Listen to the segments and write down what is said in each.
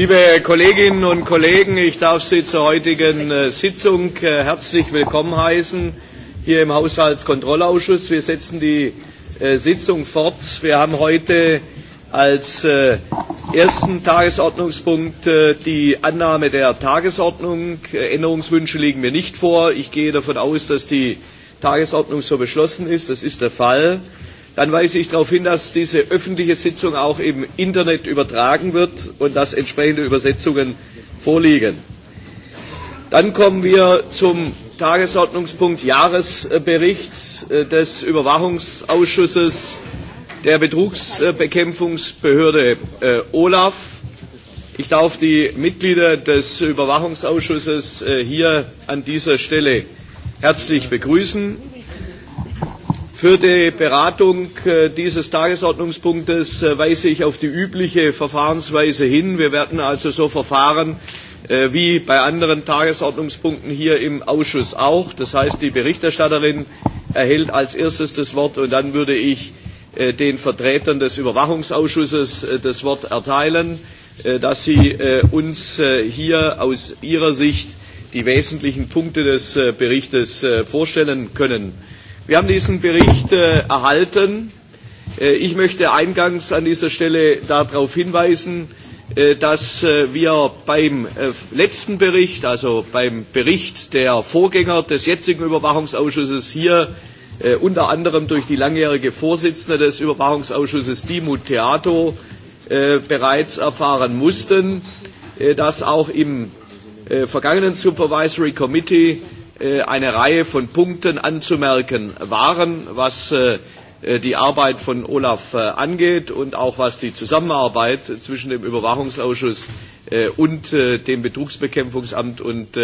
Liebe Kolleginnen und Kollegen, ich darf Sie zur heutigen äh, Sitzung äh, herzlich willkommen heißen hier im Haushaltskontrollausschuss. Wir setzen die äh, Sitzung fort. Wir haben heute als ersten Tagesordnungspunkt die Annahme der Tagesordnung. Änderungswünsche liegen mir nicht vor. Ich gehe davon aus, dass die Tagesordnung so beschlossen ist. Das ist der Fall. Dann weise ich darauf hin, dass diese öffentliche Sitzung auch im Internet übertragen wird und dass entsprechende Übersetzungen vorliegen. Dann kommen wir zum Tagesordnungspunkt Jahresbericht äh, des Überwachungsausschusses der Betrugsbekämpfungsbehörde äh, Olaf. Ich darf die Mitglieder des Überwachungsausschusses äh, hier an dieser Stelle herzlich begrüßen. Für die Beratung äh, dieses Tagesordnungspunktes äh, weise ich auf die übliche Verfahrensweise hin. Wir werden also so verfahren äh, wie bei anderen Tagesordnungspunkten hier im Ausschuss auch. Das heißt, die Berichterstatterin erhält als erstes das Wort und dann würde ich den Vertretern des Überwachungsausschusses das Wort erteilen, dass sie uns hier aus ihrer Sicht die wesentlichen Punkte des Berichtes vorstellen können. Wir haben diesen Bericht äh, erhalten. Äh, ich möchte eingangs an dieser Stelle darauf hinweisen, äh, dass äh, wir beim äh, letzten Bericht, also beim Bericht der Vorgänger des jetzigen Überwachungsausschusses hier äh, unter anderem durch die langjährige Vorsitzende des Überwachungsausschusses Dimut Theato äh, bereits erfahren mussten, äh, dass auch im äh, vergangenen Supervisory Committee Äh, eine Reihe von Punkten anzumerken waren, was äh, äh, die Arbeit von Olaf angeht und auch was die Zusammenarbeit zwischen dem Überwachungsausschuss und dem Betrugsbekämpfungsamt und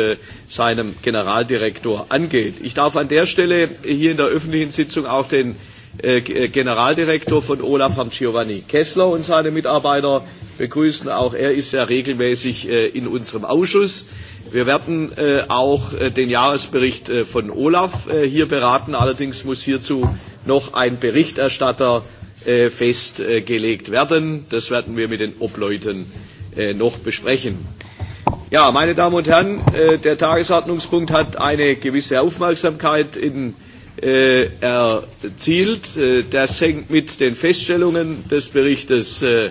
seinem Generaldirektor angeht. Ich darf an der Stelle hier in der öffentlichen Sitzung auch den Generaldirektor von Olaf, Herrn Giovanni Kessler und seine Mitarbeiter begrüßen. Auch er ist sehr regelmäßig in unserem Ausschuss. Wir werden äh, auch äh, den Jahresbericht äh, von Olaf äh, hier beraten. Allerdings muss hierzu noch ein Berichterstatter äh, festgelegt äh, werden. Das werden wir mit den Obleuten äh, noch besprechen. Ja, meine Damen und Herren, äh, der Tagesordnungspunkt hat eine gewisse Aufmerksamkeit in äh, erzielt. Äh, das hängt mit den Feststellungen des Berichtes äh,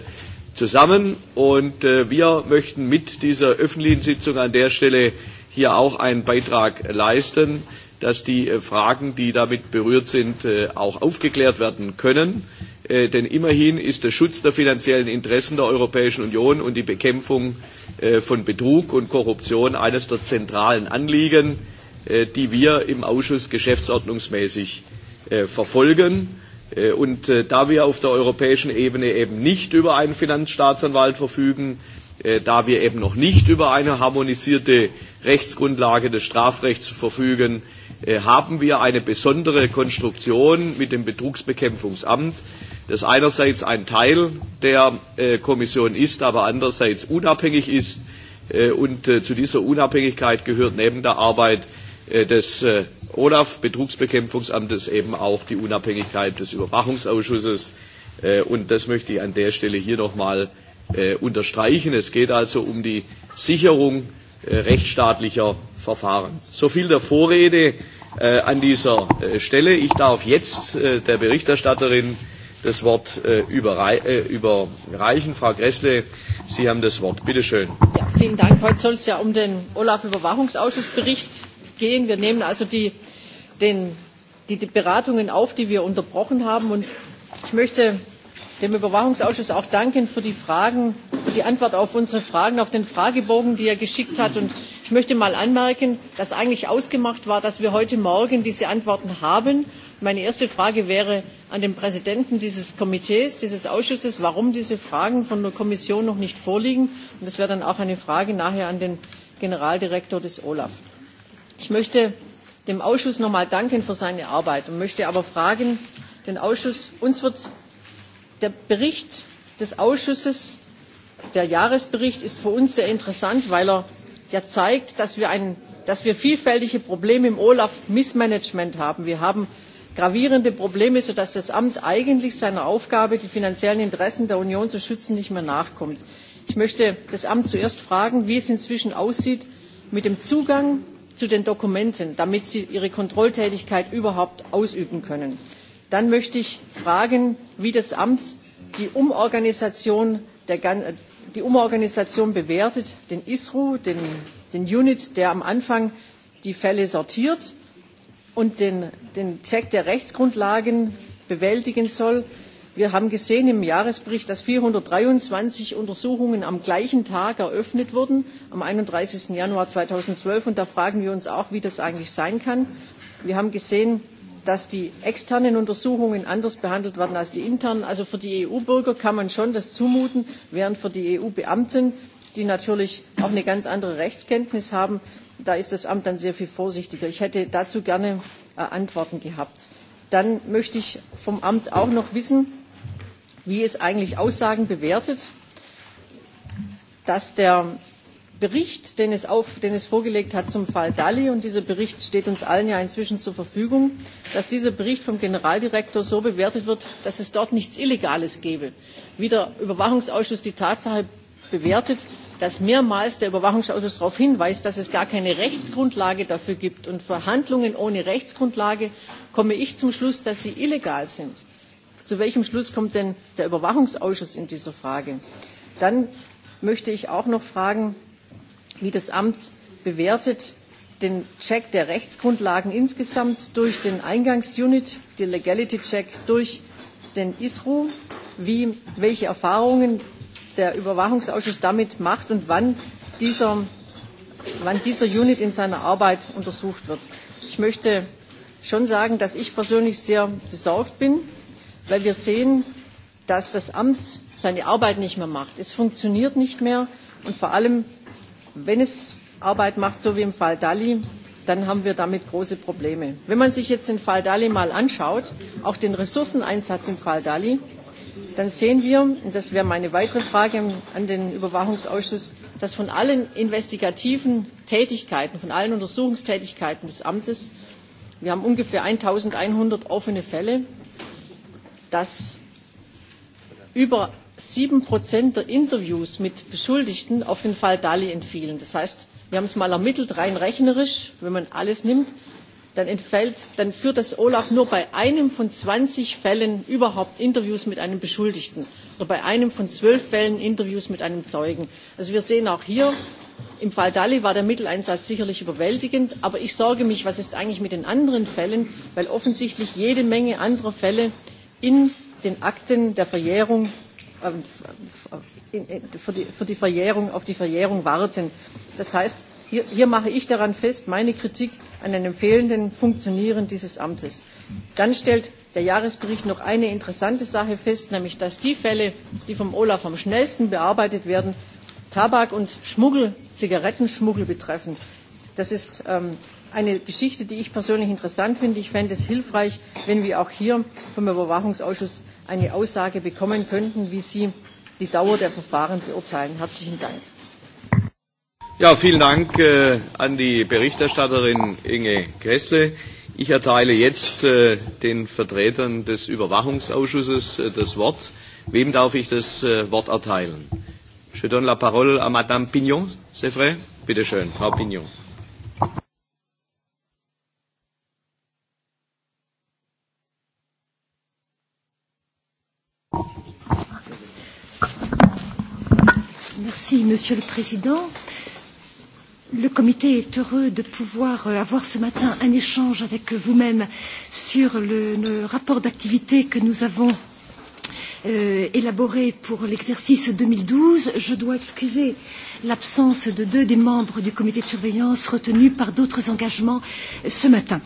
zusammen. Und äh, wir möchten mit dieser öffentlichen Sitzung an der Stelle hier auch einen Beitrag leisten, dass die äh, Fragen, die damit berührt sind, äh, auch aufgeklärt werden können. Äh, denn immerhin ist der Schutz der finanziellen Interessen der Europäischen Union und die Bekämpfung äh, von Betrug und Korruption eines der zentralen Anliegen, äh, die wir im Ausschuss geschäftsordnungsmäßig äh, verfolgen. Äh, und äh, da wir auf der europäischen Ebene eben nicht über einen Finanzstaatsanwalt verfügen, äh, da wir eben noch nicht über eine harmonisierte Rechtsgrundlage des Strafrechts verfügen, haben wir eine besondere Konstruktion mit dem Betrugsbekämpfungsamt, das einerseits ein Teil der Kommission ist, aber andererseits unabhängig ist. Und zu dieser Unabhängigkeit gehört neben der Arbeit des OLAF, Betrugsbekämpfungsamtes, eben auch die Unabhängigkeit des Überwachungsausschusses. Äh, und das möchte ich an der Stelle hier nochmal äh, unterstreichen. Es geht also um die Sicherung äh, rechtsstaatlicher Verfahren. So viel der Vorrede äh, an dieser äh, Stelle. Ich darf jetzt äh, der Berichterstatterin das Wort äh, überrei äh, überreichen. Frau Gressle, Sie haben das Wort. Bitte schön. Ja, vielen Dank. Heute soll es ja um den Olaf-Überwachungsausschussbericht gehen. Wir nehmen also die, den, die, die Beratungen auf, die wir unterbrochen haben. Und ich möchte dem Überwachungsausschuss auch danken für die Fragen, für die Antwort auf unsere Fragen, auf den Fragebogen, die er geschickt hat. Und ich möchte mal anmerken, dass eigentlich ausgemacht war, dass wir heute Morgen diese Antworten haben. Meine erste Frage wäre an den Präsidenten dieses Komitees, dieses Ausschusses, warum diese Fragen von der Kommission noch nicht vorliegen. Und das wäre dann auch eine Frage nachher an den Generaldirektor des OLAF. Ich möchte dem Ausschuss nochmal danken für seine Arbeit und möchte aber fragen, den Ausschuss, uns wird der Bericht des Ausschusses, der Jahresbericht ist für uns sehr interessant, weil er ja zeigt, dass wir, ein, dass wir vielfältige Probleme im Olaf-Missmanagement haben. Wir haben gravierende Probleme, sodass das Amt eigentlich seiner Aufgabe, die finanziellen Interessen der Union zu schützen, nicht mehr nachkommt. Ich möchte das Amt zuerst fragen, wie es inzwischen aussieht mit dem Zugang zu den Dokumenten, damit sie ihre Kontrolltätigkeit überhaupt ausüben können. Dann möchte ich fragen, wie das Amt die Umorganisation, der, äh, die Umorganisation bewertet, den ISRU, den, den Unit, der am Anfang die Fälle sortiert und den, den Check der Rechtsgrundlagen bewältigen soll Wir haben gesehen im Jahresbericht, dass 423 Untersuchungen am gleichen Tag eröffnet wurden, am 31. Januar 2012. Und da fragen wir uns auch, wie das eigentlich sein kann. Wir haben gesehen, dass die externen Untersuchungen anders behandelt werden als die internen. Also für die EU-Bürger kann man schon das zumuten, während für die EU-Beamten, die natürlich auch eine ganz andere Rechtskenntnis haben, da ist das Amt dann sehr viel vorsichtiger. Ich hätte dazu gerne äh, Antworten gehabt. Dann möchte ich vom Amt auch noch wissen, wie es eigentlich Aussagen bewertet, dass der Bericht, den es, auf, den es vorgelegt hat zum Fall Dali, und dieser Bericht steht uns allen ja inzwischen zur Verfügung, dass dieser Bericht vom Generaldirektor so bewertet wird, dass es dort nichts Illegales gäbe. Wie der Überwachungsausschuss die Tatsache bewertet, dass mehrmals der Überwachungsausschuss darauf hinweist, dass es gar keine Rechtsgrundlage dafür gibt. Und Verhandlungen ohne Rechtsgrundlage komme ich zum Schluss, dass sie illegal sind. Zu welchem Schluss kommt denn der Überwachungsausschuss in dieser Frage? Dann möchte ich auch noch fragen, wie das Amt bewertet den Check der Rechtsgrundlagen insgesamt durch den Eingangsunit, die Legality Check durch den ISRU, wie, welche Erfahrungen der Überwachungsausschuss damit macht und wann dieser, wann dieser Unit in seiner Arbeit untersucht wird. Ich möchte schon sagen, dass ich persönlich sehr besorgt bin, weil wir sehen, dass das Amt seine Arbeit nicht mehr macht. Es funktioniert nicht mehr und vor allem, wenn es Arbeit macht, so wie im Fall Dali, dann haben wir damit große Probleme. Wenn man sich jetzt den Fall Dali mal anschaut, auch den Ressourceneinsatz im Fall Dali, dann sehen wir, und das wäre meine weitere Frage an den Überwachungsausschuss, dass von allen investigativen Tätigkeiten, von allen Untersuchungstätigkeiten des Amtes, wir haben ungefähr 1100 offene Fälle, dass über sieben Prozent der Interviews mit Beschuldigten auf den Fall Dali entfielen. Das heißt, wir haben es mal ermittelt, rein rechnerisch, wenn man alles nimmt, dann, entfällt, dann führt das Olaf nur bei einem von 20 Fällen überhaupt Interviews mit einem Beschuldigten oder bei einem von zwölf Fällen Interviews mit einem Zeugen. Also wir sehen auch hier, im Fall Dali war der Mitteleinsatz sicherlich überwältigend, aber ich sorge mich, was ist eigentlich mit den anderen Fällen, weil offensichtlich jede Menge anderer Fälle in den Akten der Verjährung äh, für die, für die Verjährung, auf die Verjährung warten. Das heißt, hier, hier mache ich daran fest, meine Kritik an einem fehlenden Funktionieren dieses Amtes. Dann stellt der Jahresbericht noch eine interessante Sache fest, nämlich dass die Fälle, die vom Olaf am schnellsten bearbeitet werden, Tabak- und Schmuggel, Zigarettenschmuggel betreffen. Das ist ähm, eine Geschichte, die ich persönlich interessant finde. Ich fände es hilfreich, wenn wir auch hier vom Überwachungsausschuss eine Aussage bekommen könnten, wie Sie die Dauer der Verfahren beurteilen. Herzlichen Dank. Ja, vielen Dank äh, an die Berichterstatterin Inge Kressle. Ich erteile jetzt äh, den Vertretern des Überwachungsausschusses äh, das Wort. Wem darf ich das äh, Wort erteilen? Je donne la parole à Madame Pignon, c'est vrai? Bitte schön, Frau Pignon. Merci, Monsieur le Président. Le comité est heureux de pouvoir euh, avoir ce matin un échange avec vous-même sur le, le rapport d'activité que nous avons euh, élaboré pour l'exercice 2012. Je dois excuser l'absence de deux des membres du comité de surveillance retenus par d'autres engagements ce matin.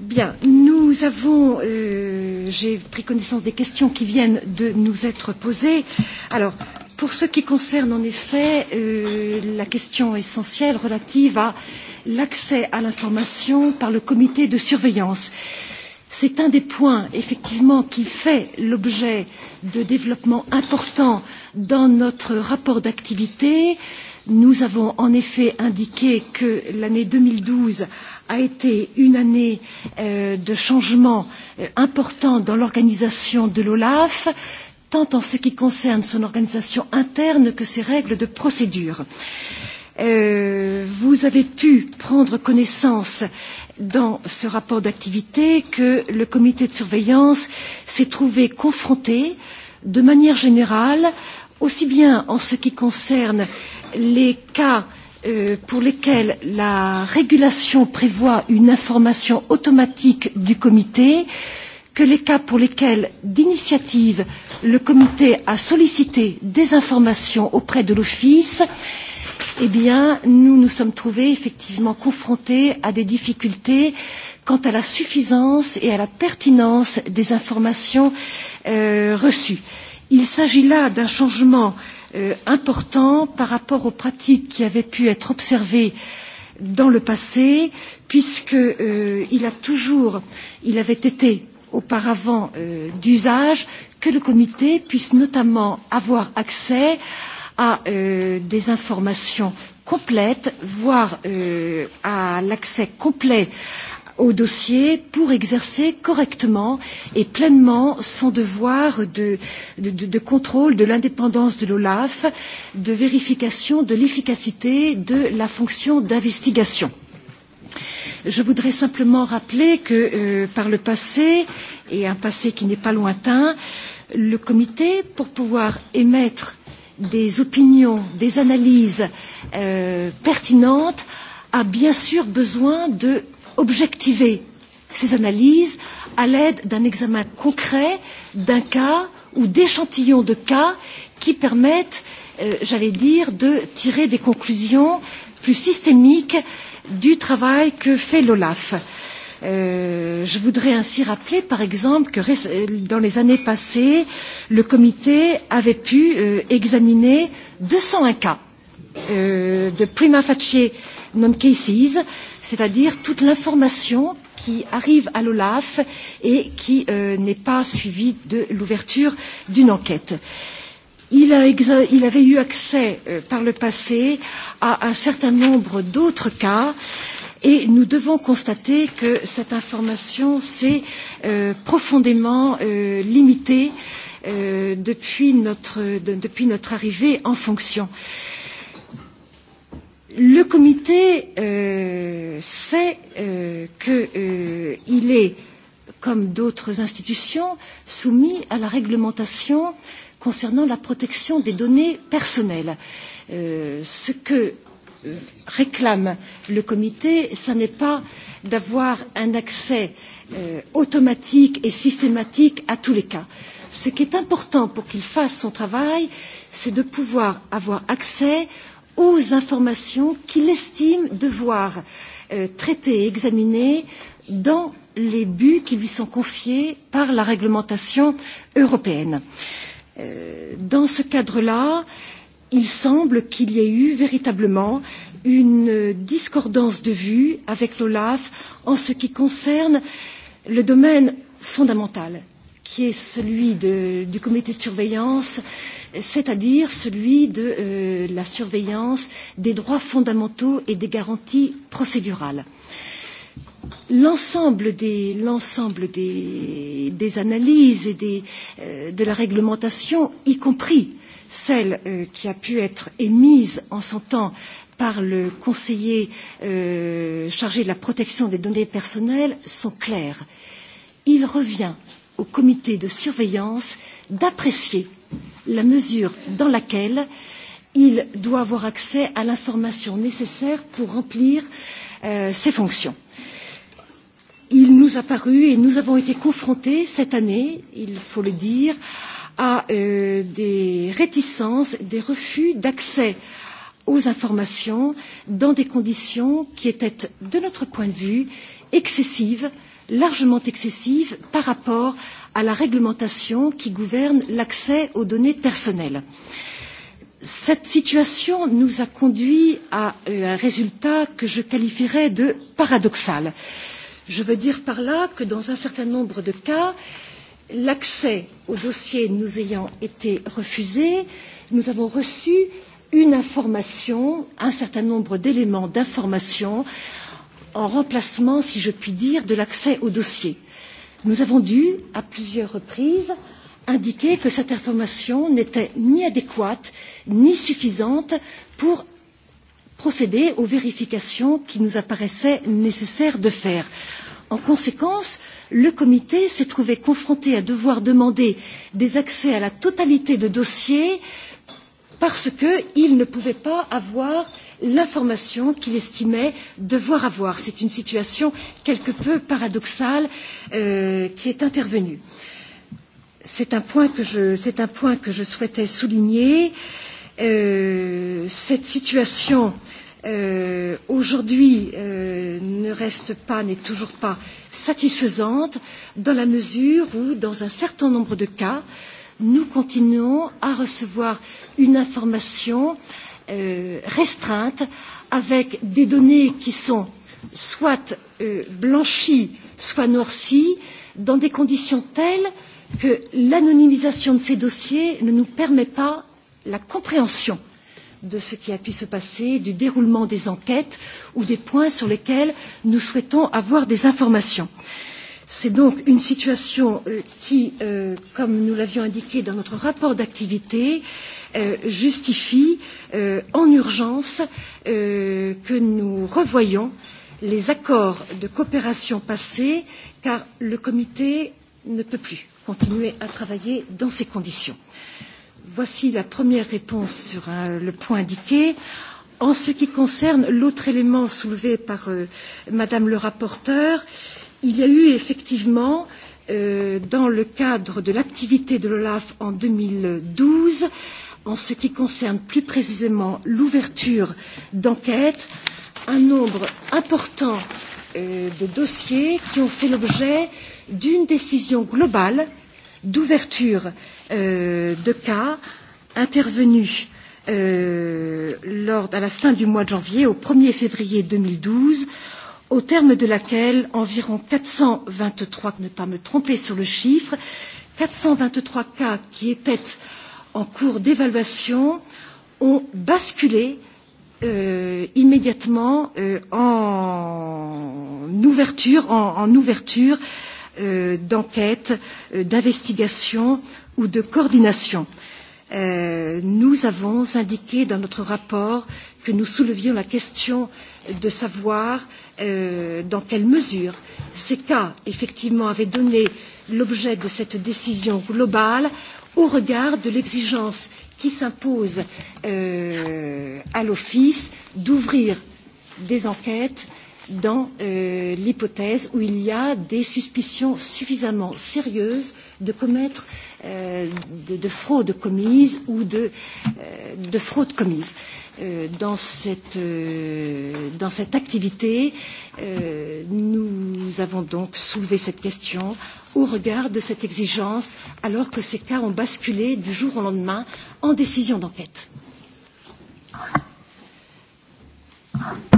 Bien, nous avons, euh, j'ai pris connaissance des questions qui viennent de nous être posées. Alors, pour ce qui concerne en effet euh, la question essentielle relative à l'accès à l'information par le comité de surveillance, c'est un des points effectivement qui fait l'objet de développements importants dans notre rapport d'activité. Euh, Nous avons en effet indiqué que l'année 2012 a été une année euh, de changement euh, important dans l'organisation de l'OLAF, tant en ce qui concerne son organisation interne que ses règles de procédure. Euh, vous avez pu prendre connaissance dans ce rapport d'activité que le comité de surveillance s'est trouvé confronté de manière générale aussi bien en ce qui concerne les cas euh, pour lesquels la régulation prévoit une information automatique du comité que les cas pour lesquels d'initiative le comité a sollicité des informations auprès de l'office eh bien nous nous sommes trouvés effectivement confrontés à des difficultés quant à la suffisance et à la pertinence des informations euh, reçues. Euh, Il s'agit là d'un changement euh, important par rapport aux pratiques qui avaient pu être observées dans le passé, puisqu'il euh, a toujours, il avait été auparavant euh, d'usage que le comité puisse notamment avoir accès à euh, des informations complètes, voire euh, à l'accès complet au dossier pour exercer correctement et pleinement son devoir de, de, de contrôle de l'indépendance de l'OLAF, de vérification de l'efficacité de la fonction d'investigation. Je voudrais simplement rappeler que euh, par le passé, et un passé qui n'est pas lointain, le comité, pour pouvoir émettre des opinions, des analyses euh, pertinentes, a bien sûr besoin de objectiver ces analyses à l'aide d'un examen concret d'un cas ou d'échantillons de cas qui permettent, euh, j'allais dire, de tirer des conclusions plus systémiques du travail que fait l'OLAF. Euh, je voudrais ainsi rappeler, par exemple, que euh, dans les années passées, le comité avait pu euh, examiner 201 cas euh, de prima facie non cases c'est-à-dire toute l'information qui arrive à l'OLAF et qui euh, n'est pas suivie de l'ouverture d'une enquête. Il, a exa- il avait eu accès euh, par le passé à un certain nombre d'autres cas et nous devons constater que cette information s'est euh, profondément euh, limitée euh, depuis, notre, de, depuis notre arrivée en fonction. Euh, le comité euh, sait euh, qu'il euh, est, comme d'autres institutions, soumis à la réglementation concernant la protection des données personnelles. Euh, ce que euh, réclame le comité, ce n'est pas d'avoir un accès euh, automatique et systématique à tous les cas. Ce qui est important pour qu'il fasse son travail, c'est de pouvoir avoir accès euh, aux informations qu'il estime devoir euh, traiter et examiner dans les buts qui lui sont confiés par la réglementation européenne. Euh, dans ce cadre-là, il semble qu'il y ait eu véritablement une discordance de vues avec l'OLAF en ce qui concerne le domaine fondamental qui est celui de, du comité de surveillance, c'est-à-dire celui de euh, la surveillance des droits fondamentaux et des garanties procédurales. L'ensemble des, l'ensemble des, des analyses et des, euh, de la réglementation, y compris celle euh, qui a pu être émise en son temps par le conseiller euh, chargé de la protection des données personnelles, sont claires. Il revient euh, au comité de surveillance d'apprécier la mesure dans laquelle il doit avoir accès à l'information nécessaire pour remplir euh, ses fonctions. Il nous a paru et nous avons été confrontés cette année, il faut le dire, à euh, des réticences, des refus d'accès aux informations dans des conditions qui étaient, de notre point de vue, excessives euh, largement excessive par rapport à la réglementation qui gouverne l'accès aux données personnelles. Cette situation nous a conduit euh, à un résultat que je qualifierais de paradoxal. Je veux dire par là que dans un certain nombre de cas, l'accès aux dossiers nous ayant été refusé, nous avons reçu une information, un certain nombre d'éléments d'information en remplacement, si je puis dire, de l'accès au dossier. Nous avons dû, à plusieurs reprises, indiquer que cette information n'était ni adéquate ni suffisante pour procéder aux vérifications qui nous apparaissaient nécessaires de faire. En conséquence, le comité s'est trouvé confronté à devoir demander des accès à la totalité de dossiers euh, parce qu'il ne pouvait pas avoir l'information qu'il estimait devoir avoir. C'est une situation quelque peu paradoxale euh, qui est intervenue. C'est un, point que je, c'est un point que je souhaitais souligner. Euh, cette situation euh, aujourd'hui euh, ne reste pas, n'est toujours pas satisfaisante dans la mesure où, dans un certain nombre de cas, nous continuons à recevoir une information euh, restreinte avec des données qui sont soit euh, blanchies, soit noircies, dans des conditions telles que l'anonymisation de ces dossiers ne nous permet pas la compréhension de ce qui a pu se passer, du déroulement des enquêtes ou des points sur lesquels nous souhaitons avoir des informations. C'est donc une situation euh, qui, euh, comme nous l'avions indiqué dans notre rapport d'activité, euh, euh, justifie euh, en urgence euh, que nous revoyions les accords de coopération passés, car le comité ne peut plus continuer à travailler dans ces conditions. Voici la première réponse sur euh, le point indiqué. En ce qui concerne l'autre élément soulevé par euh, Madame le rapporteur, il y a eu effectivement euh, dans le cadre de l'activité de l'OLAF en 2012 en ce qui concerne plus précisément l'ouverture d'enquêtes un nombre important euh, de dossiers qui ont fait l'objet d'une décision globale d'ouverture euh, de cas intervenue euh, lors, à la fin du mois de janvier au 1er février 2012 au terme de laquelle environ 423, ne pas me tromper sur le chiffre, 423 cas qui étaient en cours d'évaluation ont basculé euh, immédiatement euh, en ouverture, en, en ouverture euh, d'enquête, euh, d'investigation ou de coordination. Euh, nous avons indiqué dans notre rapport que nous soulevions la question de savoir euh, dans quelle mesure ces cas effectivement avaient donné l'objet de cette décision globale au regard de l'exigence qui s'impose euh, à l'Office d'ouvrir des enquêtes dans euh, l'hypothèse où il y a des suspicions suffisamment sérieuses de commettre euh, de, de fraude commise ou de, euh, de fraude commise. Euh, dans, cette, euh, dans cette activité, euh, nous avons donc soulevé cette question au regard de cette exigence, alors que ces cas ont basculé du jour au lendemain en décision d'enquête. Thank you.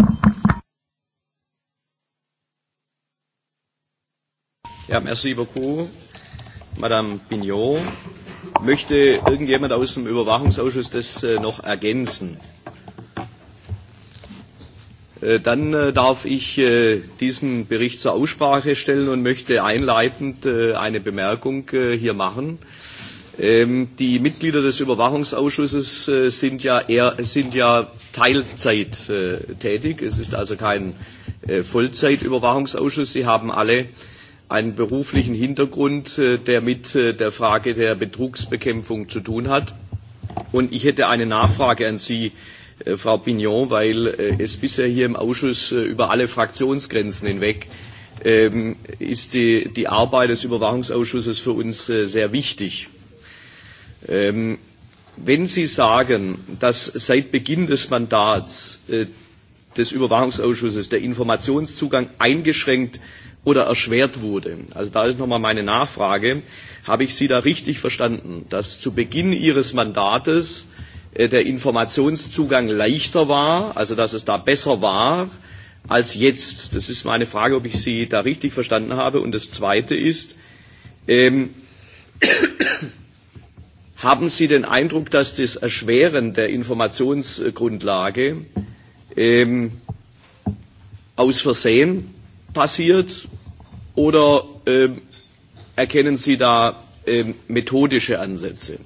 Ja, merci beaucoup, Madame Pignot. Möchte irgendjemand aus dem Überwachungsausschuss das äh, noch ergänzen? Äh, dann äh, darf ich äh, diesen Bericht zur Aussprache stellen und möchte einleitend äh, eine Bemerkung äh, hier machen. Ähm, die Mitglieder des Überwachungsausschusses äh, sind, ja eher, sind ja Teilzeit äh, tätig. Es ist also kein äh, Vollzeitüberwachungsausschuss. Sie haben alle einen beruflichen Hintergrund, äh, der mit äh, der Frage der Betrugsbekämpfung zu tun hat. Und ich hätte eine Nachfrage an Sie, äh, Frau Pignon, weil äh, es bisher hier im Ausschuss äh, über alle Fraktionsgrenzen hinweg ähm, ist die, die Arbeit des Überwachungsausschusses für uns äh, sehr wichtig. Ähm, wenn Sie sagen, dass seit Beginn des Mandats äh, des Überwachungsausschusses der Informationszugang eingeschränkt oder erschwert wurde. Also da ist nochmal meine Nachfrage. Habe ich Sie da richtig verstanden, dass zu Beginn Ihres Mandates äh, der Informationszugang leichter war, also dass es da besser war als jetzt? Das ist meine Frage, ob ich Sie da richtig verstanden habe. Und das Zweite ist, ähm, haben Sie den Eindruck, dass das Erschweren der Informationsgrundlage ähm, aus Versehen passiert oder ähm, erkennen Sie da ähm, methodische Ansätze?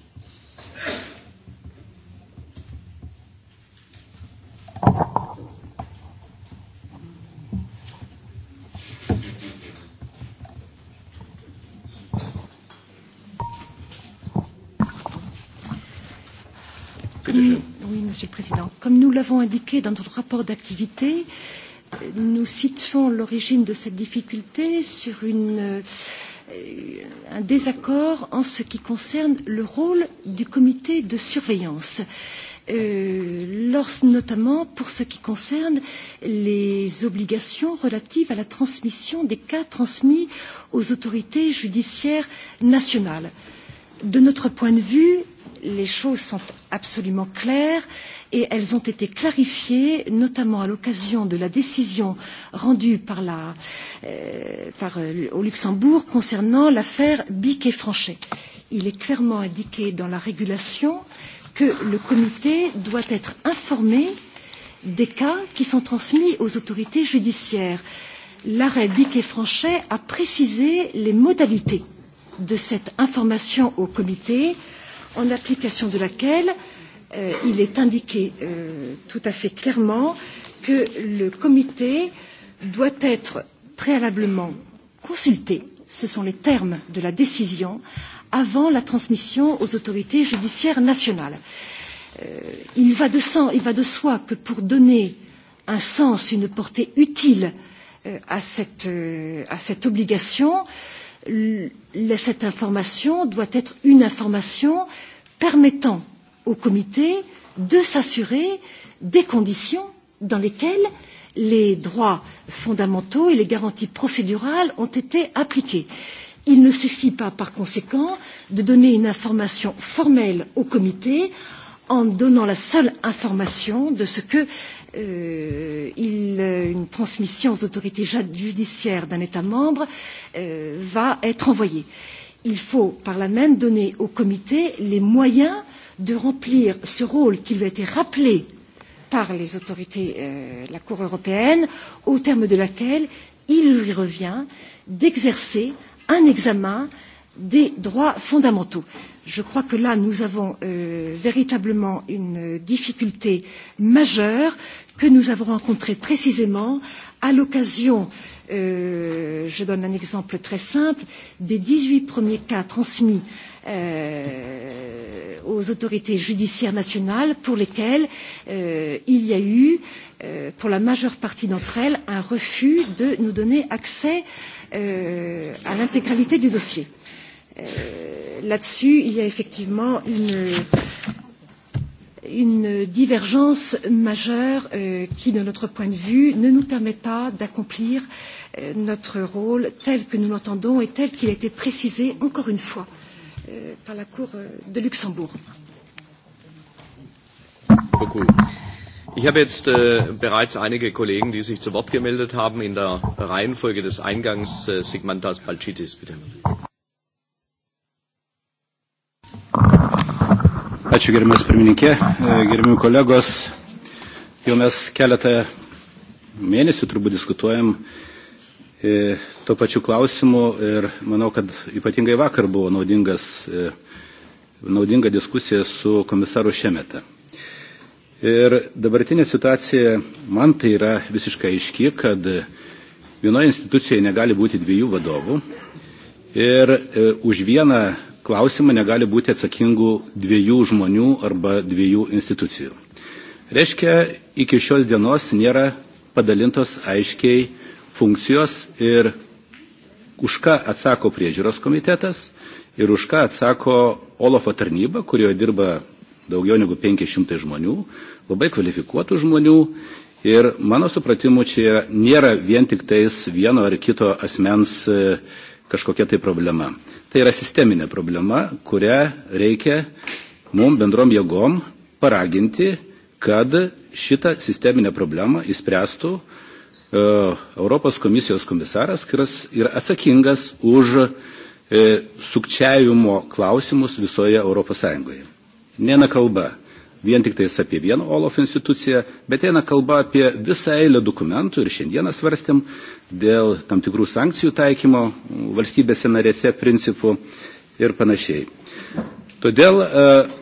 Comme, oui, Monsieur le Président. Comme nous l'avons indiqué dans notre rapport d'activité, euh, nous situons l'origine de cette difficulté sur une, euh, un désaccord en ce qui concerne le rôle du comité de surveillance. Euh, lors, notamment pour ce qui concerne les obligations relatives à la transmission des cas transmis aux autorités judiciaires nationales. De notre point de vue, les choses sont absolument claires et elles ont été clarifiées, notamment à l'occasion de la décision rendue par la, euh, par, euh, au Luxembourg concernant l'affaire Bic et Franchet. Il est clairement indiqué dans la régulation que le comité doit être informé des cas qui sont transmis aux autorités judiciaires. L'arrêt Bic et Franchet a précisé les modalités de cette information au comité, euh, en application de laquelle euh, il est indiqué euh, tout à fait clairement que le comité doit être préalablement consulté ce sont les termes de la décision avant la transmission aux autorités judiciaires nationales. Euh, il, va de sang, il va de soi que pour donner un sens, une portée utile euh, à, cette, euh, à cette obligation, euh, cette information doit être une information permettant au comité de s'assurer des conditions dans lesquelles les droits fondamentaux et les garanties procédurales ont été appliqués. Il ne suffit pas, par conséquent, de donner une information formelle au comité en donnant la seule information de ce que euh, il, euh, une transmission aux autorités judiciaires d'un État membre euh, va être envoyée. Il faut par là même donner au comité les moyens de remplir ce rôle qui lui a été rappelé par les autorités euh, de la Cour européenne, au terme de laquelle il lui revient d'exercer un examen des droits fondamentaux. Je crois que là, nous avons euh, véritablement une difficulté majeure que nous avons rencontrés précisément à l'occasion, euh, je donne un exemple très simple, des 18 premiers cas transmis euh, aux autorités judiciaires nationales pour lesquels euh, il y a eu, euh, pour la majeure partie d'entre elles, un refus de nous donner accès euh, à l'intégralité du dossier. Euh, Là-dessus, il y a effectivement une. Euh, une divergence majeure euh, qui, de notre point de vue, ne nous permet pas d'accomplir euh, notre rôle tel que nous l'entendons et tel qu'il a été précisé, encore une fois, euh, par la Cour euh, de Luxembourg. Beaucoup. Ich habe jetzt äh, bereits einige Kollegen, die sich zu Wort gemeldet haben, in der Reihenfolge des Eingangs. Äh, Sigmantas Balcitis, bitte. Ačiū gerimas pirmininkė, e, gerimi kolegos. Jau mes keletą mėnesių turbūt diskutuojam e, tuo pačiu klausimu ir manau, kad ypatingai vakar buvo naudingas, e, naudinga diskusija su komisaru Šemeta. Ir dabartinė situacija man tai yra visiškai aiški, kad vienoje institucijoje negali būti dviejų vadovų. Ir už vieną klausimą negali būti atsakingų dviejų žmonių arba dviejų institucijų. Reiškia, iki šios dienos nėra padalintos aiškiai funkcijos ir už ką atsako priežiūros komitetas ir už ką atsako Olofo tarnyba, kurioje dirba daugiau negu 500 žmonių, labai kvalifikuotų žmonių Ir mano supratimu, čia nėra vien tik tais vieno ar kito asmens e, kažkokia tai problema. Tai yra sisteminė problema, kurią reikia mum bendrom jėgom paraginti, kad šitą sisteminę problemą įspręstų e, Europos komisijos komisaras, kuris yra atsakingas už e, sukčiavimo klausimus visoje Europos Sąjungoje. Nena kalba vien tik tais apie vieną OLAF instituciją, bet eina kalba apie visą eilę dokumentų ir šiandieną svarstėm dėl tam tikrų sankcijų taikymo valstybėse narėse principų ir panašiai. Todėl e,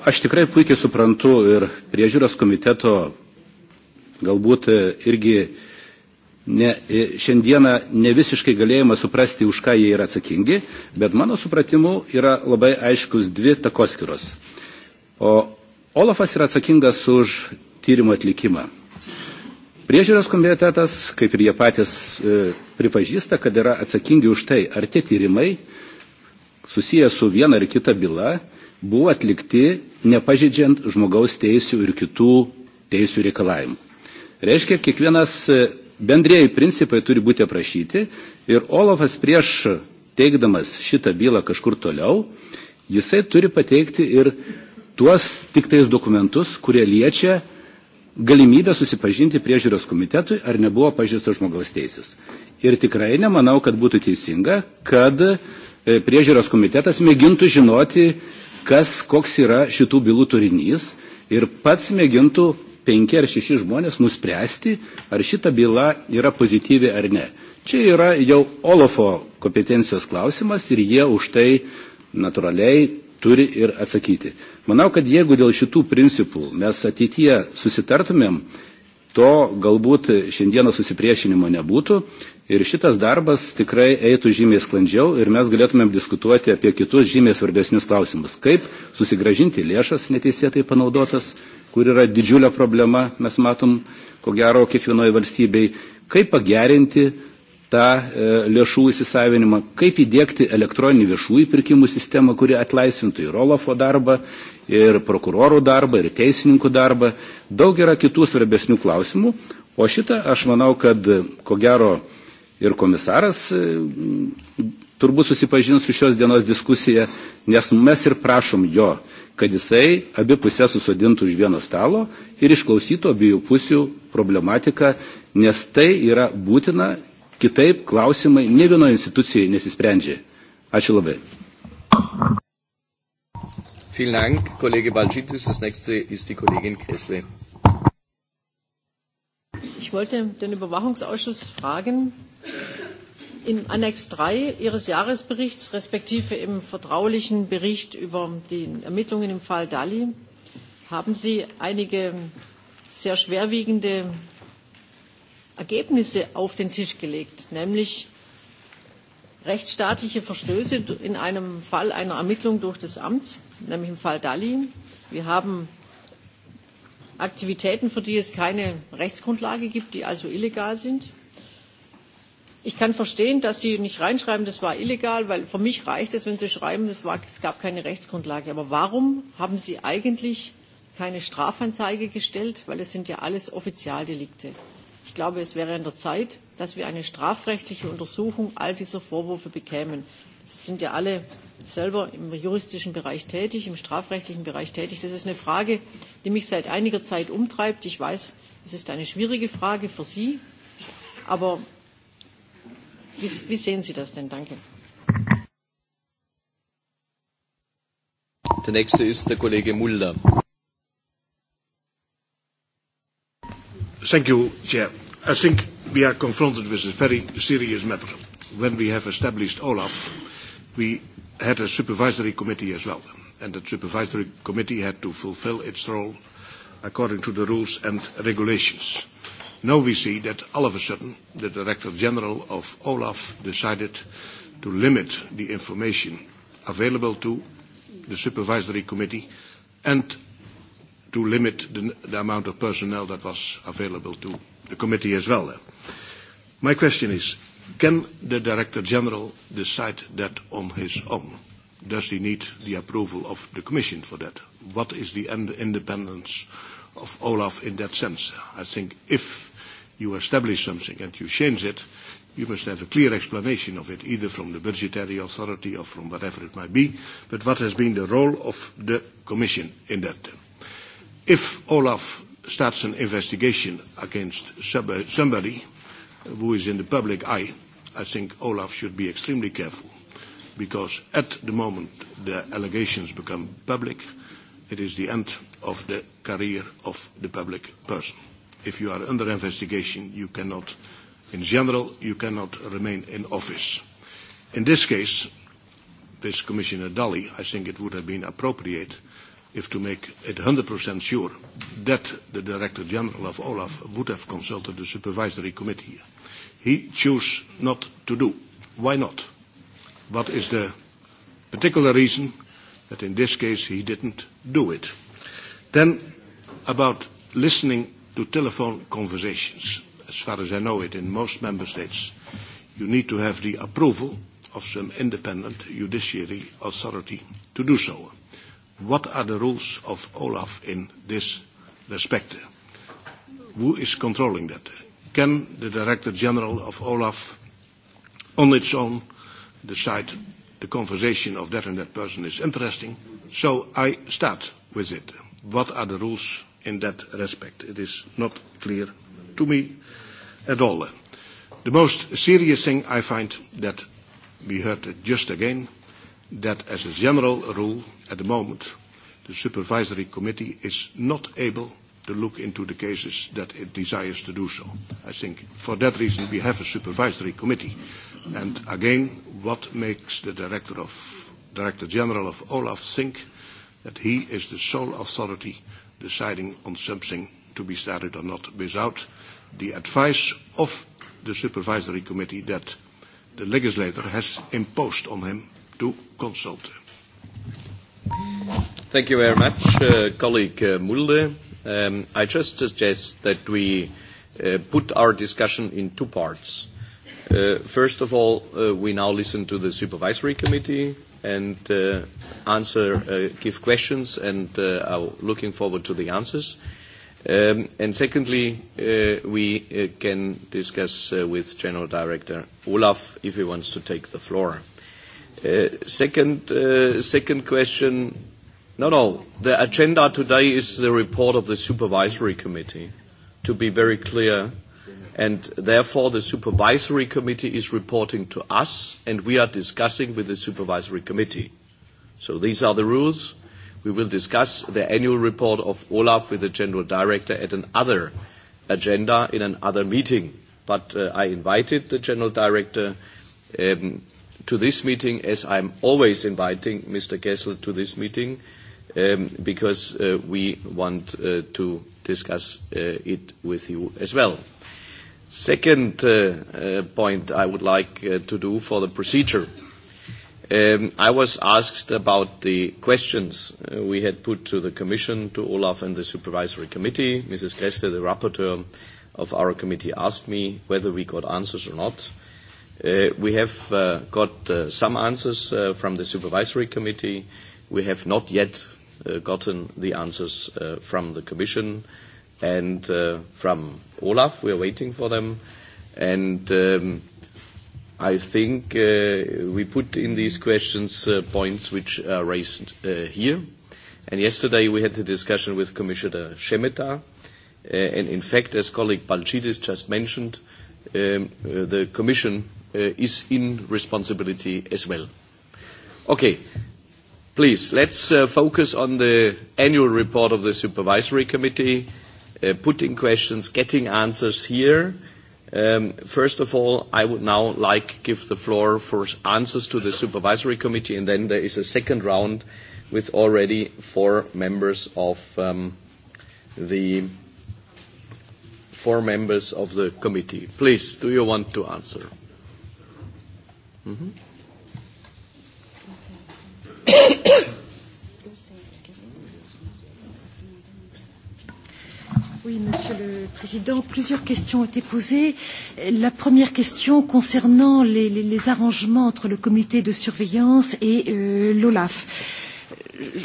aš tikrai puikiai suprantu ir priežiūros komiteto galbūt e, irgi ne, e, šiandieną ne visiškai galėjome suprasti, už ką jie yra atsakingi, bet mano supratimu yra labai aiškus dvi takoskiros. O Olafas yra atsakingas už tyrimo atlikimą. Priežiūros komitetas, kaip ir jie patys e, pripažįsta, kad yra atsakingi už tai, ar tie tyrimai susiję su viena ar kita byla buvo atlikti nepažydžiant žmogaus teisų ir kitų teisų reikalavimų. Reiškia, kiekvienas e, bendrėjai principai turi būti aprašyti ir Olofas prieš teikdamas šitą bylą kažkur toliau, jisai turi pateikti ir tuos tiktais dokumentus, kurie liečia galimybę susipažinti priežiūros komitetui, ar nebuvo pažįstos žmogaus teisės. Ir tikrai nemanau, kad būtų teisinga, kad e, priežiūros komitetas mėgintų žinoti, kas, koks yra šitų bylų turinys ir pats mėgintų penki ar šeši žmonės nuspręsti, ar šita byla yra pozityvi ar ne. Čia yra jau Olofo kompetencijos klausimas ir jie už tai natūraliai turi ir atsakyti. Manau, kad jeigu dėl šitų principų mes ateityje susitartumėm, to galbūt šiandieną susipriešinimo nebūtų ir šitas darbas tikrai eitų žymiai sklandžiau ir mes galėtumėm diskutuoti apie kitus žymiai svarbesnius klausimus. Kaip susigražinti lėšas neteisėtai panaudotas, kur yra didžiulė problema, mes matom, ko gero, kiekvienoje valstybei, kaip pagerinti tą e, lėšų įsisavinimą, kaip įdėkti elektroninį viešųjų pirkimų sistemą, kuri atlaisvintų ir Olafo darbą, ir prokurorų darbą, ir teisininkų darbą. Daug yra kitų svarbesnių klausimų, o šitą aš manau, kad ko gero ir komisaras e, turbūt susipažins su šios dienos diskusija, nes mes ir prašom jo, kad jisai abi pusės susodintų už vieno stalo ir išklausytų abiejų pusių problematiką, nes tai yra būtina Kitaip klausimai ne vienoje institucijoje nesisprendžia. Ačiū labai. Vielen Dank, Kollege Balcitis. Das nächste ist die Kollegin Kressle. Ich wollte den Überwachungsausschuss fragen, in Annex 3 Ihres Jahresberichts, respektive im vertraulichen Bericht über die Ermittlungen im Fall Dali, haben Sie einige sehr schwerwiegende Ergebnisse auf den Tisch gelegt, nämlich rechtsstaatliche Verstöße in einem Fall einer Ermittlung durch das Amt, nämlich im Fall Dali. Wir haben Aktivitäten, für die es keine Rechtsgrundlage gibt, die also illegal sind. Ich kann verstehen, dass Sie nicht reinschreiben, das war illegal, weil für mich reicht es, wenn Sie schreiben, das war, es gab keine Rechtsgrundlage. Aber warum haben Sie eigentlich keine Strafanzeige gestellt? Weil es sind ja alles Offizialdelikte. Ich glaube, es wäre an der Zeit, dass wir eine strafrechtliche Untersuchung all dieser Vorwürfe bekämen. Sie sind ja alle selber im juristischen Bereich tätig, im strafrechtlichen Bereich tätig. Das ist eine Frage, die mich seit einiger Zeit umtreibt. Ich weiß, es ist eine schwierige Frage für Sie, aber wie, wie sehen Sie das denn? Danke. Der nächste ist der Kollege Mulder. Thank you, Chair. I think we are confronted with a very serious matter. When we have established Olaf, we had a supervisory committee as well. And the supervisory committee had to fulfill its role according to the rules and regulations. Now we see that all of a sudden the Director General of Olaf decided to limit the information available to the supervisory committee and to limit the, the amount of personnel that was available to the committee as well. My question is, can the Director General decide that on his own? Does he need the approval of the Commission for that? What is the independence of Olaf in that sense? I think if you establish something and you change it, you must have a clear explanation of it, either from the budgetary authority or from whatever it might be. But what has been the role of the Commission in that? If Olaf starts an investigation against somebody who is in the public eye, I think Olaf should be extremely careful because at the moment the allegations become public, it is the end of the career of the public person. If you are under investigation, you cannot, in general, you cannot remain in office. In this case, this Commissioner Dalli, I think it would have been appropriate uh, if to make it 100% sure that the Director General of Olaf would have consulted the Supervisory Committee. He chose not to do. Why not? What is the particular reason that in this case he didn't do it? Then about listening to telephone conversations. As far as I know it, in most member states, you need to have the approval of some independent judiciary authority to do so what are the rules of Olaf in this respect? Who is controlling that? Can the Director General of Olaf on its own decide the conversation of that and that person is interesting? So I start with it. What are the rules in that respect? It is not clear to me at all. The most serious thing I find that we heard it just again that as a general rule, at the moment, the supervisory committee is not able to look into the cases that it desires to do so. I think for that reason we have a supervisory committee. And again, what makes the director, of, director general of Olaf think that he is the sole authority deciding on something to be started or not without the advice of the supervisory committee that the legislator has imposed on him to consult. Thank you very much, uh, colleague uh, Mulde. Um, I just suggest that we uh, put our discussion in two parts. Uh, first of all, uh, we now listen to the Supervisory Committee and uh, answer, uh, give questions, and uh, are looking forward to the answers. Um, and secondly, uh, we uh, can discuss uh, with General Director Olaf if he wants to take the floor. Uh, second, uh, second question. No, no. The agenda today is the report of the Supervisory Committee, to be very clear. And therefore, the Supervisory Committee is reporting to us, and we are discussing with the Supervisory Committee. So these are the rules. We will discuss the annual report of Olaf with the General Director at another agenda in another meeting. But uh, I invited the General Director um, to this meeting, as I'm always inviting Mr. Kessel to this meeting, um, because uh, we want uh, to discuss uh, it with you as well. Second uh, uh, point I would like uh, to do for the procedure. Um, I was asked about the questions uh, we had put to the Commission, to Olaf and the Supervisory Committee. Mrs. Gressle, the rapporteur of our committee, asked me whether we got answers or not. Uh, we have uh, got uh, some answers uh, from the Supervisory Committee. We have not yet uh, gotten the answers uh, from the Commission and uh, from Olaf. We are waiting for them. And um, I think uh, we put in these questions uh, points which are raised uh, here. And yesterday we had the discussion with Commissioner Shemeta. Uh, and in fact, as colleague Balchidis just mentioned, um, uh, the Commission Uh, is in responsibility as well. Okay. Please, let's uh, focus on the annual report of the Supervisory Committee, uh, putting questions, getting answers here. Um, first of all, I would now like give the floor for answers to the Supervisory Committee, and then there is a second round with already four members of um, the four members of the committee. Please, do you want to answer? Mm-hmm. Oui, Monsieur le Président, plusieurs questions ont été posées. La première question concernant les, les, les arrangements entre le comité de surveillance et euh, l'OLAF. Euh,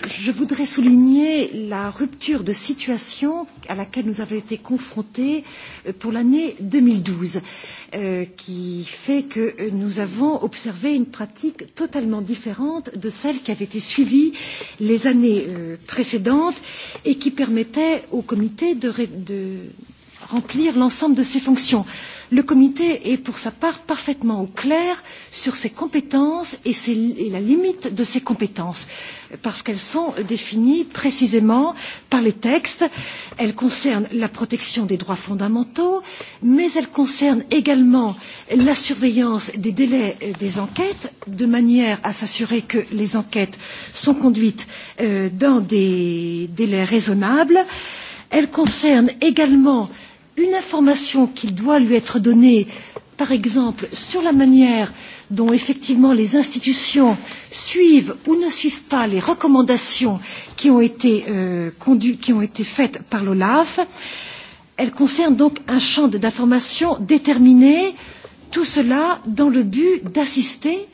je voudrais souligner la rupture de situation à laquelle nous avons été confrontés euh, pour l'année 2012, euh, qui fait que euh, nous avons observé une pratique totalement différente de celle qui avait été suivie les années euh, précédentes et qui permettait au comité de, de remplir l'ensemble de ses fonctions. Euh, Le comité est pour sa part parfaitement au clair sur ses compétences et, ses, et la limite de ses compétences, parce qu'elles sont définies précisément par les textes. Elles concernent la protection des droits fondamentaux, mais elles concernent également la surveillance des délais euh, des enquêtes, de manière à s'assurer que les enquêtes sont conduites euh, dans des délais raisonnables. Elle concerne également une information qui doit lui être donnée, par exemple, sur la manière dont effectivement les institutions suivent ou ne suivent pas les recommandations qui ont été, euh, conduites, qui ont été faites par l'OLAF. Elle concerne donc un champ d'information déterminé, tout cela dans le but d'assister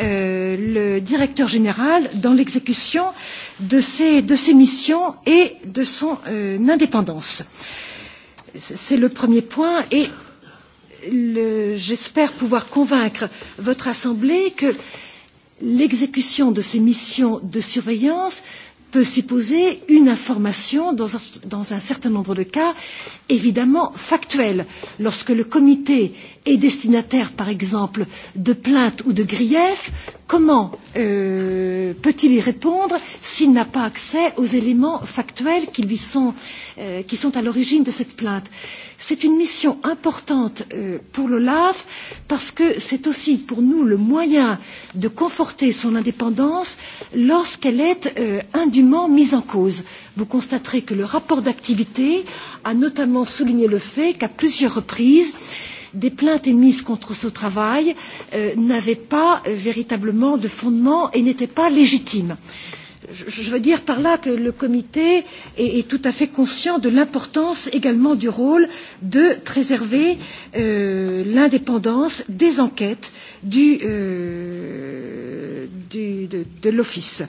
euh, le directeur général dans l'exécution de ses, de ses missions et de son euh, indépendance. Euh, c'est le premier point et j'espère pouvoir convaincre votre Assemblée que l'exécution de ces missions de surveillance peut supposer une information dans un, dans un certain nombre de cas évidemment factuelle. Lorsque le comité est destinataire, par exemple, de plaintes ou de griefs, comment euh, peut-il y répondre s'il n'a pas accès aux éléments factuels qui, lui sont, euh, qui sont à l'origine de cette plainte C'est une mission importante euh, pour l'OLAF parce que c'est aussi pour nous le moyen de conforter son indépendance lorsqu'elle est euh, indûment mise en cause. Vous constaterez que le rapport d'activité a notamment souligné le fait qu'à plusieurs reprises, euh, des plaintes émises contre ce travail euh, n'avaient pas euh, véritablement de fondement et n'étaient pas légitimes. Je, je veux dire par là que le comité est, est tout à fait conscient de l'importance également du rôle de préserver euh, l'indépendance des enquêtes du, euh, du, de, de l'Office.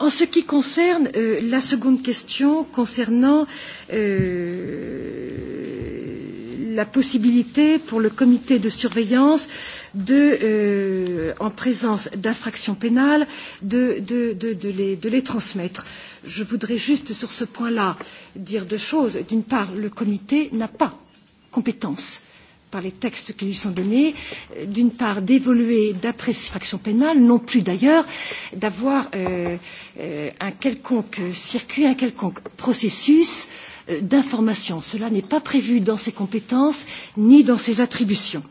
En ce qui concerne euh, la seconde question concernant euh, la possibilité pour le comité de surveillance de, euh, en présence d'infractions pénales, de, de, de, de, les, de les transmettre. Je voudrais juste sur ce point-là dire deux choses. D'une part, le comité n'a pas compétence par les textes qui lui sont donnés, d'une part d'évoluer d'apprécier l'action pénale, non plus d'ailleurs d'avoir euh, euh, un quelconque circuit, un quelconque processus euh, Euh, d'information. Cela n'est pas prévu dans ses compétences ni dans ses attributions.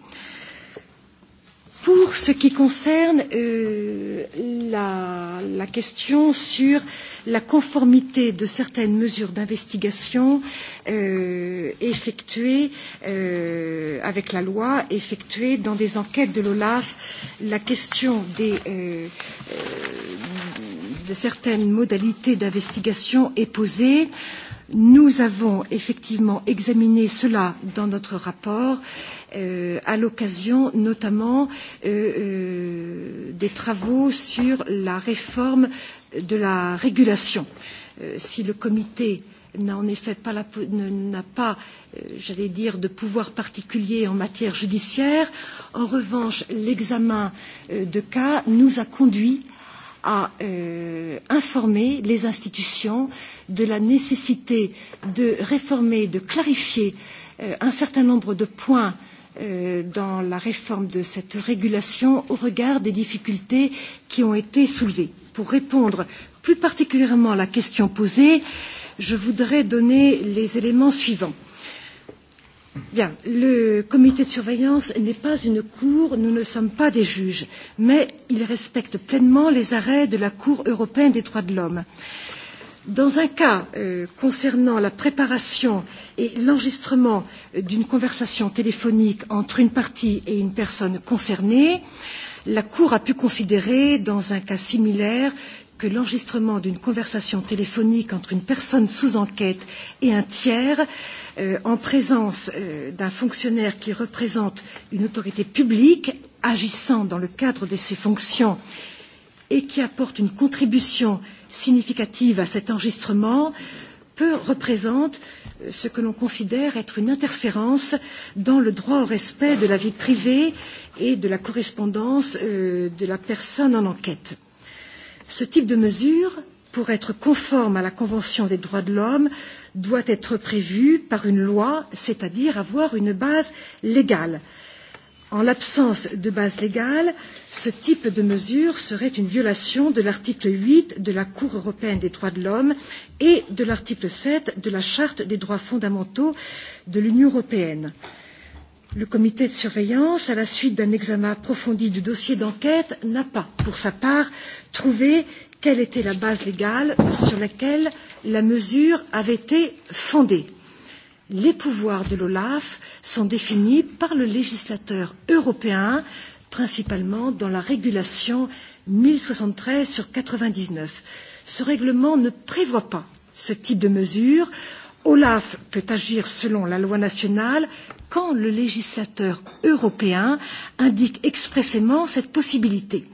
Pour ce qui concerne euh, la, la question sur la conformité de certaines mesures d'investigation euh, effectuées euh, avec la loi, effectuées dans des enquêtes de l'OLAF, la question des, euh, euh, de certaines modalités d'investigation est posée. Euh, Nous avons effectivement examiné cela dans notre rapport euh, à l'occasion notamment euh, euh, des travaux sur la réforme de la régulation. Euh, si le comité n'a en effet pas, la, n'a pas euh, j'allais dire, de pouvoir particulier en matière judiciaire, en revanche, l'examen euh, de cas nous a conduits à euh, informer les institutions euh, de la nécessité de réformer, de clarifier euh, un certain nombre de points euh, dans la réforme de cette régulation au regard des difficultés qui ont été soulevées. Pour répondre plus particulièrement à la question posée, je voudrais donner les éléments suivants. Bien, le comité de surveillance n'est pas une cour, nous ne sommes pas des juges, mais il respecte pleinement les arrêts de la Cour européenne des droits de l'homme. Euh, Dans un cas euh, concernant la préparation et l'enregistrement euh, d'une conversation téléphonique entre une partie et une personne concernée, la Cour a pu considérer, dans un cas similaire, que l'enregistrement d'une conversation téléphonique entre une personne sous enquête et un tiers, euh, en présence euh, d'un fonctionnaire qui représente une autorité publique agissant dans le cadre de ses fonctions et qui apporte une contribution euh, significative à cet enregistrement peu représente euh, ce que l'on considère être une interférence dans le droit au respect de la vie privée et de la correspondance euh, de la personne en enquête. Ce type de mesure, pour être conforme à la Convention des droits de l'homme, doit être prévu par une loi, c'est-à-dire avoir une base légale. Euh, En l'absence de base légale, ce type de mesure serait une violation de l'article 8 de la Cour européenne des droits de l'homme et de l'article 7 de la Charte des droits fondamentaux de l'Union européenne. Le comité de surveillance, à la suite d'un examen approfondi du dossier d'enquête, n'a pas, pour sa part, trouvé quelle était la base légale sur laquelle la mesure avait été fondée les pouvoirs de l'OLAF sont définis par le législateur européen, principalement dans la régulation 1073 sur 99. Ce règlement ne prévoit pas ce type de mesure. Olaf peut agir selon la loi nationale quand le législateur européen indique expressément cette possibilité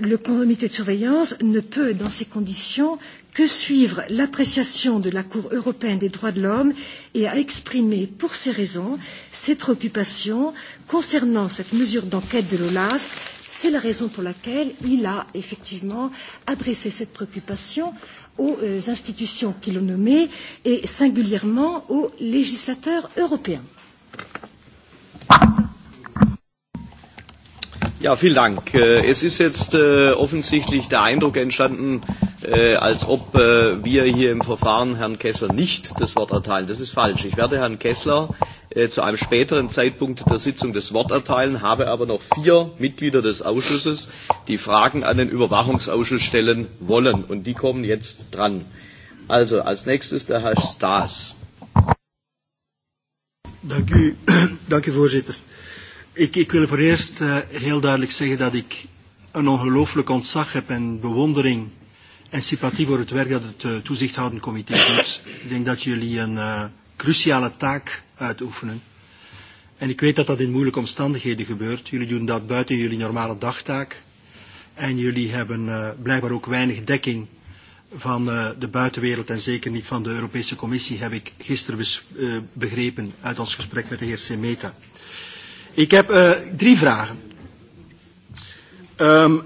le comité de surveillance ne peut, dans ces conditions, que suivre l'appréciation de la Cour européenne des droits de l'homme et a exprimé pour ces raisons ses préoccupations concernant cette mesure d'enquête de l'OLAF. C'est la raison pour laquelle il a effectivement adressé cette préoccupation aux euh, institutions qu'il a nommées et singulièrement au législateur européen. Ja, vielen Dank. Äh, es ist jetzt äh, offensichtlich der Eindruck entstanden, äh, als ob äh, wir hier im Verfahren Herrn Kessler nicht das Wort erteilen. Das ist falsch. Ich werde Herrn Kessler äh, zu einem späteren Zeitpunkt der Sitzung das Wort erteilen, habe aber noch vier Mitglieder des Ausschusses, die Fragen an den Überwachungsausschuss stellen wollen. Und die kommen jetzt dran. Also als nächstes der Herr Staes. Dank u, dank u voorzitter. Ik, ik wil voor eerst uh, heel duidelijk zeggen dat ik een ongelooflijk ontzag heb en bewondering en sympathie voor het werk dat het uh, toezichthoudend comité doet. Ik denk dat jullie een uh, cruciale taak uitoefenen. En ik weet dat dat in moeilijke omstandigheden gebeurt. Jullie doen dat buiten jullie normale dagtaak. En jullie hebben uh, blijkbaar ook weinig dekking van uh, de buitenwereld en zeker niet van de Europese Commissie, heb ik gisteren bes, uh, begrepen uit ons gesprek met de heer Semeta. Uh, Ik heb uh, drie vragen. Um,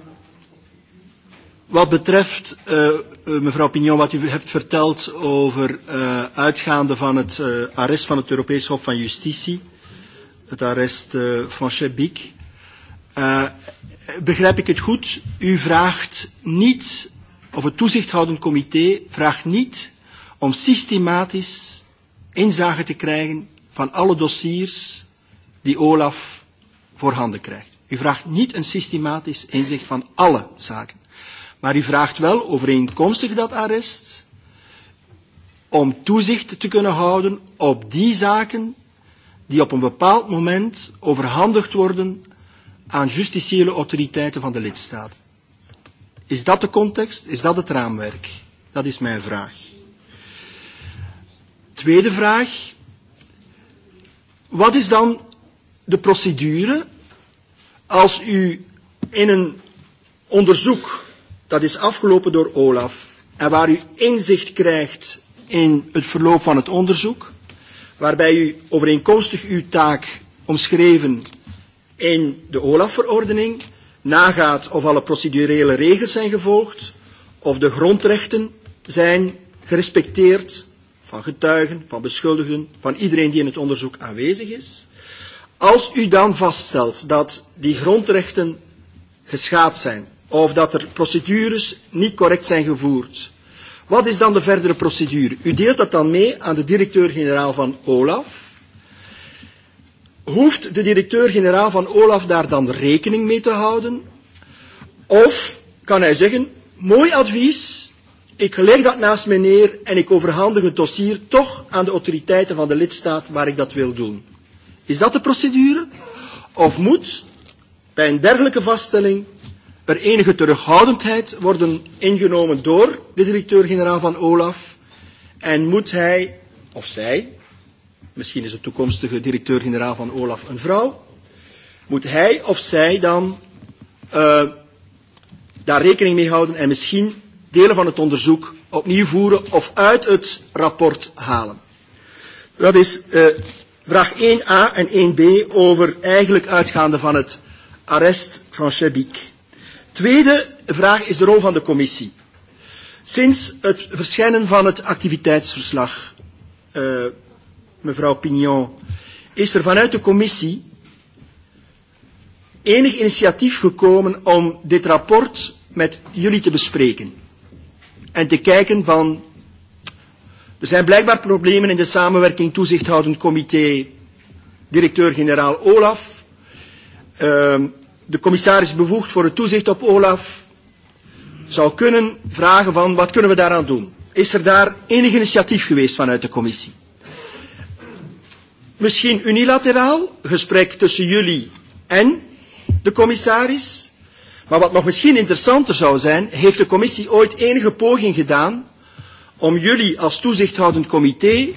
wat betreft, uh, mevrouw Pignon, wat u hebt verteld over uh, uitgaande van het uh, arrest van het Europees Hof van Justitie, het arrest uh, van Chebik, uh, begrijp ik het goed? U vraagt niet, of het toezichthoudend comité vraagt niet om systematisch inzage te krijgen van alle dossiers die Olaf voorhanden krijgt. U vraagt niet een systematisch inzicht van alle zaken. Maar u vraagt wel overeenkomstig dat arrest om toezicht te kunnen houden op die zaken die op een bepaald moment overhandigd worden aan justitiële autoriteiten van de lidstaten. Is dat de context? Is dat het raamwerk? Dat is mijn vraag. Tweede vraag. Wat is dan de procedure. Als u in een onderzoek dat is afgelopen door Olaf en waar u inzicht krijgt in het verloop van het onderzoek, waarbij u overeenkomstig uw taak omschreven in de OLAF-verordening nagaat of alle procedurele regels zijn gevolgd, of de grondrechten zijn gerespecteerd van getuigen, van beschuldigden, van iedereen die in het onderzoek aanwezig is. Als u dan vaststelt dat die grondrechten geschaad zijn of dat er procedures niet correct zijn gevoerd, wat is dan de verdere procedure? U deelt dat dan mee aan de directeur-generaal van OLAF. Hoeft de directeur-generaal van OLAF daar dan rekening mee te houden? Of kan hij zeggen, mooi advies, ik leg dat naast me neer en ik overhandig het dossier toch aan de autoriteiten van de lidstaat waar ik dat wil doen. Is dat de procedure? Of moet bij een dergelijke vaststelling er enige terughoudendheid worden ingenomen door de directeur-generaal van OLAF en moet hij of zij, misschien is de toekomstige directeur-generaal van OLAF een vrouw, moet hij of zij dan uh, daar rekening mee houden en misschien delen van het onderzoek opnieuw voeren of uit het rapport halen. Dat is uh, Vraag 1a en 1b over eigenlijk uitgaande van het arrest van Shebik. Tweede vraag is de rol van de commissie. Sinds het verschijnen van het activiteitsverslag, uh, mevrouw Pignon, is er vanuit de commissie enig initiatief gekomen om dit rapport met jullie te bespreken en te kijken van Er zijn blijkbaar problemen in de samenwerking toezichthoudend comité directeur-generaal Olaf. Uh, de commissaris bevoegd voor het toezicht op Olaf zou kunnen vragen van wat kunnen we daaraan doen? Is er daar enig initiatief geweest vanuit de commissie? Misschien unilateraal, gesprek tussen jullie en de commissaris. Maar wat nog misschien interessanter zou zijn, heeft de commissie ooit enige poging gedaan om jullie als toezichthoudend comité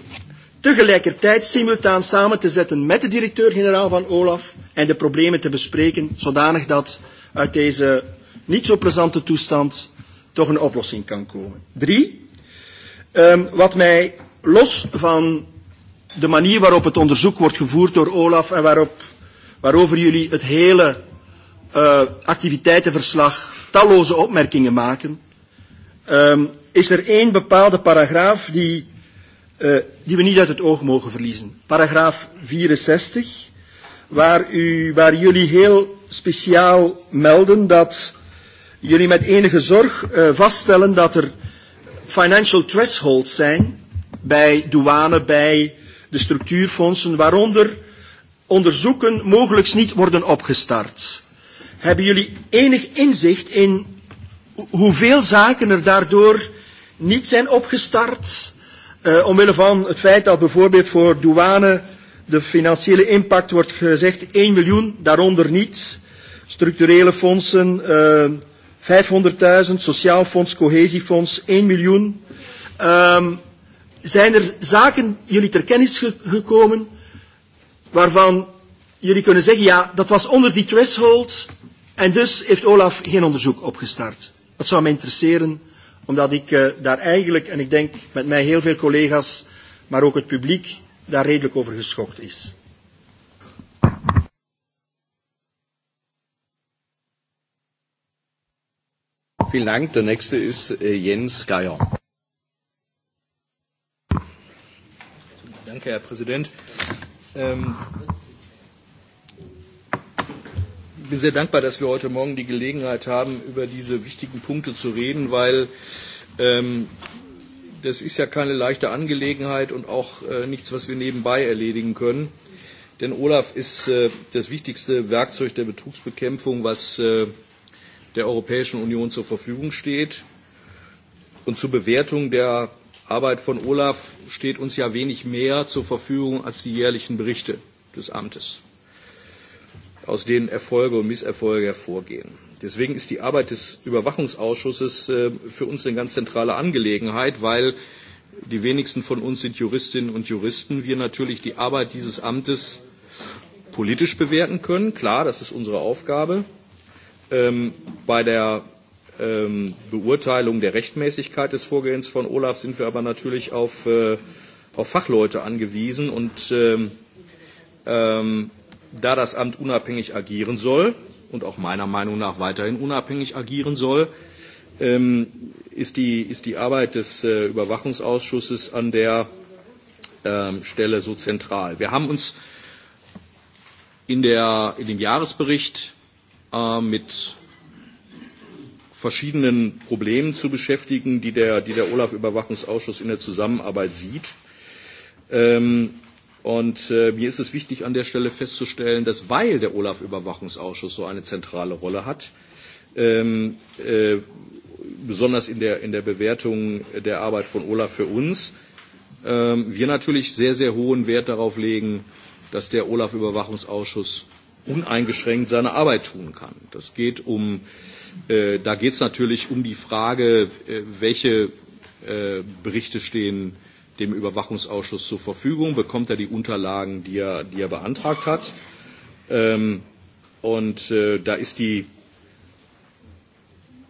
tegelijkertijd simultaan samen te zetten met de directeur-generaal van OLAF en de problemen te bespreken, zodanig dat uit deze niet zo plezante toestand toch een oplossing kan komen. Drie, um, wat mij los van de manier waarop het onderzoek wordt gevoerd door OLAF en waarop, waarover jullie het hele uh, activiteitenverslag talloze opmerkingen maken, um, is er één bepaalde paragraaf die, uh, die we niet uit het oog mogen verliezen. Paragraaf 64, waar, u, waar jullie heel speciaal melden dat jullie met enige zorg uh, vaststellen dat er financial thresholds zijn bij douane, bij de structuurfondsen, waaronder onderzoeken mogelijks niet worden opgestart. Hebben jullie enig inzicht in hoeveel zaken er daardoor niet zijn opgestart. Uh, omwille van het feit dat bijvoorbeeld voor douane de financiële impact wordt gezegd 1 miljoen, daaronder niet. Structurele fondsen uh, eh, 500.000, sociaal fonds, cohesiefonds 1 miljoen. Um, zijn er zaken jullie ter kennis ge gekomen waarvan jullie kunnen zeggen, ja, dat was onder die threshold en dus heeft Olaf geen onderzoek opgestart? Dat zou mij interesseren Omdat ik uh, daar eigenlijk, en ik denk met mij heel veel collega's, maar ook het publiek, daar redelijk over geschokt is. Vielen Dank. Der nächste ist äh, eh, Jens Geier. Danke, Herr Präsident. Ähm, bin sehr dankbar, dass wir heute Morgen die Gelegenheit haben, über diese wichtigen Punkte zu reden, weil ähm, das ist ja keine leichte Angelegenheit und auch äh, nichts, was wir nebenbei erledigen können. Denn Olaf ist äh, das wichtigste Werkzeug der Betrugsbekämpfung, was äh, der Europäischen Union zur Verfügung steht. Und zur Bewertung der Arbeit von Olaf steht uns ja wenig mehr zur Verfügung als die jährlichen Berichte des Amtes aus denen Erfolge und Misserfolge hervorgehen. Deswegen ist die Arbeit des Überwachungsausschusses äh, für uns eine ganz zentrale Angelegenheit, weil die wenigsten von uns sind Juristinnen und Juristen, wir natürlich die Arbeit dieses Amtes politisch bewerten können. Klar, das ist unsere Aufgabe. Ähm, bei der ähm, Beurteilung der Rechtmäßigkeit des Vorgehens von Olaf sind wir aber natürlich auf, äh, auf Fachleute angewiesen und ähm, ähm, da das Amt unabhängig agieren soll und auch meiner Meinung nach weiterhin unabhängig agieren soll, ähm, ist, die, ist die Arbeit des äh, Überwachungsausschusses an der ähm, Stelle so zentral. Wir haben uns in, der, in dem Jahresbericht äh, mit verschiedenen Problemen zu beschäftigen, die der, die der Olaf-Überwachungsausschuss in der Zusammenarbeit sieht. Ähm, Und äh, mir ist es wichtig, an der Stelle festzustellen, dass weil der Olaf-Überwachungsausschuss so eine zentrale Rolle hat, ähm, äh, besonders in der, in der Bewertung der Arbeit von Olaf für uns, ähm, wir natürlich sehr, sehr hohen Wert darauf legen, dass der Olaf-Überwachungsausschuss uneingeschränkt seine Arbeit tun kann. Das geht um, äh, da geht es natürlich um die Frage, äh, welche äh, Berichte stehen dem Überwachungsausschuss zur Verfügung, bekommt er die Unterlagen, die er, die er beantragt hat. Ähm, und äh, da ist die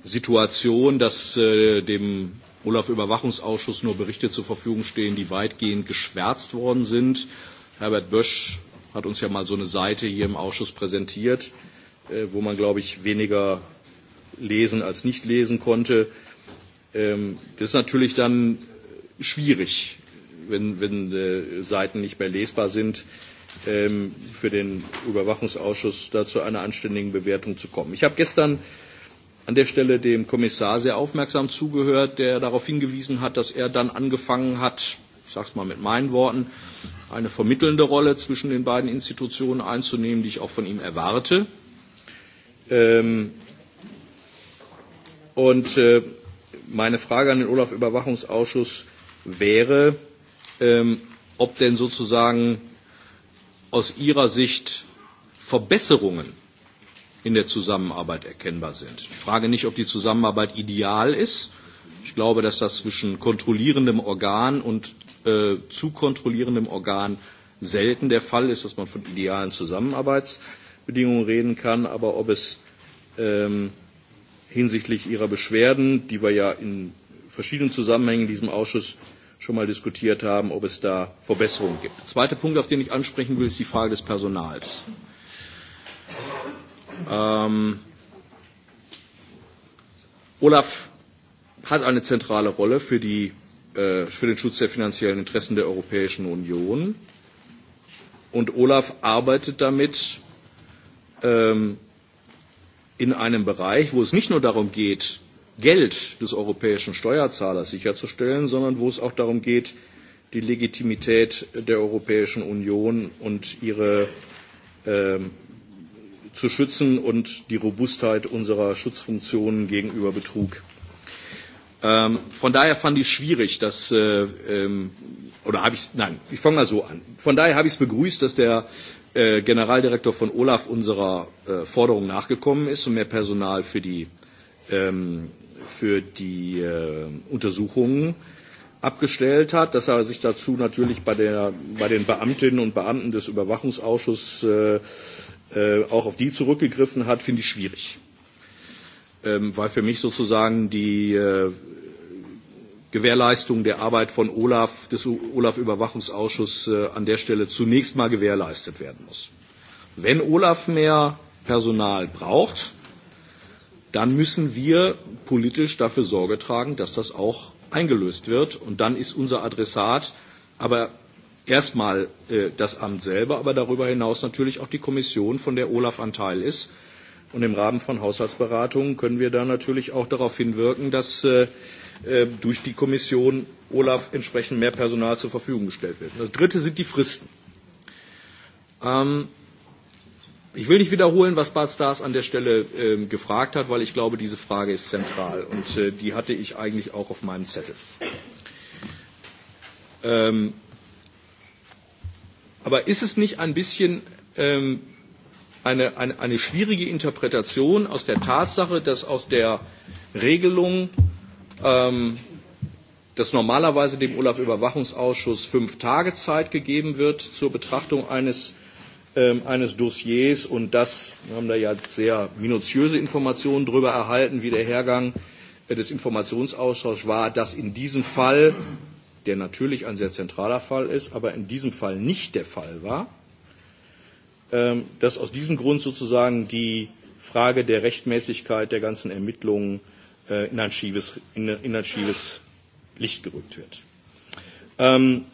Situation, dass äh, dem Olaf-Überwachungsausschuss nur Berichte zur Verfügung stehen, die weitgehend geschwärzt worden sind. Herbert Bösch hat uns ja mal so eine Seite hier im Ausschuss präsentiert, äh, wo man, glaube ich, weniger lesen als nicht lesen konnte. Ähm, das ist natürlich dann schwierig, wenn, wenn äh, Seiten nicht mehr lesbar sind, ähm, für den Überwachungsausschuss dazu einer anständigen Bewertung zu kommen. Ich habe gestern an der Stelle dem Kommissar sehr aufmerksam zugehört, der darauf hingewiesen hat, dass er dann angefangen hat, ich sage es mal mit meinen Worten, eine vermittelnde Rolle zwischen den beiden Institutionen einzunehmen, die ich auch von ihm erwarte. Ähm, und äh, meine Frage an den Olaf-Überwachungsausschuss wäre, ähm, ob denn sozusagen aus Ihrer Sicht Verbesserungen in der Zusammenarbeit erkennbar sind. Ich frage nicht, ob die Zusammenarbeit ideal ist. Ich glaube, dass das zwischen kontrollierendem Organ und äh, zu kontrollierendem Organ selten der Fall ist, dass man von idealen Zusammenarbeitsbedingungen reden kann. Aber ob es ähm, hinsichtlich Ihrer Beschwerden, die wir ja in verschiedenen Zusammenhängen in diesem Ausschuss schon mal diskutiert haben, ob es da Verbesserungen gibt. Zweiter Punkt, auf den ich ansprechen will, ist die Frage des Personals. Ähm, Olaf hat eine zentrale Rolle für, die, äh, für den Schutz der finanziellen Interessen der Europäischen Union. Und Olaf arbeitet damit ähm, in einem Bereich, wo es nicht nur darum geht, Geld des europäischen Steuerzahlers sicherzustellen, sondern wo es auch darum geht, die Legitimität der Europäischen Union und ihre äh, zu schützen und die Robustheit unserer Schutzfunktionen gegenüber Betrug. Ähm, von daher fand ich es schwierig, dass äh, ähm, oder habe ich nein, ich fange mal so an. Von daher habe ich es begrüßt, dass der äh, Generaldirektor von Olaf unserer äh, Forderung nachgekommen ist und mehr Personal für die ähm, für die äh, Untersuchungen abgestellt hat, dass er sich dazu natürlich bei, der, bei den Beamtinnen und Beamten des Überwachungsausschusses äh, äh, auch auf die zurückgegriffen hat, finde ich schwierig. Ähm, weil für mich sozusagen die äh, Gewährleistung der Arbeit von Olaf, des Olaf-Überwachungsausschusses äh, an der Stelle zunächst mal gewährleistet werden muss. Wenn Olaf mehr Personal braucht, dann müssen wir politisch dafür Sorge tragen, dass das auch eingelöst wird. Und dann ist unser Adressat aber erstmal äh, das Amt selber, aber darüber hinaus natürlich auch die Kommission, von der Olaf ein Teil ist. Und im Rahmen von Haushaltsberatungen können wir da natürlich auch darauf hinwirken, dass äh, äh, durch die Kommission Olaf entsprechend mehr Personal zur Verfügung gestellt wird. Das Dritte sind die Fristen. Ähm, Ich will nicht wiederholen, was Bart Stars an der Stelle äh, gefragt hat, weil ich glaube, diese Frage ist zentral und äh, die hatte ich eigentlich auch auf meinem Zettel. Ähm, aber ist es nicht ein bisschen ähm, eine, eine, eine schwierige Interpretation aus der Tatsache, dass aus der Regelung, ähm, dass normalerweise dem Olaf-Überwachungsausschuss fünf Tage Zeit gegeben wird zur Betrachtung eines äh, Ähm, eines Dossiers und das, wir haben da jetzt sehr minutiöse Informationen darüber erhalten, wie der Hergang äh, des Informationsaustauschs war, dass in diesem Fall, der natürlich ein sehr zentraler Fall ist, aber in diesem Fall nicht der Fall war, ähm, dass aus diesem Grund sozusagen die Frage der Rechtmäßigkeit der ganzen Ermittlungen äh, in ein schiefes, in ein schiefes Licht gerückt wird. Ähm,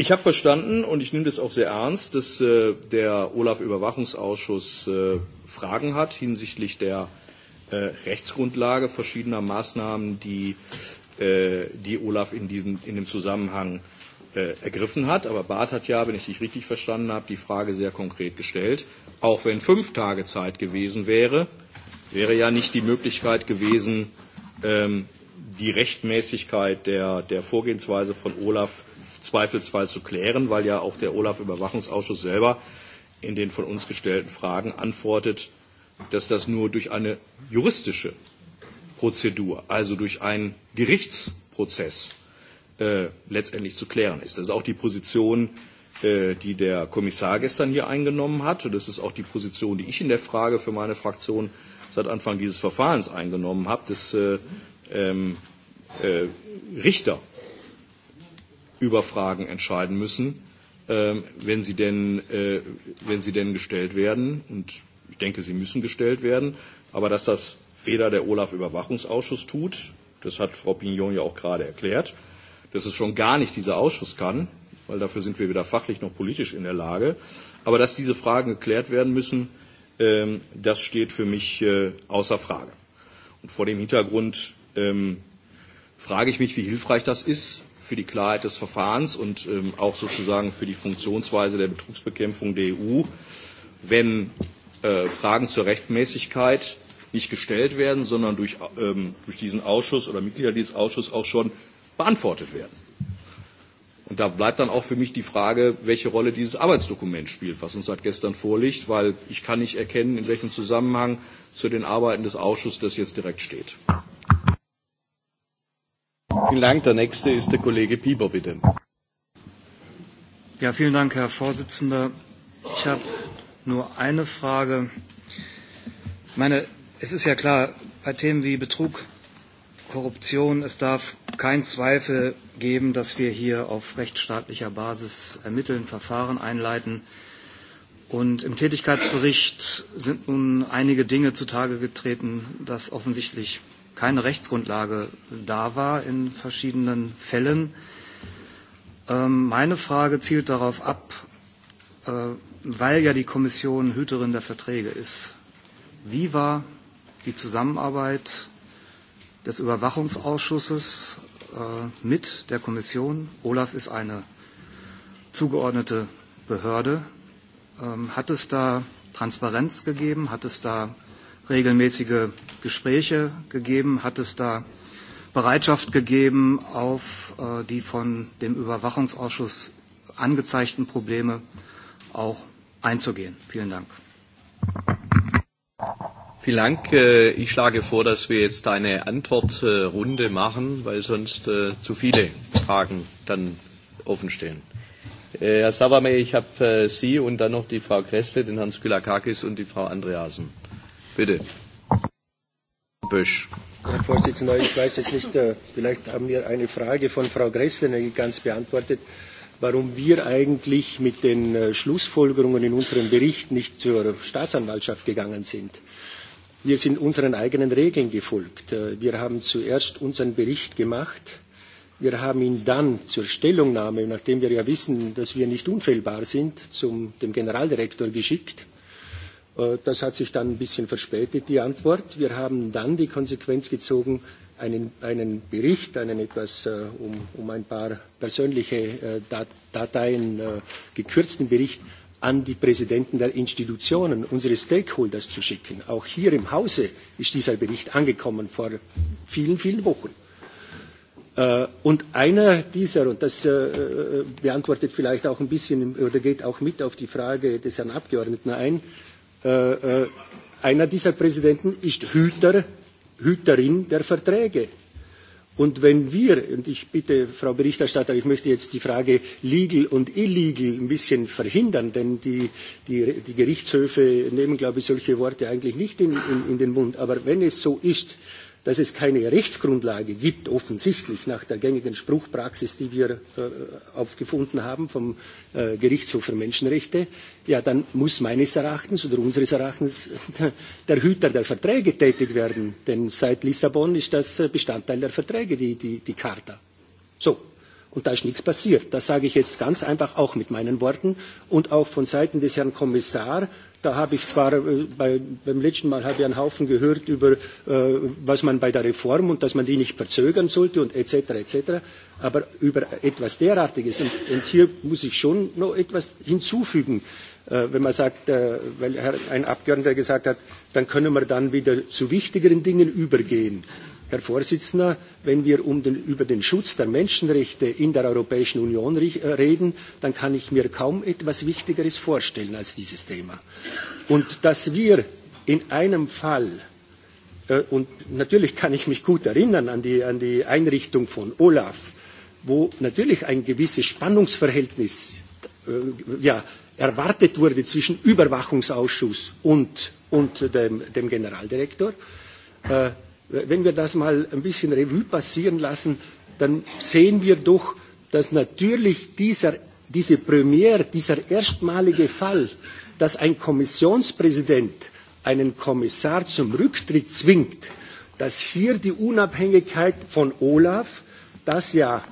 Ich habe verstanden und ich nehme das auch sehr ernst, dass äh, der Olaf-Überwachungsausschuss äh, Fragen hat hinsichtlich der äh, Rechtsgrundlage verschiedener Maßnahmen, die, äh, die Olaf in, diesem, in dem Zusammenhang äh, ergriffen hat. Aber Barth hat ja, wenn ich dich richtig verstanden habe, die Frage sehr konkret gestellt. Auch wenn fünf Tage Zeit gewesen wäre, wäre ja nicht die Möglichkeit gewesen, ähm, die Rechtmäßigkeit der, der Vorgehensweise von Olaf Zweifelsfall zu klären, weil ja auch der Olaf-Überwachungsausschuss selber in den von uns gestellten Fragen antwortet, dass das nur durch eine juristische Prozedur, also durch einen Gerichtsprozess äh, letztendlich zu klären ist. Das ist auch die Position, äh, die der Kommissar gestern hier eingenommen hat. Und das ist auch die Position, die ich in der Frage für meine Fraktion seit Anfang dieses Verfahrens eingenommen habe, dass äh, ähm, äh, Richter über Fragen entscheiden müssen, ähm, wenn sie denn, äh, wenn sie denn gestellt werden. Und ich denke, sie müssen gestellt werden. Aber dass das weder der Olaf-Überwachungsausschuss tut, das hat Frau Pignon ja auch gerade erklärt, dass es schon gar nicht dieser Ausschuss kann, weil dafür sind wir weder fachlich noch politisch in der Lage. Aber dass diese Fragen geklärt werden müssen, ähm, das steht für mich äh, außer Frage. Und vor dem Hintergrund ähm, frage ich mich, wie hilfreich das ist, für die Klarheit des Verfahrens und ähm, auch sozusagen für die Funktionsweise der Betrugsbekämpfung der EU, wenn äh, Fragen zur Rechtmäßigkeit nicht gestellt werden, sondern durch, ähm, durch diesen Ausschuss oder Mitglieder dieses Ausschusses auch schon beantwortet werden. Und da bleibt dann auch für mich die Frage, welche Rolle dieses Arbeitsdokument spielt, was uns seit gestern vorliegt, weil ich kann nicht erkennen, in welchem Zusammenhang zu den Arbeiten des Ausschusses das jetzt direkt steht. Ja. Vielen Dank. Der nächste ist der Kollege Pieper, bitte. Ja, vielen Dank, Herr Vorsitzender. Ich habe nur eine Frage. Ich meine, es ist ja klar, bei Themen wie Betrug, Korruption, es darf kein Zweifel geben, dass wir hier auf rechtsstaatlicher Basis ermitteln, Verfahren einleiten. Und im Tätigkeitsbericht sind nun einige Dinge zutage getreten, dass offensichtlich keine Rechtsgrundlage da war in verschiedenen Fällen. Ähm, meine Frage zielt darauf ab, äh, weil ja die Kommission Hüterin der Verträge ist. Wie war die Zusammenarbeit des Überwachungsausschusses äh, mit der Kommission? Olaf ist eine zugeordnete Behörde. Ähm, hat es da Transparenz gegeben? Hat es da regelmäßige Gespräche gegeben? Hat es da Bereitschaft gegeben, auf äh, die von dem Überwachungsausschuss angezeigten Probleme auch einzugehen? Vielen Dank. Vielen Dank. Äh, ich schlage vor, dass wir jetzt eine Antwortrunde machen, weil sonst äh, zu viele Fragen dann offen stehen. Äh, Herr Savame, ich habe Sie und dann noch die Frau Kressle, den Herrn Skylakakis und die Frau Andreasen. Bitte. Bösch. Herr Vorsitzender, ich weiß jetzt nicht, äh, vielleicht haben wir eine Frage von Frau Gressler nicht ganz beantwortet, warum wir eigentlich mit den äh, Schlussfolgerungen in unserem Bericht nicht zur Staatsanwaltschaft gegangen sind. Wir sind unseren eigenen Regeln gefolgt. Äh, wir haben zuerst unseren Bericht gemacht. Wir haben ihn dann zur Stellungnahme, nachdem wir ja wissen, dass wir nicht unfehlbar sind, zum, dem Generaldirektor geschickt. Äh, das hat sich dann ein bisschen verspätet, die Antwort. Wir haben dann die Konsequenz gezogen, einen, einen Bericht, einen etwas äh, um, um ein paar persönliche äh, Dateien äh, gekürzten Bericht an die Präsidenten der Institutionen, unsere Stakeholders zu schicken. Auch hier im Hause ist dieser Bericht angekommen vor vielen, vielen Wochen. Äh, und einer dieser, und das äh, äh beantwortet vielleicht auch ein bisschen oder geht auch mit auf die Frage des Herrn Abgeordneten ein, äh, Äh, äh, einer dieser Präsidenten ist Hüter, Hüterin der Verträge. Und wenn wir, und ich bitte, Frau Berichterstatterin, ich möchte jetzt die Frage legal und illegal ein bisschen verhindern, denn die, die, die Gerichtshöfe nehmen, glaube ich, solche Worte eigentlich nicht in, in, in den Mund. Aber wenn es so ist, dass es keine Rechtsgrundlage gibt, offensichtlich nach der gängigen Spruchpraxis, die wir äh, aufgefunden haben vom äh, Gerichtshof für Menschenrechte, ja, dann muss meines Erachtens oder unseres Erachtens der Hüter der Verträge tätig werden. Denn seit Lissabon ist das äh, Bestandteil der Verträge, die, die, die Charta. So. Und da ist nichts passiert. Das sage ich jetzt ganz einfach auch mit meinen Worten und auch von Seiten des Herrn Kommissar Da habe ich zwar äh, bei, beim letzten Mal habe ich einen Haufen gehört über, äh, was man bei der Reform und dass man die nicht verzögern sollte und etc. etc. Aber über etwas derartiges und, und hier muss ich schon noch etwas hinzufügen, äh, wenn man sagt, äh, weil Herr, ein Abgeordneter gesagt hat, dann können wir dann wieder zu wichtigeren Dingen übergehen. Herr Vorsitzender, wenn wir um den, über den Schutz der Menschenrechte in der Europäischen Union äh, reden, dann kann ich mir kaum etwas Wichtigeres vorstellen als dieses Thema. Und dass wir in einem Fall äh, und natürlich kann ich mich gut erinnern an die, an die Einrichtung von Olaf, wo natürlich ein gewisses Spannungsverhältnis äh, ja, erwartet wurde zwischen Überwachungsausschuss und, und dem, dem Generaldirektor. Äh, wenn wir das mal ein bisschen Revue passieren lassen, dann sehen wir doch, dass natürlich dieser, diese Premiere, dieser erstmalige Fall, dass ein Kommissionspräsident einen Kommissar zum Rücktritt zwingt, dass hier die Unabhängigkeit von Olaf, das ja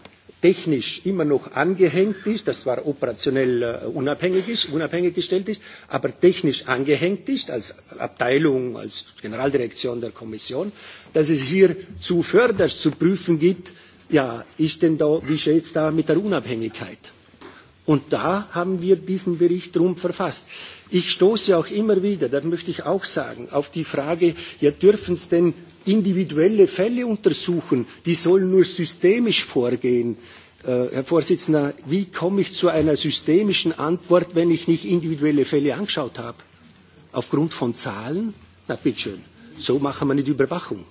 technisch immer noch angehängt ist, das zwar operationell äh, unabhängig, ist, unabhängig gestellt ist, aber technisch angehängt ist als Abteilung, als Generaldirektion der Kommission, dass es hier zuvörderst zu prüfen gibt, ja, ist denn da, wie steht es da mit der Unabhängigkeit? Und da haben wir diesen Bericht drum verfasst. Ich stoße auch immer wieder, das möchte ich auch sagen, auf die Frage, ja, dürfen es denn individuelle Fälle untersuchen? Die sollen nur systemisch vorgehen. Äh, Herr Vorsitzender, wie komme ich zu einer systemischen Antwort, wenn ich nicht individuelle Fälle angeschaut habe? Aufgrund von Zahlen? Na bitteschön, so machen wir nicht Überwachung.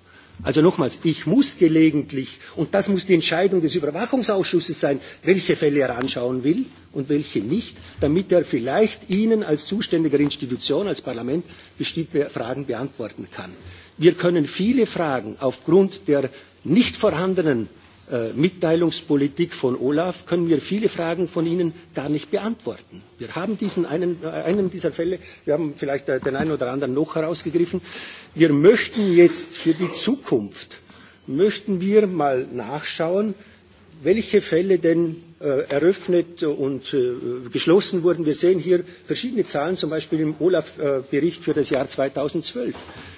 Also nochmals, ich muss gelegentlich, und das muss die Entscheidung des Überwachungsausschusses sein, welche Fälle er anschauen will und welche nicht, damit er vielleicht Ihnen als zuständiger Institution, als Parlament bestimmte Fragen beantworten kann. Wir können viele Fragen aufgrund der nicht vorhandenen äh, äh, Mitteilungspolitik von Olaf können wir viele Fragen von Ihnen gar nicht beantworten. Wir haben diesen einen, äh, einen dieser Fälle, wir haben vielleicht äh, den einen oder anderen noch herausgegriffen. Wir möchten jetzt für die Zukunft, möchten wir mal nachschauen, welche Fälle denn äh, eröffnet und äh, geschlossen wurden. Wir sehen hier verschiedene Zahlen, zum Beispiel im Olaf-Bericht äh, für das Jahr 2012.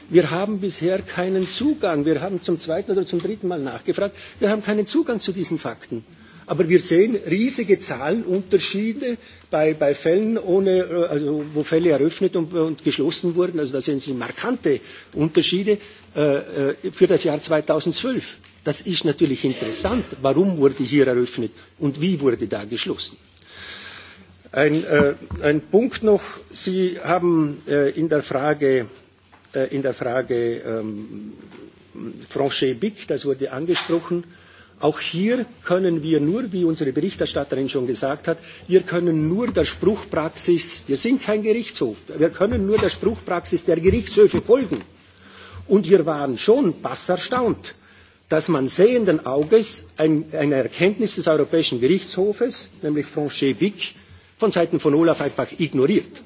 Wir haben bisher keinen Zugang. Wir haben zum zweiten oder zum dritten Mal nachgefragt. Wir haben keinen Zugang zu diesen Fakten. Aber wir sehen riesige Zahlenunterschiede bei, bei Fällen, ohne, äh, also wo Fälle eröffnet und, und geschlossen wurden. Also da sehen Sie markante Unterschiede äh, äh für das Jahr 2012. Das ist natürlich interessant. Warum wurde hier eröffnet und wie wurde da geschlossen? Ein, äh, ein Punkt noch. Sie haben äh, in der Frage äh, in der Frage ähm, Franchet-Bic, das wurde angesprochen. Auch hier können wir nur, wie unsere Berichterstatterin schon gesagt hat, wir können nur der Spruchpraxis, wir sind kein Gerichtshof, wir können nur der Spruchpraxis der Gerichtshöfe folgen. Und wir waren schon bass erstaunt, dass man sehenden Auges ein, eine Erkenntnis des Europäischen Gerichtshofes, nämlich Franchet Bic, von Seiten von Olaf einfach ignoriert.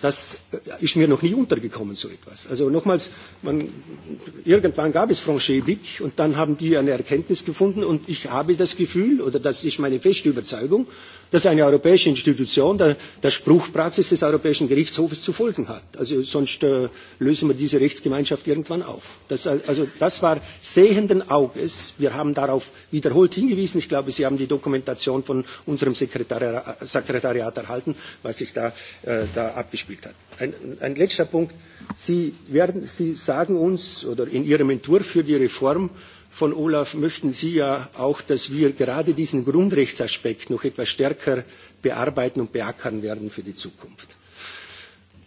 Das äh, ist mir noch nie untergekommen, so etwas. Also nochmals, man, irgendwann gab es Franche Bic und dann haben die eine Erkenntnis gefunden und ich habe das Gefühl, oder das ist meine feste Überzeugung, dass eine europäische Institution der, der Spruchpraxis des Europäischen Gerichtshofes zu folgen hat. Also sonst äh, lösen wir diese Rechtsgemeinschaft irgendwann auf. Das, äh, also das war sehenden Auges. Wir haben darauf wiederholt hingewiesen. Ich glaube, Sie haben die Dokumentation von unserem Sekretariat, Sekretariat erhalten, was sich da, äh, da abgespielt hat. Ein, ein letzter Punkt. Sie, werden, Sie sagen uns oder in Ihrem Entwurf für die Reform, äh, von Olaf möchten Sie ja auch, dass wir gerade diesen Grundrechtsaspekt noch etwas stärker bearbeiten und beackern werden für die Zukunft.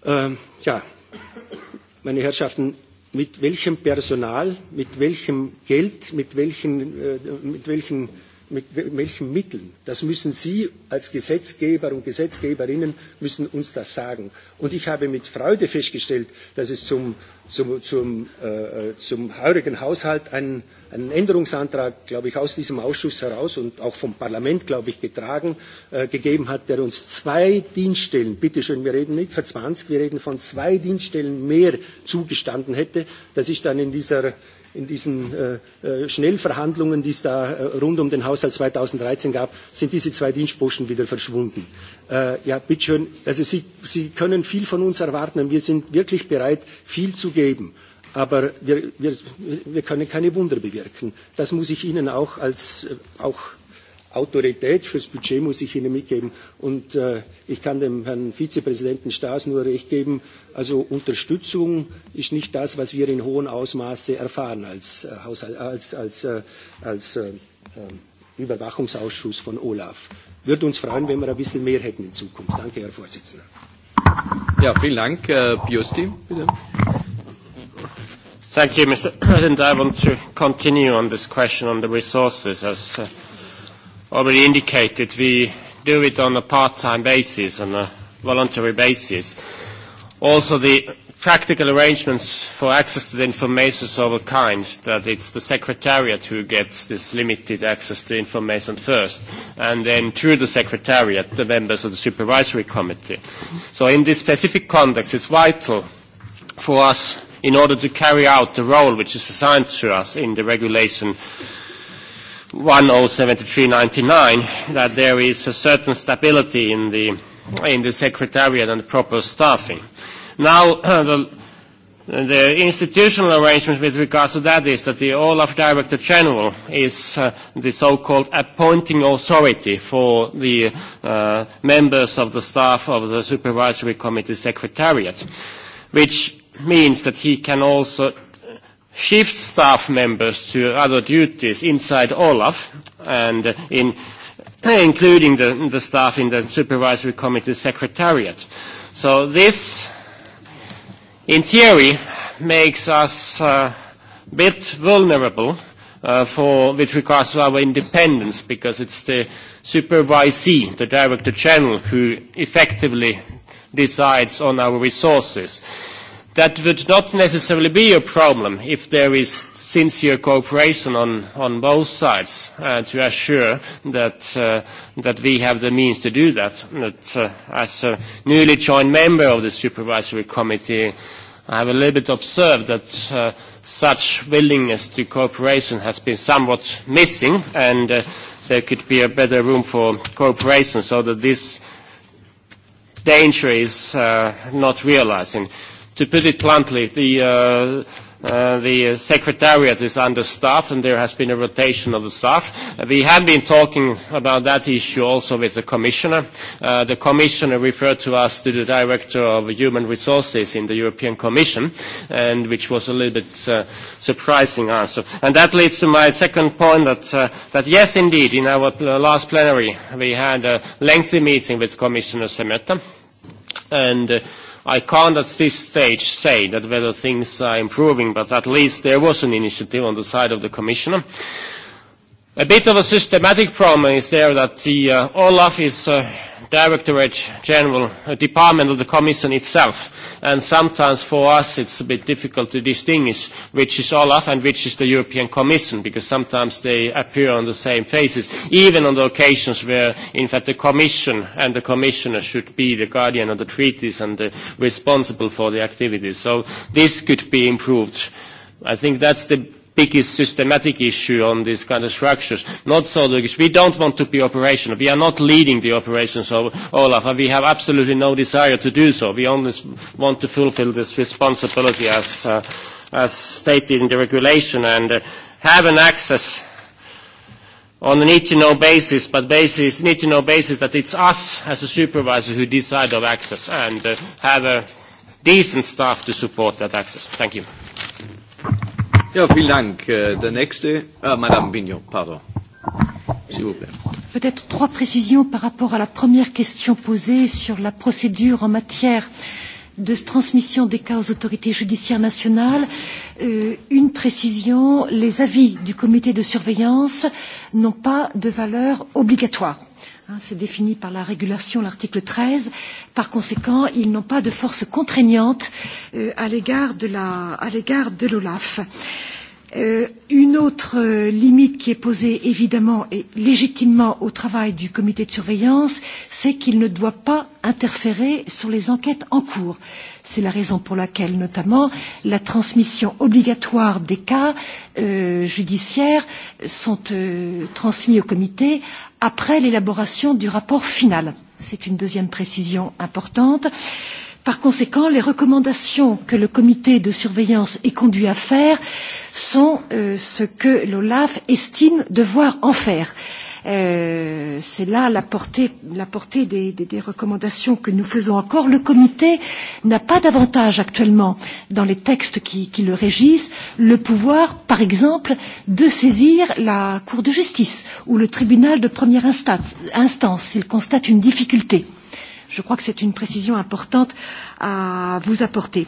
Ähm, ja, meine Herrschaften, mit welchem Personal, mit welchem Geld, mit welchen, äh, mit welchen mit welchen Mitteln. Das müssen Sie als Gesetzgeber und Gesetzgeberinnen müssen uns das sagen. Und ich habe mit Freude festgestellt, dass es zum, zum, zum, äh, zum heurigen Haushalt einen, einen Änderungsantrag, glaube ich, aus diesem Ausschuss heraus und auch vom Parlament, glaube ich, getragen, äh, gegeben hat, der uns zwei Dienststellen, bitteschön, wir reden nicht von 20, wir reden von zwei Dienststellen mehr zugestanden hätte. Das ist dann in dieser in diesen äh, äh, Schnellverhandlungen, die es da äh, rund um den Haushalt 2013 gab, sind diese zwei Dienstposten wieder verschwunden. Äh, ja, bitteschön, also Sie, Sie können viel von uns erwarten und wir sind wirklich bereit, viel zu geben. Aber wir, wir, wir können keine Wunder bewirken. Das muss ich Ihnen auch als, äh, auch Autorität fürs Budget muss ich Ihnen mitgeben. Und äh, ich kann dem Herrn Vizepräsidenten Staes nur recht geben. Also Unterstützung ist nicht das, was wir in hohem Ausmaße erfahren als, äh, Haushalt, als, als, äh, als äh, äh Überwachungsausschuss von Olaf. Würde uns freuen, wenn wir ein bisschen mehr hätten in Zukunft. Danke, Herr Vorsitzender. Ja, vielen Dank. Äh, Biosti, bitte. Thank you, Mr. President. I want to continue on this question on the resources as uh, already indicated, we do it on a part-time basis, on a voluntary basis. Also, the practical arrangements for access to the information is of a kind that it's the secretariat who gets this limited access to information first, and then through the secretariat, the members of the supervisory committee. So in this specific context, it's vital for us in order to carry out the role which is assigned to us in the regulation uh, 107399 that there is a certain stability in the, in the secretariat and the proper staffing. Now, uh, the, the institutional arrangement with regards to that is that the Olaf Director General is uh, the so-called appointing authority for the uh, members of the staff of the Supervisory Committee Secretariat, which means that he can also shift staff members to other duties inside Olaf and uh, in including the, the staff in the supervisory committee secretariat. So this, in theory, makes us uh, a bit vulnerable uh, for, with regards to our independence because it's the supervisee, the director general, who effectively decides on our resources. Uh, That would not necessarily be a problem if there is sincere cooperation on, on both sides uh, to assure that, uh, that we have the means to do that. But, uh, as a newly joined member of the Supervisory Committee, I have a little bit observed that uh, such willingness to cooperation has been somewhat missing, and uh, there could be a better room for cooperation so that this danger is uh, not realizing. Uh, to put it bluntly, the, uh, uh, the secretariat is understaffed and there has been a rotation of the staff. We have been talking about that issue also with the commissioner. Uh, the commissioner referred to us to the director of human resources in the European Commission, and which was a little bit uh, surprising answer. And that leads to my second point that, uh, that yes, indeed, in our last plenary, we had a lengthy meeting with Commissioner Semeta, and uh, I can't at this stage say that whether things are improving, but at least there was an initiative on the side of the Commissioner. A bit of a systematic problem is there that the uh, Olaf is uh, Directorate General, a department of the Commission itself. And sometimes for us it's a bit difficult to distinguish which is Olaf and which is the European Commission, because sometimes they appear on the same faces, even on the occasions where, in fact, the Commission and the Commissioner should be the guardian of the treaties and uh, responsible for the activities. So this could be improved. I think that's the big systematic issue on these kind of structures. Not so Lugish. We don't want to be operational. We are not leading the operations of Olaf, and we have absolutely no desire to do so. We only want to fulfill this responsibility as, uh, as stated in the regulation and uh, have an access on a need-to-know basis, but basis, need-to-know basis that it's us as a supervisor who decide of access and uh, have a decent staff to support that access. Thank you. Ja, vielen Dank. Äh, der nächste, ah, Madame Vignon, pardon. S'il vous plaît. Peut-être trois précisions par rapport à la première question posée sur la procédure en matière de transmission des cas aux autorités judiciaires nationales. Euh, une précision, les avis du comité de surveillance n'ont pas de valeur obligatoire Hein, c'est défini par la régulation, l'article 13. Par conséquent, ils n'ont pas de force contraignante euh, à l'égard de la, à l'égard de l'OLAF. Euh, une autre euh, limite qui est posée évidemment et légitimement au travail du comité de surveillance, c'est qu'il ne doit pas interférer sur les enquêtes en cours. C'est la raison pour laquelle, notamment, la transmission obligatoire des cas euh, judiciaires sont euh, transmis au comité après l'élaboration du rapport final. C'est une deuxième précision importante. Par conséquent, les recommandations que le comité de surveillance est conduit à faire sont euh, ce que l'OLAF estime devoir en faire. Euh, Euh, c'est là la portée, la portée des, des, des recommandations que nous faisons encore. Le comité n'a pas davantage actuellement dans les textes qui, qui le régissent le pouvoir, par exemple, de saisir la Cour de justice ou le tribunal de première instance, instance s'il constate une difficulté. Je crois que c'est une précision importante à vous apporter.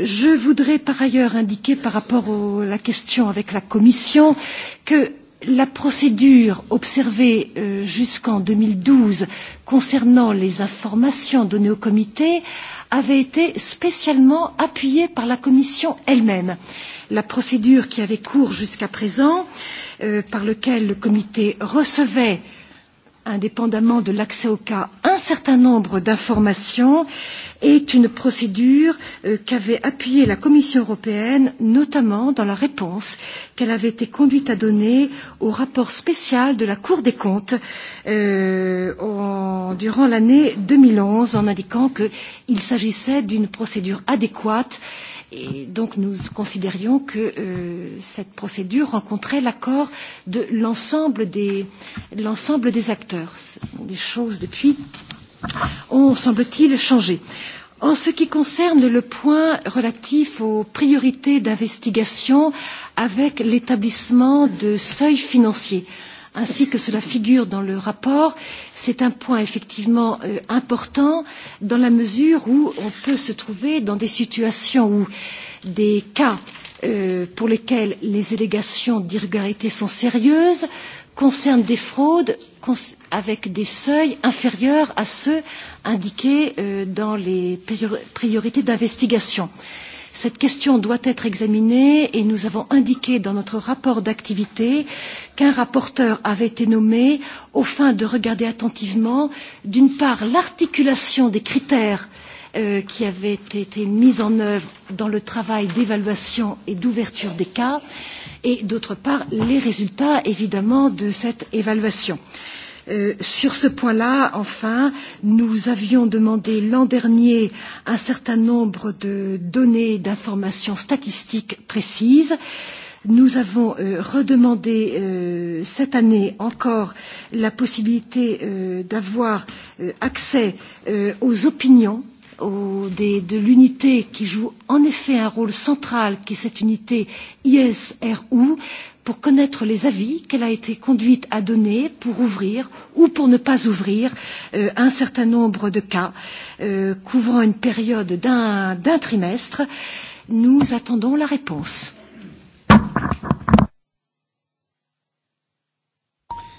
Je voudrais par ailleurs indiquer par rapport à la question avec la Commission que la procédure observée euh, jusqu'en 2012 concernant les informations données au comité avait été spécialement appuyée par la commission elle-même. La procédure qui avait cours jusqu'à présent, euh, par laquelle le comité recevait euh, indépendamment de l'accès au cas, un certain nombre d'informations est une procédure euh, qu'avait appuyée la Commission européenne, notamment dans la réponse qu'elle avait été conduite à donner au rapport spécial de la Cour des comptes euh, en, durant l'année 2011, en indiquant qu'il s'agissait d'une procédure adéquate euh, Et donc nous considérions que euh, cette procédure rencontrait l'accord de l'ensemble des, l'ensemble des acteurs. Les choses depuis ont, semble-t-il, changé. En ce qui concerne le point relatif aux priorités d'investigation avec l'établissement de seuils financiers, euh, ainsi que cela figure dans le rapport, c'est un point effectivement euh, important dans la mesure où on peut se trouver dans des situations où des cas euh, pour lesquels les allégations d'irrégularité sont sérieuses concernent des fraudes avec des seuils inférieurs à ceux indiqués euh, dans les priorités d'investigation. Euh, Cette question doit être examinée et nous avons indiqué dans notre rapport d'activité qu'un rapporteur avait été nommé aux fins de regarder attentivement, d'une part, l'articulation des critères euh, qui avaient été mis en œuvre dans le travail d'évaluation et d'ouverture des cas, et d'autre part, les résultats évidemment de cette évaluation. Euh, Euh, sur ce point-là, enfin, nous avions demandé l'an dernier un certain nombre de données, d'informations statistiques précises. Nous avons euh, redemandé euh, cette année encore la possibilité euh, d'avoir euh, accès euh, aux opinions au, des, de l'unité qui joue en effet un rôle central, qui est cette unité ISRU, pour connaître les avis qu'elle a été conduite à donner pour ouvrir ou pour ne pas ouvrir euh, un certain nombre de cas euh, couvrant une période d'un un, un trimestre. Nous attendons la réponse.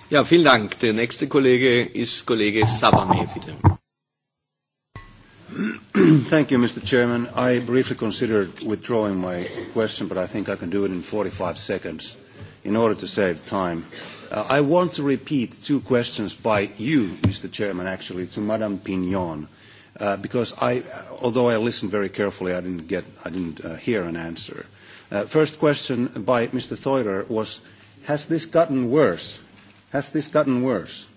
Ja, vielen Dank. Der nächste Kollege ist Kollege Sabame, bitte. Thank you, Mr. Chairman. I briefly considered withdrawing my question, but I think I can do it in 45 seconds. Uh, in order to save time. Uh, I want to repeat two questions by you, Mr. Chairman, actually, to Madame Pignon, uh, because I, uh, although I listened very carefully, I didn't, get, I didn't uh, hear an answer. Uh, first question by Mr. Theurer was, has this gotten worse? Has this gotten worse?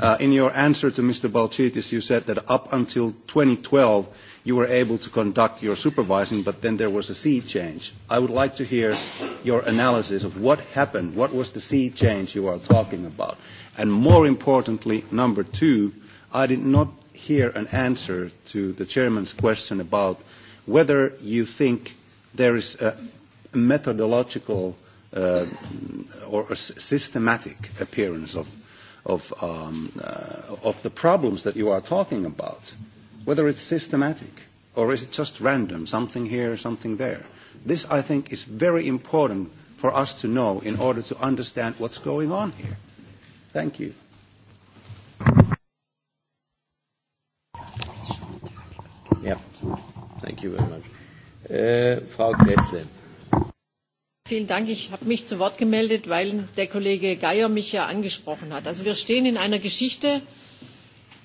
Uh, in your answer to Mr. Balchitis, you said that up until 2012, you were able to conduct your supervising, but then there was a sea change. I would like to hear your analysis of what happened. What was the sea change you are talking about? And more importantly, number two, I did not hear an answer to the chairman's question about whether you think there is a methodological uh, or a systematic appearance of, of, um, uh, of the problems that you are talking about. Mm-hmm whether it's systematic or is it just random, something here, something there. This, I think, is very important for us to know in order to understand what's going on here. Thank you. Yeah. Thank you very much. Äh, Frau Gressle. Vielen Dank. Ich habe mich zu Wort gemeldet, weil der Kollege Geier mich ja angesprochen hat. Also wir stehen in einer Geschichte, äh,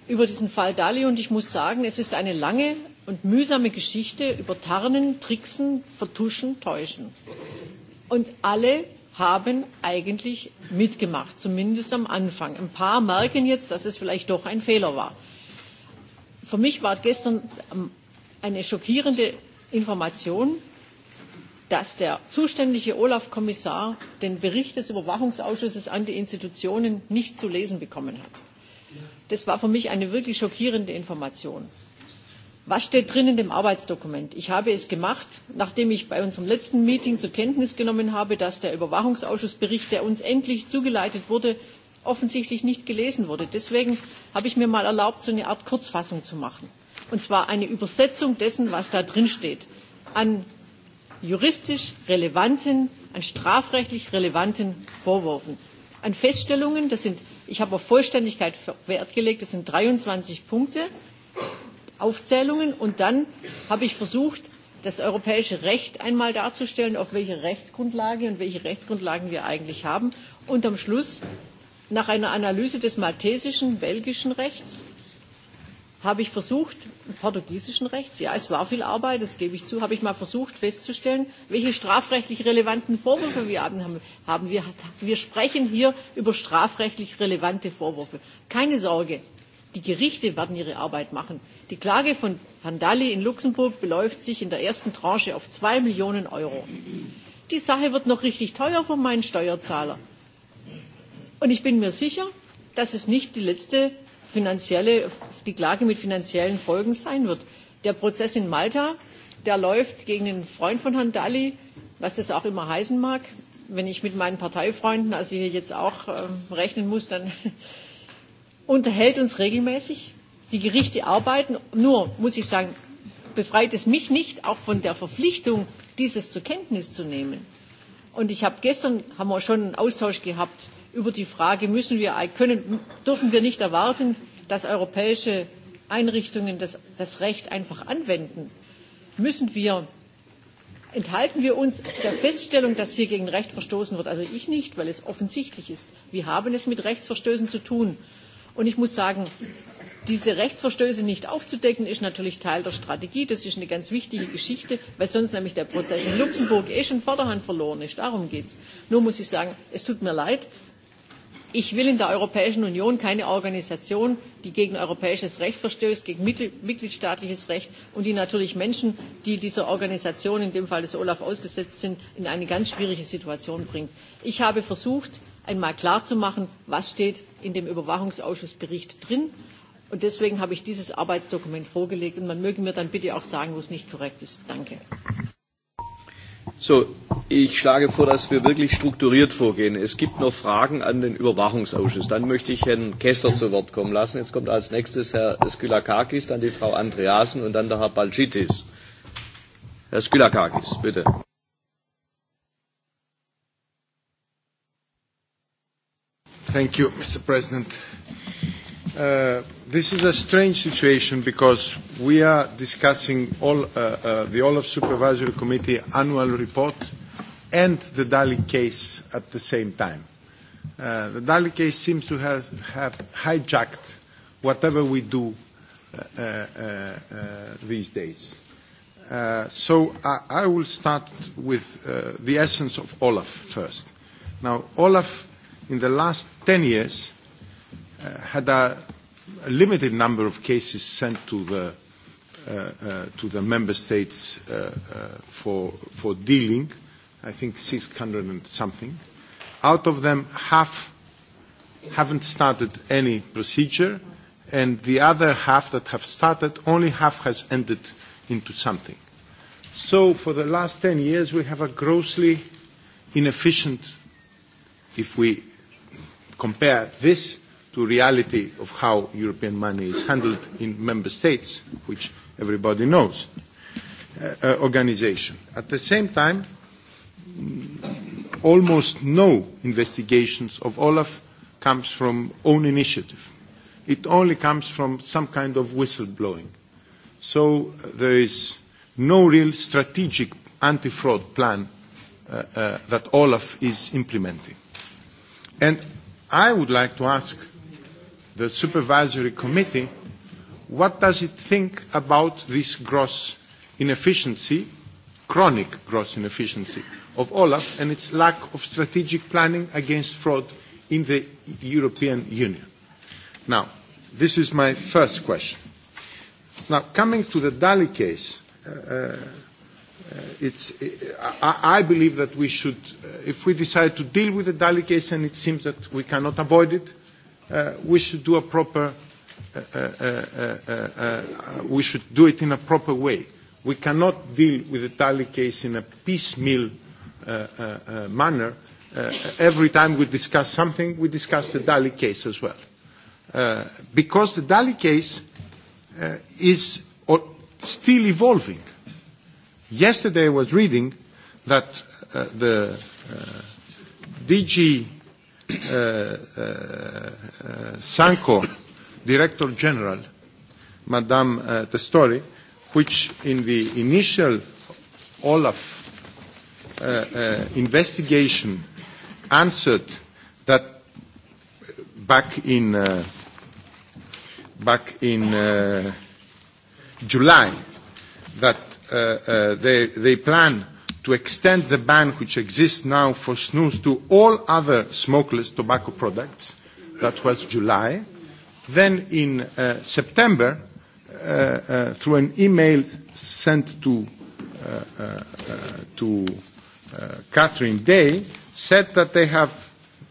über diesen Fall Dali und ich muss sagen, es ist eine lange und mühsame Geschichte über Tarnen, Tricksen, Vertuschen, Täuschen. Und alle haben eigentlich mitgemacht, zumindest am Anfang. Ein paar merken jetzt, dass es vielleicht doch ein Fehler war. Für mich war gestern ähm, eine schockierende Information, dass der zuständige Olaf-Kommissar den Bericht des Überwachungsausschusses an die Institutionen nicht zu lesen bekommen hat. Das war für mich eine wirklich schockierende Information. Was steht drin in dem Arbeitsdokument? Ich habe es gemacht, nachdem ich bei unserem letzten Meeting zur Kenntnis genommen habe, dass der Überwachungsausschussbericht, der uns endlich zugeleitet wurde, offensichtlich nicht gelesen wurde. Deswegen habe ich mir mal erlaubt, so eine Art Kurzfassung zu machen. Und zwar eine Übersetzung dessen, was da drin steht, an juristisch relevanten, an strafrechtlich relevanten Vorwürfen, an Feststellungen, das sind Ich habe auf Vollständigkeit Wert gelegt. Es sind 23 Punkte, Aufzählungen. Und dann habe ich versucht, das europäische Recht einmal darzustellen, auf welche Rechtsgrundlage und welche Rechtsgrundlagen wir eigentlich haben. Und am Schluss, nach einer Analyse des maltesischen, belgischen Rechts, habe ich versucht, portugiesischen Rechts, ja, es war viel Arbeit, das gebe ich zu, habe ich mal versucht festzustellen, welche strafrechtlich relevanten Vorwürfe wir haben. haben wir, wir sprechen hier über strafrechtlich relevante Vorwürfe. Keine Sorge, die Gerichte werden ihre Arbeit machen. Die Klage von Vandali in Luxemburg beläuft sich in der ersten Tranche auf zwei Millionen Euro. Die Sache wird noch richtig teuer für meinen Steuerzahler. Und ich bin mir sicher, dass es nicht die letzte finanzielle, die Klage mit finanziellen Folgen sein wird. Der Prozess in Malta, der läuft gegen den Freund von Herrn Dalli, was das auch immer heißen mag. Wenn ich mit meinen Parteifreunden, also hier jetzt auch äh, rechnen muss, dann unterhält uns regelmäßig. Die Gerichte arbeiten. Nur, muss ich sagen, befreit es mich nicht auch von der Verpflichtung, dieses zur Kenntnis zu nehmen. Und ich habe gestern haben wir schon einen Austausch gehabt über die Frage, müssen wir, können, dürfen wir nicht erwarten, dass europäische Einrichtungen das, das Recht einfach anwenden? Müssen wir enthalten wir uns der Feststellung, dass hier gegen Recht verstoßen wird. Also ich nicht, weil es offensichtlich ist. Wir haben es mit Rechtsverstößen zu tun. Und ich muss sagen, diese Rechtsverstöße nicht aufzudecken, ist natürlich Teil der Strategie. Das ist eine ganz wichtige Geschichte, weil sonst nämlich der Prozess in Luxemburg eh schon vorderhand verloren ist. Darum geht es. Nur muss ich sagen, es tut mir leid. Ich will in der Europäischen Union keine Organisation, die gegen europäisches Recht verstößt, gegen mitgliedstaatliches Recht und die natürlich Menschen, die dieser Organisation, in dem Fall des Olaf, ausgesetzt sind, in eine ganz schwierige Situation bringt. Ich habe versucht, einmal klarzumachen, was steht in dem Überwachungsausschussbericht drin steht Und deswegen habe ich dieses Arbeitsdokument vorgelegt. Und man möge mir dann bitte auch sagen, wo es nicht korrekt ist. Danke. So, ich schlage vor, dass wir wirklich strukturiert vorgehen. Es gibt noch Fragen an den Überwachungsausschuss. Dann möchte ich Herrn Kessler zu Wort kommen lassen. Jetzt kommt als nächstes Herr Skylakakis, dann die Frau Andreasen und dann der Herr Balcitis. Herr Skylakakis, bitte. Thank you, Mr. President. Uh, Uh, this is a strange situation because we are discussing all, uh, uh, the Olaf Supervisory Committee annual report and the Dali case at the same time. Uh, the Dali case seems to have, have hijacked whatever we do uh, uh, uh, these days. Uh, so I, I will start with uh, the essence of Olaf first. Now, Olaf, in the last 10 years, uh, had a limited number of cases sent to the, uh, uh, to the member states uh, uh, for, for dealing, I think 600 and something. Out of them, half haven't started any procedure, and the other half that have started, only half has ended into something. So for the last 10 years, we have a grossly inefficient, if we compare this to reality of how European money is handled in member states, which everybody knows, uh, uh organization. At the same time, mm, almost no investigations of Olaf comes from own initiative. It only comes from some kind of whistleblowing. So uh, there is no real strategic anti-fraud plan uh, uh, that Olaf is implementing. And I would like to ask the supervisory committee, what does it think about this gross inefficiency, chronic gross inefficiency of Olaf and its lack of strategic planning against fraud in the European Union? Now, this is my first question. Now, coming to the Dali case, uh, uh it's, I, I believe that we should, uh, if we decide to deal with the Dali case, and it seems that we cannot avoid it, uh, we should do a proper, uh, uh, uh, uh, uh, uh, we should do it in a proper way. We cannot deal with the Tali case in a piecemeal uh, uh, uh, manner. Uh, every time we discuss something, we discuss the Dali case as well. Uh, because the Dali case uh, is or, still evolving. Yesterday I was reading that uh, the uh, DG uh, eh, eh, eh, Sanco Director General, Madame uh, Testori, which in the initial Olaf uh, uh, investigation answered that back in uh, back in uh, July that uh, uh, they they plan uh, to extend the ban which exists now for snus to all other smokeless tobacco products. That was July. Then in uh, September, uh, uh, through an email sent to, uh, uh, uh, to uh, Catherine Day, said that they have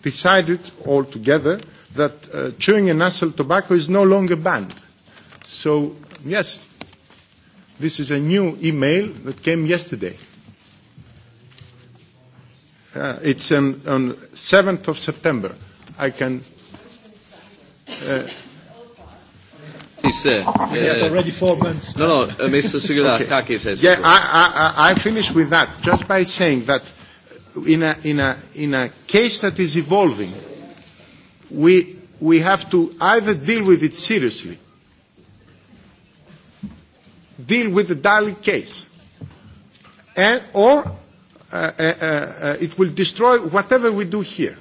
decided altogether that uh, chewing and nasal tobacco is no longer banned. So, yes, this is a new email that came yesterday. Uh, it's on, on 7th of September. I can. Uh, He's there. Uh, we have already four months. No, no, uh, Mr. Sugilakakis okay. says. Yeah, I, I, I finish with that just by saying that in a, in a, in a case that is evolving, we, we have to either deal with it seriously, deal with the Dali case, and, or uh, uh, uh, it will destroy whatever we do here.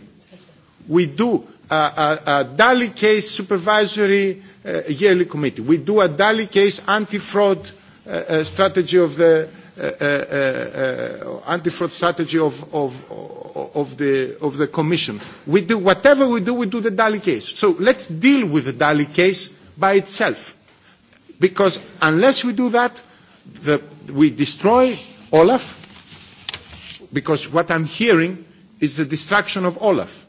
We do a, a, a DALI case supervisory uh, yearly committee. We do a DALI case anti-fraud uh, uh, strategy of the uh, uh, uh, anti-fraud strategy of, of, of, the, of the Commission. We do whatever we do, we do the DALI case. So let's deal with the DALI case by itself. Because unless we do that, the, we destroy Olaf, because what I'm hearing is the destruction of Olaf.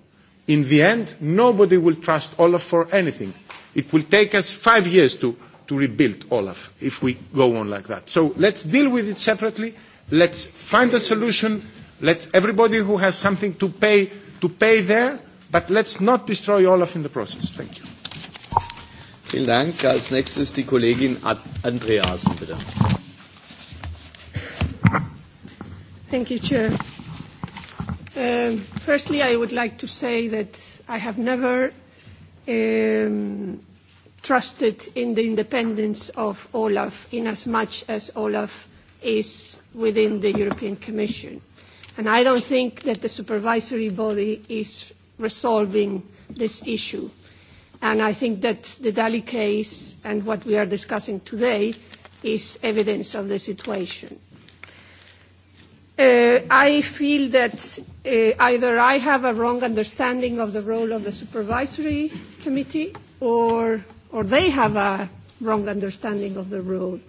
In the end, nobody will trust Olaf for anything. It will take us five years to, to rebuild Olaf if we go on like that. So let's deal with it separately. Let's find a solution. Let everybody who has something to pay to pay there, but let's not destroy Olaf in the process. Thank you. Vielen Dank. Als nächstes die Kollegin Andreasen, bitte. Thank you, Chair. Um, firstly, I would like to say that I have never um, trusted in the independence of Olaf in as much as Olaf is within the European Commission. And I don't think that the supervisory body is resolving this issue. And I think that the Dali case and what we are discussing today is evidence of the situation. Uh, I feel that uh, either I have a wrong understanding of the role of the supervisory committee or, or they have a wrong understanding of the role.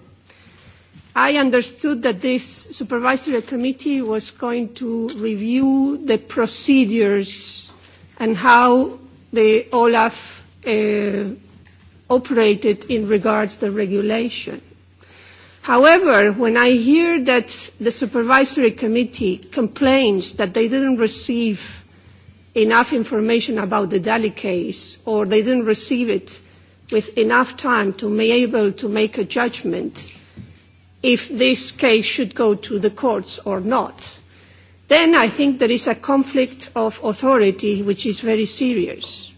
I understood that this supervisory committee was going to review the procedures and how the OLAF uh, operated in regards to the regulation. However, when I hear that the supervisory committee complains that they didn't receive enough information about the Dali case or they didn't receive it with enough time to be able to make a judgment if this case should go to the courts or not, then I think there is a conflict of authority which is very serious.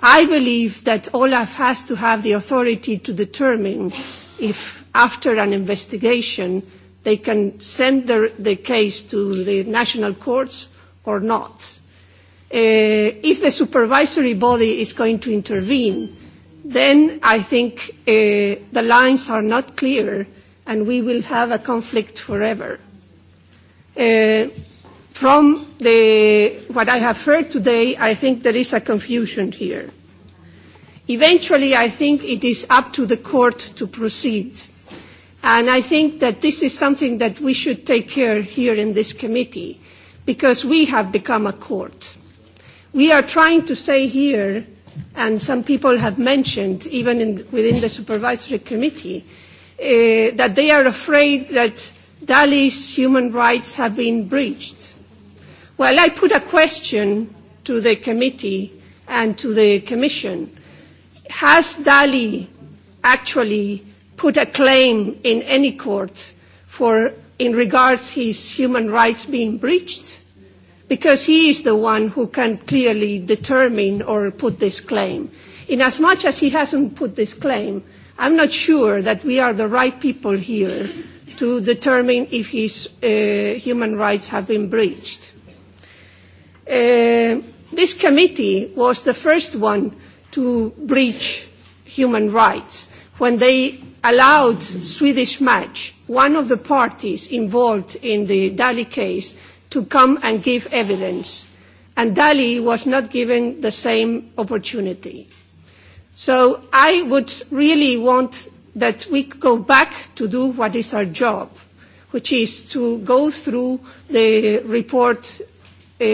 I believe that Olaf has to have the authority to determine if after an investigation, they can send their, the case to the national courts or not. Uh, if the supervisory body is going to intervene, then I think uh, the lines are not clear and we will have a conflict forever. Uh, from the, what I have heard today, I think there is a confusion here. Eventually, I think it is up to the court to proceed. And I think that this is something that we should take care here in this committee because we have become a court. We are trying to say here, and some people have mentioned, even in, within the supervisory committee, uh, that they are afraid that Dali's human rights have been breached. Well, I put a question to the committee and to the commission. Has Dali actually put a claim in any court for in regards his human rights being breached because he is the one who can clearly determine or put this claim. In as much as he hasn't put this claim, I'm not sure that we are the right people here to determine if his uh, human rights have been breached. Uh, this committee was the first one to breach human rights when they allowed Swedish Match, one of the parties involved in the Dali case, to come and give evidence. And Dali was not given the same opportunity. So I would really want that we go back to do what is our job, which is to go through the report, uh,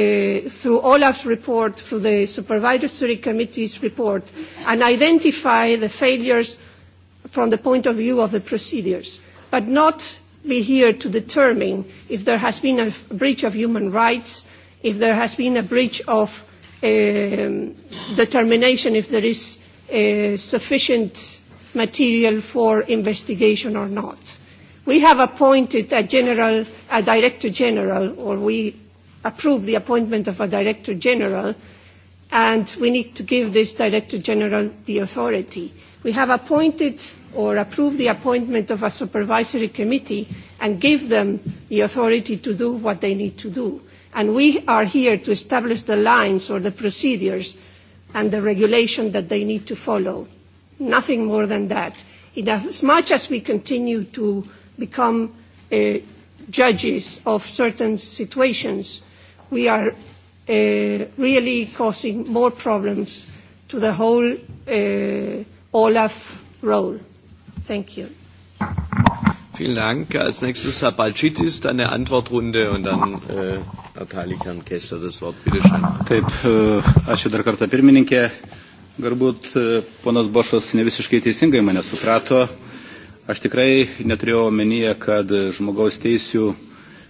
through Olaf's report, through the Supervisory Committee's report, and identify the failures from the point of view of the procedures, but not be here to determine if there has been a breach of human rights, if there has been a breach of um, determination if there is uh, sufficient material for investigation or not. We have appointed a general, a director general, or we approve the appointment of a director general, and we need to give this director general the authority. We have appointed or approved the appointment of a supervisory committee and give them the authority to do what they need to do. And we are here to establish the lines or the procedures and the regulation that they need to follow. Nothing more than that. In as much as we continue to become uh, judges of certain situations, we are uh, really causing more problems to the whole uh, Olaf role. Thank you. Vielen Dank. Als nächstes Herr Balcitis, dann eine Antwortrunde und dann äh, erteile ich Herrn Kessler das Wort. Bitte schön. Taip, äh, ačiū dar kartą pirmininkė. Galbūt äh, ponas Bošas ne visiškai teisingai mane suprato. Aš tikrai neturėjau omenyje, kad žmogaus teisių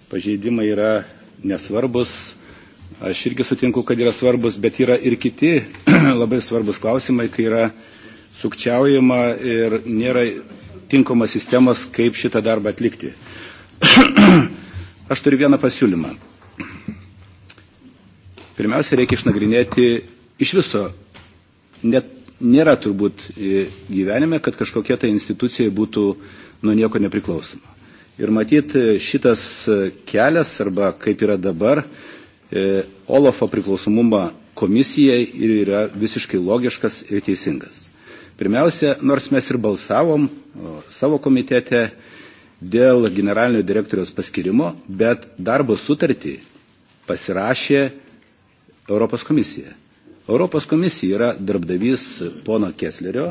pažeidimai yra nesvarbus. Aš irgi sutinku, kad yra svarbus, bet yra ir kiti labai svarbus klausimai, kai yra uh, sukčiaujama ir nėra tinkamas sistemas, kaip šitą darbą atlikti. Aš turiu vieną pasiūlymą. Pirmiausia, reikia išnagrinėti iš viso. Net nėra turbūt e, gyvenime, kad kažkokia ta institucija būtų nuo nieko nepriklausoma. Ir matyt, e, šitas e, kelias, arba kaip yra dabar, Olofo priklausomumą komisijai ir yra visiškai logiškas ir teisingas. Pirmiausia, nors mes ir balsavom savo komitete dėl generalinio direktoriaus paskirimo, bet darbo sutartį pasirašė Europos komisija. Europos komisija yra darbdavys pono Keslerio,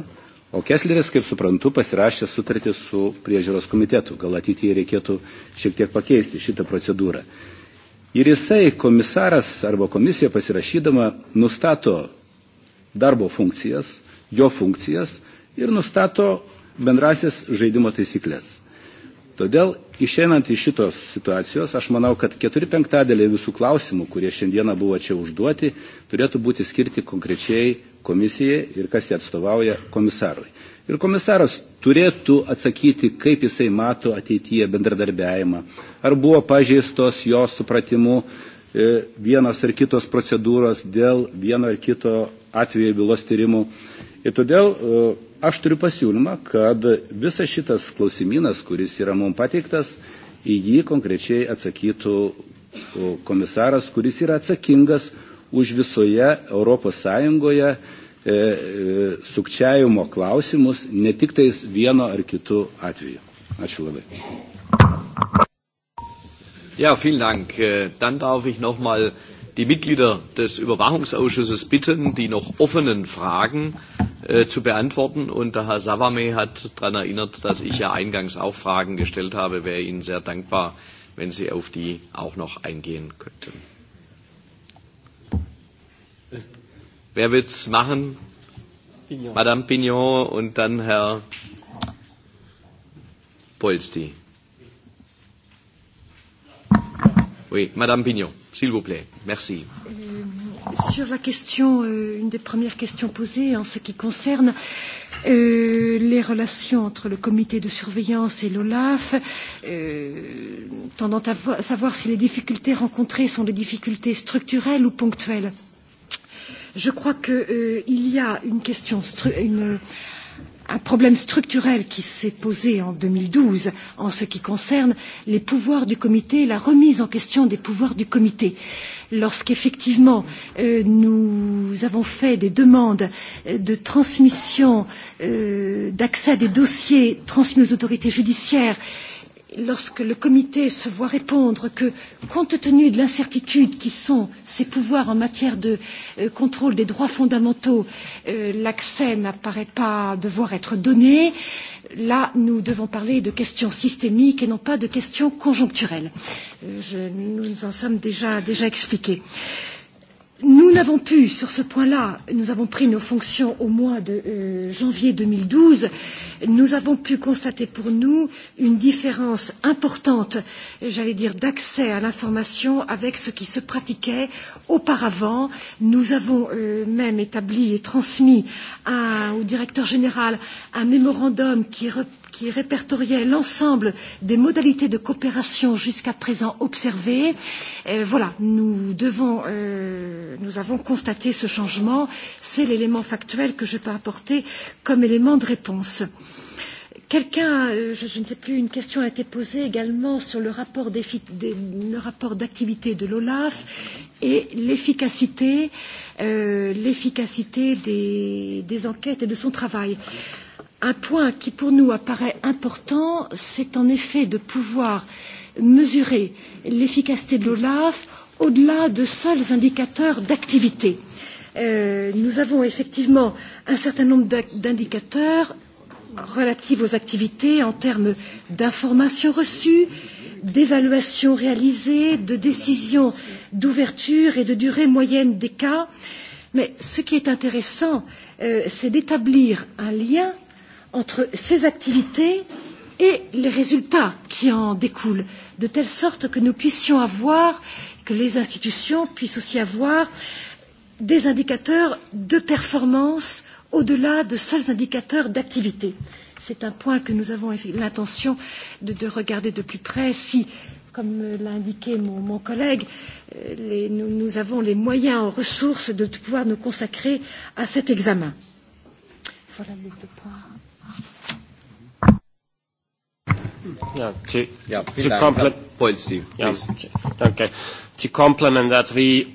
o Kesleris, kaip suprantu, pasirašė sutartį su priežiūros komitetu. Gal ateityje reikėtų šiek tiek pakeisti šitą procedūrą. Ir jisai komisaras arba komisija pasirašydama nustato darbo funkcijas, jo funkcijas ir nustato bendrasias žaidimo taisyklės. Todėl išeinant iš šitos situacijos, aš manau, kad keturi penktadėliai visų klausimų, kurie šiandieną buvo čia užduoti, turėtų būti skirti konkrečiai komisijai ir kas jie atstovauja komisarui. Ir komisaras turėtų atsakyti, kaip jisai mato ateityje bendradarbiavimą, ar buvo pažeistos jo supratimu e, vienos ar kitos procedūros dėl vieno ar kito atveju bylos tyrimų Ir todėl e, aš turiu pasiūlymą, kad visas šitas klausimynas, kuris yra mums pateiktas, į jį konkrečiai atsakytų e, komisaras, kuris yra atsakingas už visoje Europos Sąjungoje e, sukčiajimo klausimus, ne tik tais vieno ar kitų atveju. Ačiū labai. Ja, vielen Dank. Äh, dann darf ich noch mal die Mitglieder des Überwachungsausschusses bitten, die noch offenen Fragen äh, zu beantworten. Und der Herr Savame hat daran erinnert, dass ich ja eingangs auch Fragen gestellt habe. Wäre Ihnen sehr dankbar, wenn Sie auf die auch noch eingehen könnten. Wer will es machen? Pignon. Madame Pignon und dann Herr Polsti. Oui, Madame Pignon. S'il vous plaît. Merci. Euh, sur la question, euh, une des premières questions posées en ce qui concerne euh, les relations entre le comité de surveillance et l'OLAF, euh, tendant à savoir si les difficultés rencontrées sont des difficultés structurelles ou ponctuelles. Je crois qu'il euh, y a une question, une, un problème structurel qui s'est posé en 2012 en ce qui concerne les pouvoirs du comité, la remise en question des pouvoirs du comité. Lorsqu'effectivement euh, nous avons fait des demandes euh, de transmission, euh, d'accès à des dossiers transmis aux autorités judiciaires, euh, lorsque le comité se voit répondre que, compte tenu de l'incertitude qui sont ses pouvoirs en matière de euh, contrôle des droits fondamentaux, euh, l'accès n'apparaît pas devoir être donné, là, nous devons parler de questions systémiques et non pas de questions conjoncturelles. Euh, je, nous nous en sommes déjà, déjà expliqués. Euh, Nous n'avons pu, sur ce point-là, nous avons pris nos fonctions au mois de euh, janvier 2012, nous avons pu constater pour nous une différence importante, j'allais dire, d'accès à l'information avec ce qui se pratiquait auparavant. Nous avons euh, même établi et transmis à, au directeur général un mémorandum qui représente qui répertoriait l'ensemble des modalités de coopération jusqu'à présent observées. Euh, voilà, nous devons, euh, nous avons constaté ce changement. C'est l'élément factuel que je peux apporter comme élément de réponse. Quelqu'un, euh, je, je ne sais plus, une question a été posée également sur le rapport, des, des, le rapport d'activité de l'OLAF et l'efficacité, euh, l'efficacité des, des enquêtes et de son travail. Euh, Un point qui pour nous apparaît important, c'est en effet de pouvoir mesurer l'efficacité de l'OLAF au-delà de seuls indicateurs d'activité. Euh, nous avons effectivement un certain nombre d'indicateurs relatifs aux activités en termes d'informations reçues, d'évaluations réalisées, de décisions d'ouverture et de durée moyenne des cas. Mais ce qui est intéressant, euh, c'est d'établir un lien entre ces activités et les résultats qui en découlent, de telle sorte que nous puissions avoir, que les institutions puissent aussi avoir des indicateurs de performance au-delà de seuls indicateurs d'activité. C'est un point que nous avons l'intention de, de regarder de plus près si, comme l'a indiqué mon, mon collègue, euh, les, nous, nous avons les moyens en ressources de pouvoir nous consacrer à cet examen. Voilà les deux points. Yeah, to, yeah, to complement point, Steve. Yeah, please. okay. To complement that, we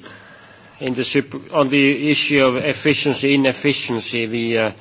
in the super, on the issue of efficiency, inefficiency, we uh,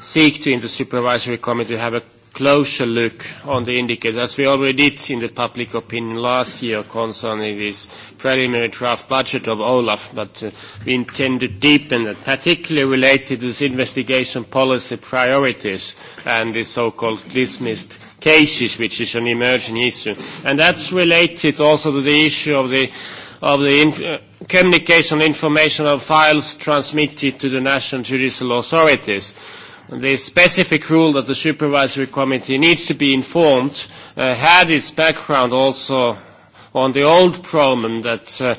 seek to in the supervisory committee have a closer look on the indicators, as we already did in the public opinion last year concerning this preliminary draft budget of Olaf, but uh, we intend to deepen it, particularly related to this investigation policy priorities and the so-called dismissed cases, which is an emerging issue. And that's related also to the issue of the of the inf uh, communication information of files transmitted to the national judicial authorities the specific rule that the supervisory committee needs to be informed uh, had its background also on the old problem that uh,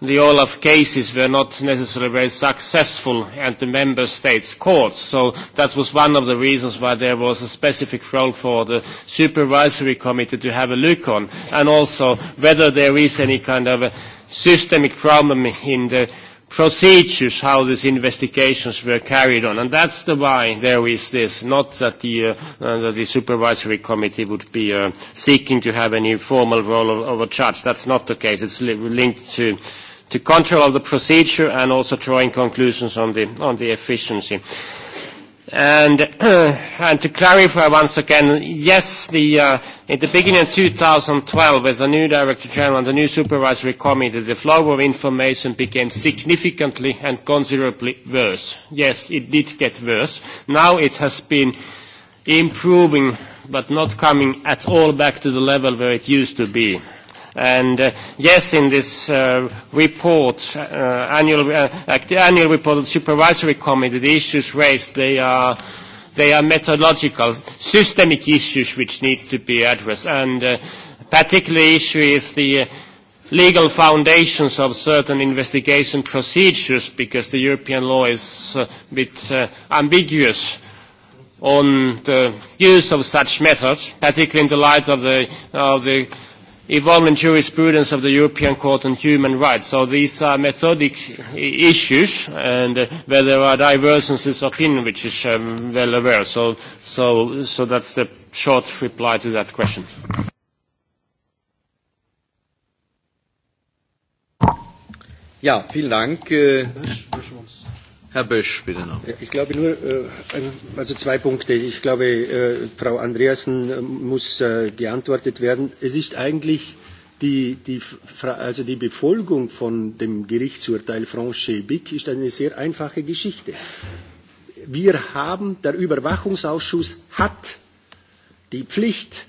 the Olaf cases were not necessarily very successful at the member states' courts. So that was one of the reasons why there was a specific role for the supervisory committee to have a look on, and also whether there is any kind of a systemic problem in the procedures how these investigations were carried on. And that's the why there is this, not that the, uh, uh, that the supervisory committee would be uh, seeking to have any formal role of, of a judge. That's not the case. It's li linked to, to control of the procedure and also drawing conclusions on the, on the efficiency. Uh, And, and to clarify once again, yes, the, uh, at the beginning of 2012, with the new Director General and the new Supervisory Committee, the flow of information became significantly and considerably worse. Yes, it did get worse. Now it has been improving, but not coming at all back to the level where it used to be. And uh, yes, in this uh, report, uh, annual, uh, annual report of the Supervisory Committee, the issues raised, they are they are methodological, systemic issues which needs to be addressed. And uh, particular issue is the uh, legal foundations of certain investigation procedures because the European law is a uh, bit uh, ambiguous on the use of such methods, particularly in the light of the, of the evolved in jurisprudence of the European Court on Human Rights. So these are methodic issues, and uh, where there are divergences of opinion, which is um, well aware. So, so, so that's the short reply to that question. Ja, vielen Dank. Äh, Herr Bösch, bitte noch. Ich glaube nur, äh, also zwei Punkte. Ich glaube, äh, Frau Andreasen äh, muss geantwortet werden. Es ist eigentlich die, die, also die Befolgung von dem Gerichtsurteil Franche-Bic ist eine sehr einfache Geschichte. Wir haben, der Überwachungsausschuss hat die Pflicht,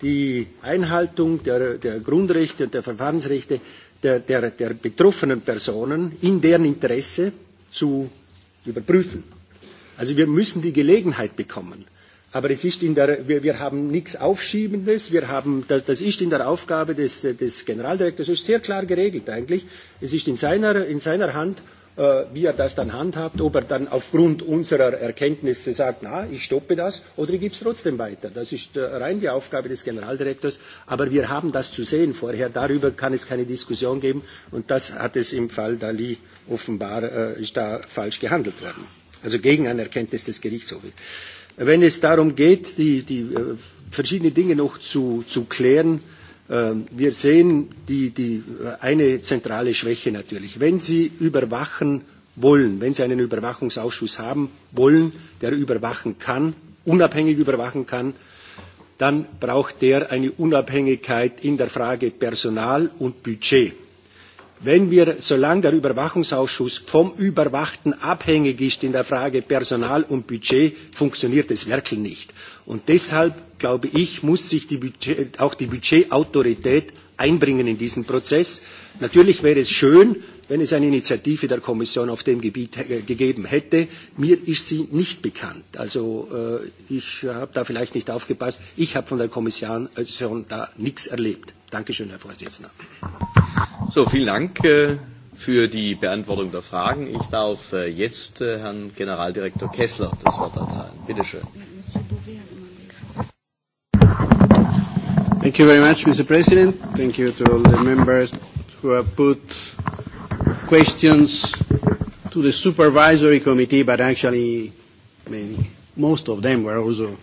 die Einhaltung der, der Grundrechte und der Verfahrensrechte der, der, der betroffenen Personen in deren Interesse zu überprüfen. Also wir müssen die Gelegenheit bekommen. Aber es ist in der, wir, wir haben nichts Aufschiebendes, wir haben, das, das ist in der Aufgabe des, des Generaldirektors, das ist sehr klar geregelt eigentlich. Es ist in seiner, in seiner Hand, äh, wie er das dann handhabt, ob er dann aufgrund unserer Erkenntnisse sagt, na, ich stoppe das oder ich gebe es trotzdem weiter. Das ist äh, rein die Aufgabe des Generaldirektors, aber wir haben das zu sehen vorher. Darüber kann es keine Diskussion geben und das hat es im Fall Dali offenbar, äh, ist da falsch gehandelt worden. Also gegen ein Erkenntnis des Gerichtshofes. Wenn es darum geht, die, die äh, verschiedenen Dinge noch zu, zu klären, äh, Ähm, wir sehen die, die, äh, eine zentrale Schwäche natürlich. Wenn Sie überwachen wollen, wenn Sie einen Überwachungsausschuss haben wollen, der überwachen kann, unabhängig überwachen kann, dann braucht der eine Unabhängigkeit in der Frage Personal und Budget. Wenn wir, solange der Überwachungsausschuss vom Überwachten abhängig ist in der Frage Personal und Budget, funktioniert das wirklich nicht. Und deshalb, glaube ich, muss sich die Budget, auch die Budgetautorität einbringen in diesen Prozess. Natürlich wäre es schön, wenn es eine Initiative der Kommission auf dem Gebiet äh, gegeben hätte. Mir ist sie nicht bekannt. Also äh, ich habe da vielleicht nicht aufgepasst. Ich habe von der Kommission äh, da nichts erlebt. Dankeschön, Herr Vorsitzender. So, vielen Dank äh, für die Beantwortung der Fragen. Ich darf äh, jetzt äh, Herrn Generaldirektor Kessler das Wort erteilen. Bitte schön. Monsieur Bouvert. Thank you very much, Mr. President. Thank you to all the members who have put questions to the supervisory committee, but actually, I mean, most of them were also,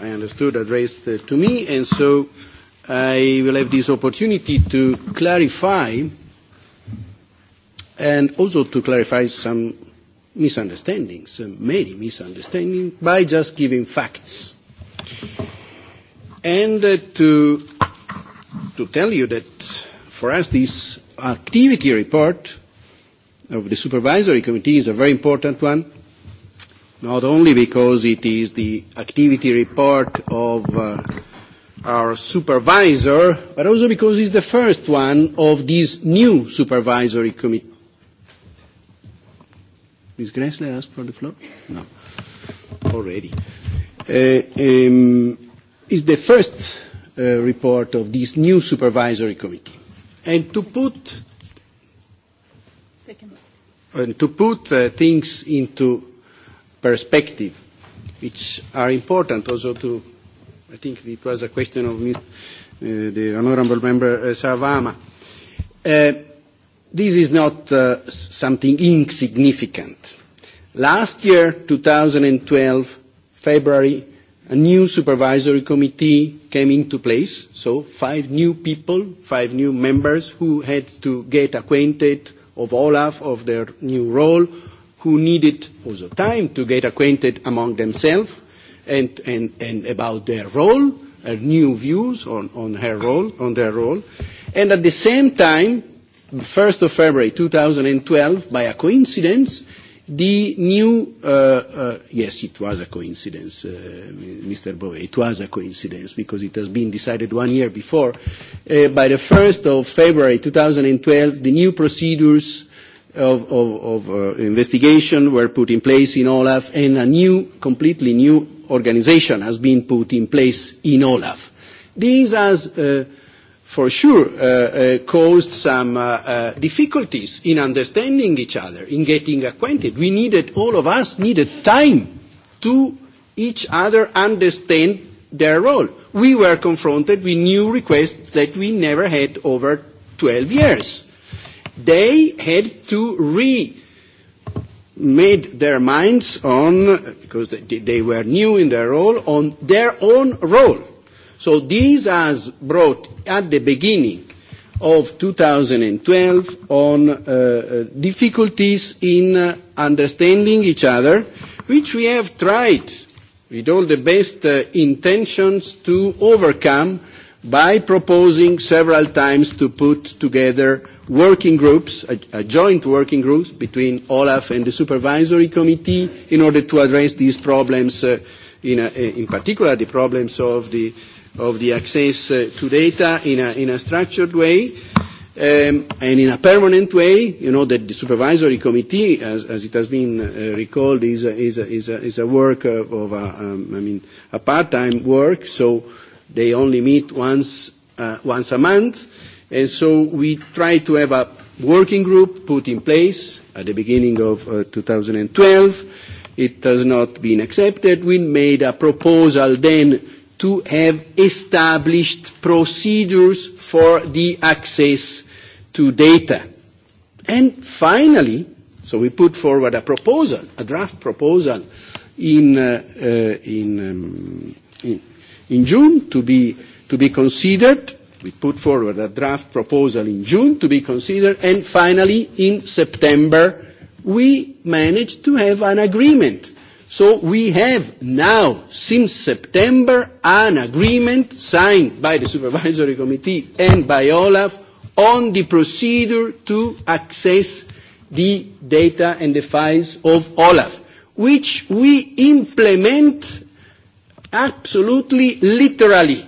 I understood, addressed uh, to me, and so I will have this opportunity to clarify and also to clarify some misunderstandings, many misunderstandings, by just giving facts and uh, to, to tell you that for us this activity report of the supervisory committee is a very important one, not only because it is the activity report of uh, our supervisor, but also because it's the first one of this new supervisory committee. Ms. Gressler asked for the floor? No. Already. Uh, um, is the first uh, report of this new supervisory committee. And to put, Second. And to put uh, things into perspective, which are important also to, I think it was a question of Ms., uh, the Honourable Member uh, Sarvama. Uh, this is not uh, something insignificant. Last year, 2012, February, A new supervisory committee came into place, so five new people, five new members who had to get acquainted of Olaf, of their new role, who needed also time to get acquainted among themselves and, and, and about their role, her new views on, on her role, on their role. And at the same time, 1st of February 2012, by a coincidence, the new, uh, uh, yes, it was a coincidence, uh, Mr. Bove, it was a coincidence because it has been decided one year before. Uh, by the 1st of February 2012, the new procedures of, of, of uh, investigation were put in place in Olaf and a new, completely new organization has been put in place in Olaf. This has uh, for sure uh, uh, caused some uh, uh, difficulties in understanding each other, in getting acquainted. We needed, all of us needed time to each other understand their role. We were confronted with new requests that we never had over 12 years. They had to re made their minds on, because they, they were new in their role, on their own role So these as brought at the beginning of 2012 on uh, uh, difficulties in uh, understanding each other, which we have tried with all the best uh, intentions to overcome by proposing several times to put together working groups, a, a joint working group between Olaf and the supervisory committee in order to address these problems, uh, in, a, in particular the problems of the uh, of the access uh, to data in a, in a structured way um, and in a permanent way. You know that the supervisory committee, as, as it has been uh, recalled, is a, is a, is a, is a work of, of a, um, I mean, a part-time work, so they only meet once, uh, once a month. And so we try to have a working group put in place at the beginning of uh, 2012. It has not been accepted. We made a proposal then to have established procedures for the access to data. And finally, so we put forward a proposal, a draft proposal in, uh, uh, in, um, in, in June to be, to be considered. We put forward a draft proposal in June to be considered. And finally, in September, we managed to have an agreement So we have now, since September, an agreement signed by the Supervisory Committee and by Olaf on the procedure to access the data and the files of Olaf, which we implement absolutely literally.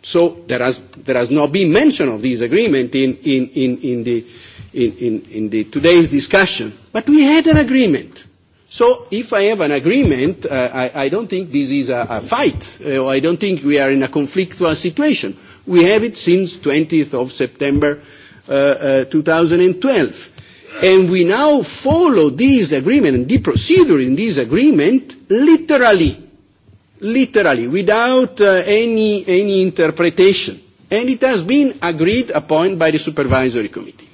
So there has, there has not been mention of this agreement in, in, in, in, the, in, in, in the today's discussion, but we had an agreement. So if I have an agreement, uh, I, I don't think this is a, a fight. Uh, I don't think we are in a conflictual situation. We have it since 20th of September uh, uh, 2012. And we now follow this agreement and the procedure in this agreement literally, literally, without uh, any, any interpretation. And it has been agreed upon by the supervisory committee.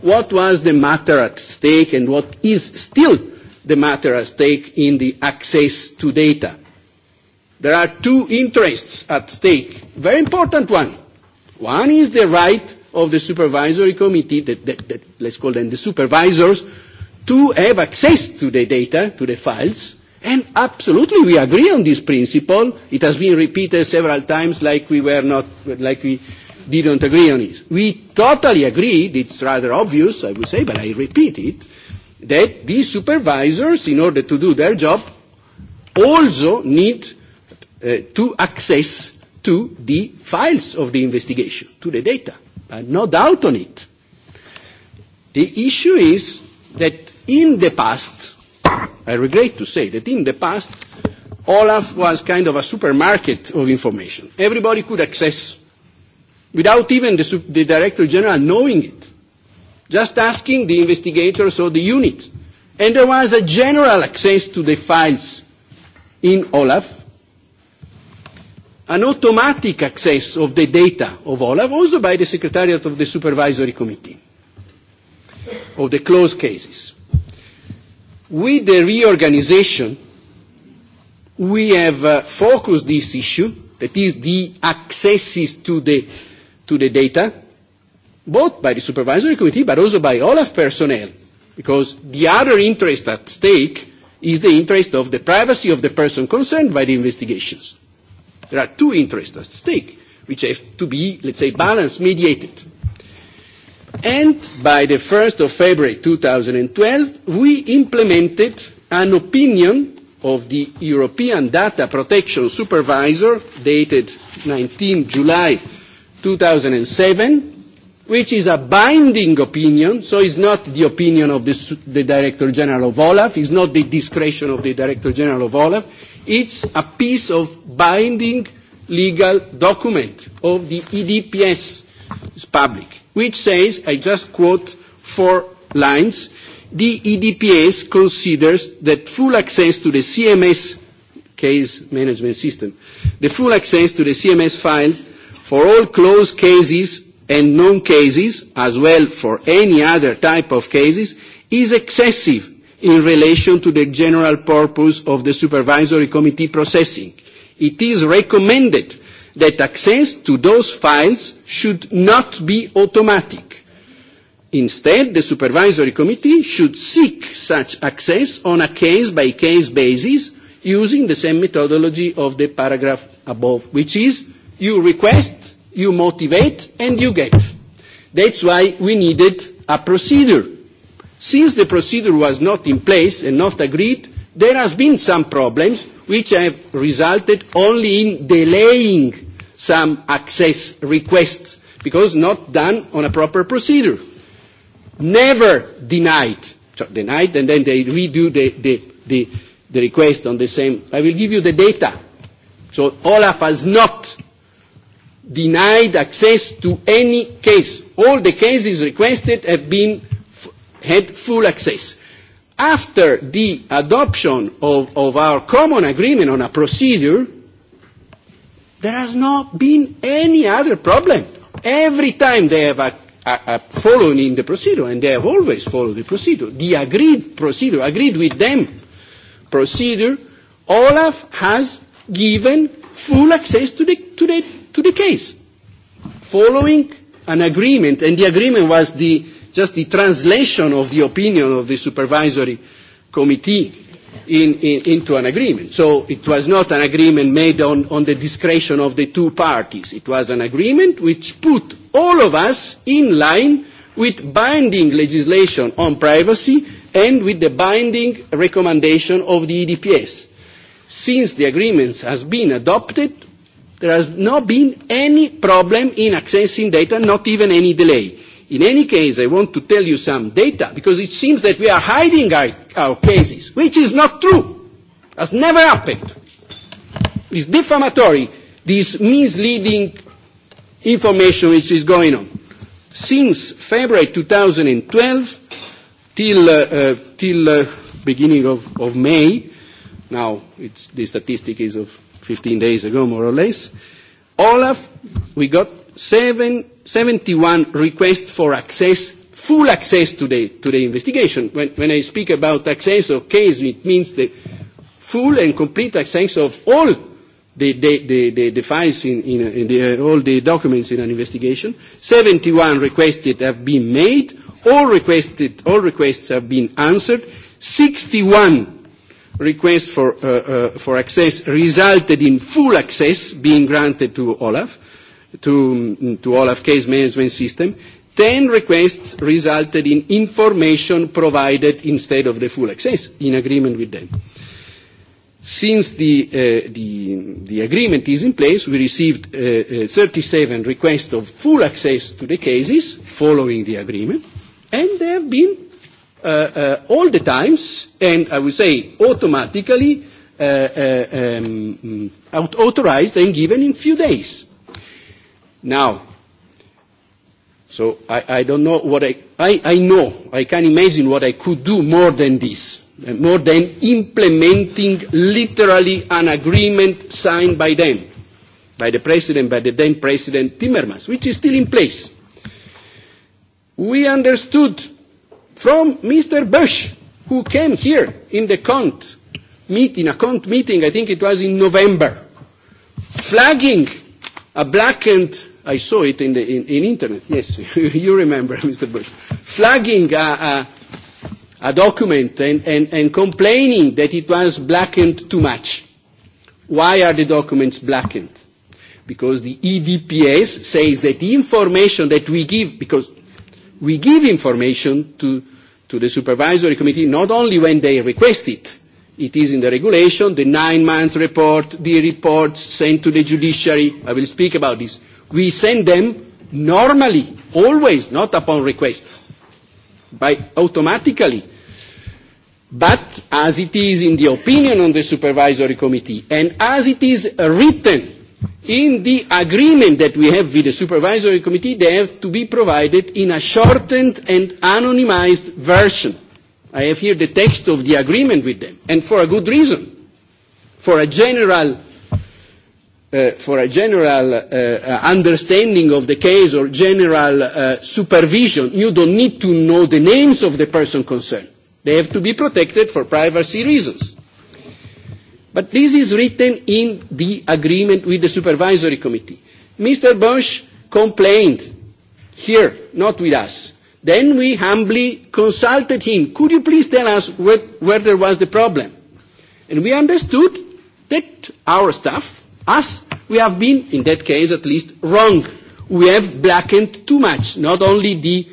What was the matter at stake and what is still the matter at stake in the access to data. There are two interests at stake, very important one. One is the right of the supervisory committee, the, the, the, let's call them the supervisors, to have access to the data, to the files, and absolutely we agree on this principle. It has been repeated several times like we were not, like we didn't agree on it. We totally agree, it's rather obvious, I would say, but I repeat it, that these supervisors, in order to do their job, also need uh, to access to the files of the investigation, to the data. I uh, have no doubt on it. The issue is that in the past, I regret to say that in the past, Olaf was kind of a supermarket of information. Everybody could access without even the, the Director General knowing it just asking the investigators or the unit. And there was a general access to the files in Olaf, an automatic access of the data of Olaf, also by the Secretariat of the Supervisory Committee of the closed cases. With the reorganization, we have uh, focused this issue, that is the accesses to the, to the data, both by the supervisory committee but also by Olaf personnel, because the other interest at stake is the interest of the privacy of the person concerned by the investigations. There are two interests at stake, which have to be, let's say, balanced, mediated. And by the 1st of February 2012, we implemented an opinion of the European Data Protection Supervisor, dated 19 July 2007, which is a binding opinion, so it's not the opinion of the, the Director General of Olaf, it's not the discretion of the Director General of Olaf, it's a piece of binding legal document of the EDPS, it's public, which says, I just quote four lines, the EDPS considers that full access to the CMS case management system, the full access to the CMS files for all closed cases and known cases, as well for any other type of cases, is excessive in relation to the general purpose of the supervisory committee processing. It is recommended that access to those files should not be automatic. Instead, the supervisory committee should seek such access on a case-by-case -case basis using the same methodology of the paragraph above, which is you request You motivate and you get. That's why we needed a procedure. Since the procedure was not in place and not agreed, there has been some problems which have resulted only in delaying some access requests because not done on a proper procedure. Never denied. So denied and then they redo the, the, the, the request on the same. I will give you the data. So Olaf has not denied access to any case. All the cases requested have been had full access. After the adoption of, of our common agreement on a procedure, there has not been any other problem. Every time they have a, a, a following in the procedure, and they have always followed the procedure, the agreed procedure, agreed with them procedure, Olaf has given full access to the, to the to the case, following an agreement, and the agreement was the, just the translation of the opinion of the supervisory committee in, in, into an agreement. So it was not an agreement made on, on the discretion of the two parties. It was an agreement which put all of us in line with binding legislation on privacy and with the binding recommendation of the EDPS. Since the agreements has been adopted, There has not been any problem in accessing data, not even any delay. In any case, I want to tell you some data, because it seems that we are hiding our, our cases, which is not true. Has never happened. It's defamatory, this misleading information which is going on. Since February 2012 till, uh, uh, till uh, beginning of, of May, now it's, the statistic is of 15 days ago, more or less, Olaf, we got seven, 71 requests for access, full access to the, to the investigation. When, when I speak about access of case, it means the full and complete access of all the, the, the, the, the files in, in, in the, uh, all the documents in an investigation. 71 requested have been made. All, requested, all requests have been answered. 61 request for, uh, uh, for access resulted in full access being granted to Olaf, to, mm, to Olaf case management system. 10 requests resulted in information provided instead of the full access in agreement with them. Since the, uh, the, the agreement is in place, we received uh, uh, 37 requests of full access to the cases following the agreement, and there have been uh, uh, all the times, and I would say automatically uh, uh, um, mm, authorized and given in few days. Now, so I, I don't know what I, I, I know, I can imagine what I could do more than this, uh, more than implementing literally an agreement signed by them, by the President, by the then President Timmermans, which is still in place. We understood from Mr. Bush, who came here in the Cont meeting, a Cont meeting, I think it was in November, flagging a blackened, I saw it in the in, in internet, yes, you remember, Mr. Bush, flagging a, a, a document and, and, and complaining that it was blackened too much. Why are the documents blackened? Because the EDPS says that the information that we give, because we give information to, to the supervisory committee not only when they request it, it is in the regulation, the nine-month report, the reports sent to the judiciary, I will speak about this. We send them normally, always, not upon request, by automatically. But as it is in the opinion on the supervisory committee, and as it is written in the agreement that we have with the supervisory committee, they have to be provided in a shortened and anonymized version. I have here the text of the agreement with them, and for a good reason. For a general, uh, for a general uh, uh, understanding of the case or general uh, supervision, you don't need to know the names of the person concerned. They have to be protected for privacy reasons. But this is written in the agreement with the supervisory committee. Mr. Bush complained here, not with us. Then we humbly consulted him. Could you please tell us what, where there was the problem? And we understood that our staff, us, we have been, in that case at least, wrong. We have blackened too much, not only the,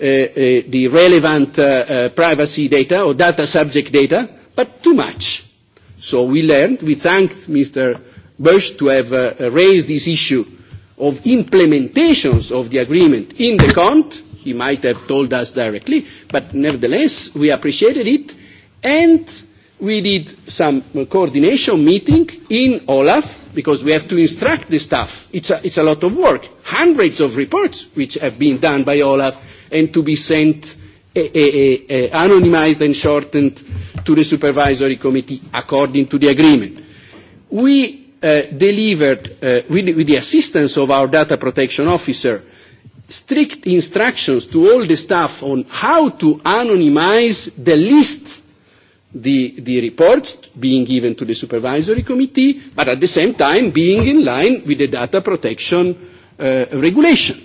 uh, uh, the relevant uh, uh, privacy data or data subject data, but too much. So we learned, we thanked Mr. Bush to have uh, uh, raised this issue of implementations of the agreement in the CONT. He might have told us directly, but nevertheless, we appreciated it, and we did some uh, coordination meeting in Olaf, because we have to instruct the staff. It's a, it's a lot of work, hundreds of reports which have been done by Olaf and to be sent E, e, e, anonymized and shortened to the supervisory committee according to the agreement. We uh, delivered, uh, with, with the assistance of our data protection officer, strict instructions to all the staff on how to anonymize the list the, the reports being given to the supervisory committee, but at the same time being in line with the data protection uh, regulation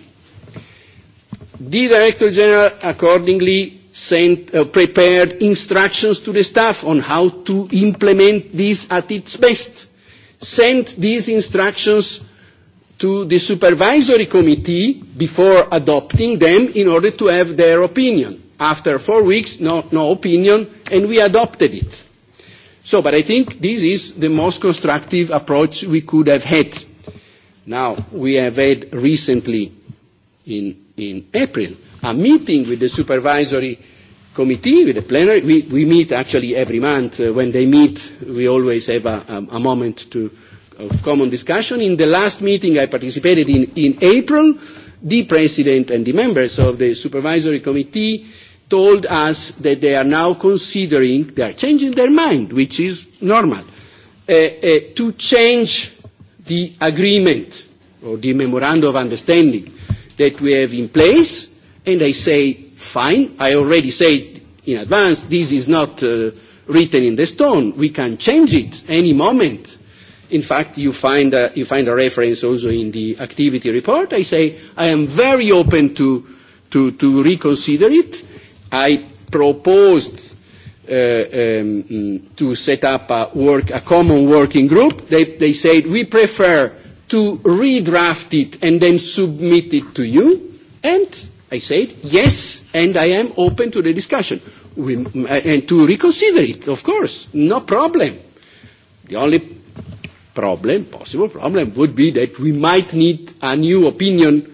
the Director General accordingly sent uh, prepared instructions to the staff on how to implement this at its best, sent these instructions to the supervisory committee before adopting them in order to have their opinion. After four weeks, no, no opinion, and we adopted it. So, but I think this is the most constructive approach we could have had. Now, we have had recently in, in April, a meeting with the supervisory committee, with the plenary. We, we meet actually every month. Uh, when they meet, we always have a, a, a moment to, of common discussion. In the last meeting I participated in, in April, the president and the members of the supervisory committee told us that they are now considering, they are changing their mind, which is normal, uh, uh, to change the agreement or the memorandum of understanding that we have in place, and I say, fine, I already said in advance, this is not uh, written in the stone. We can change it any moment. In fact, you find, a, you find a reference also in the activity report. I say I am very open to, to, to reconsider it. I proposed uh, um, to set up a, work, a common working group. They, they said we prefer to redraft it and then submit it to you. And I said, yes, and I am open to the discussion. We, uh, and to reconsider it, of course, no problem. The only problem, possible problem, would be that we might need a new opinion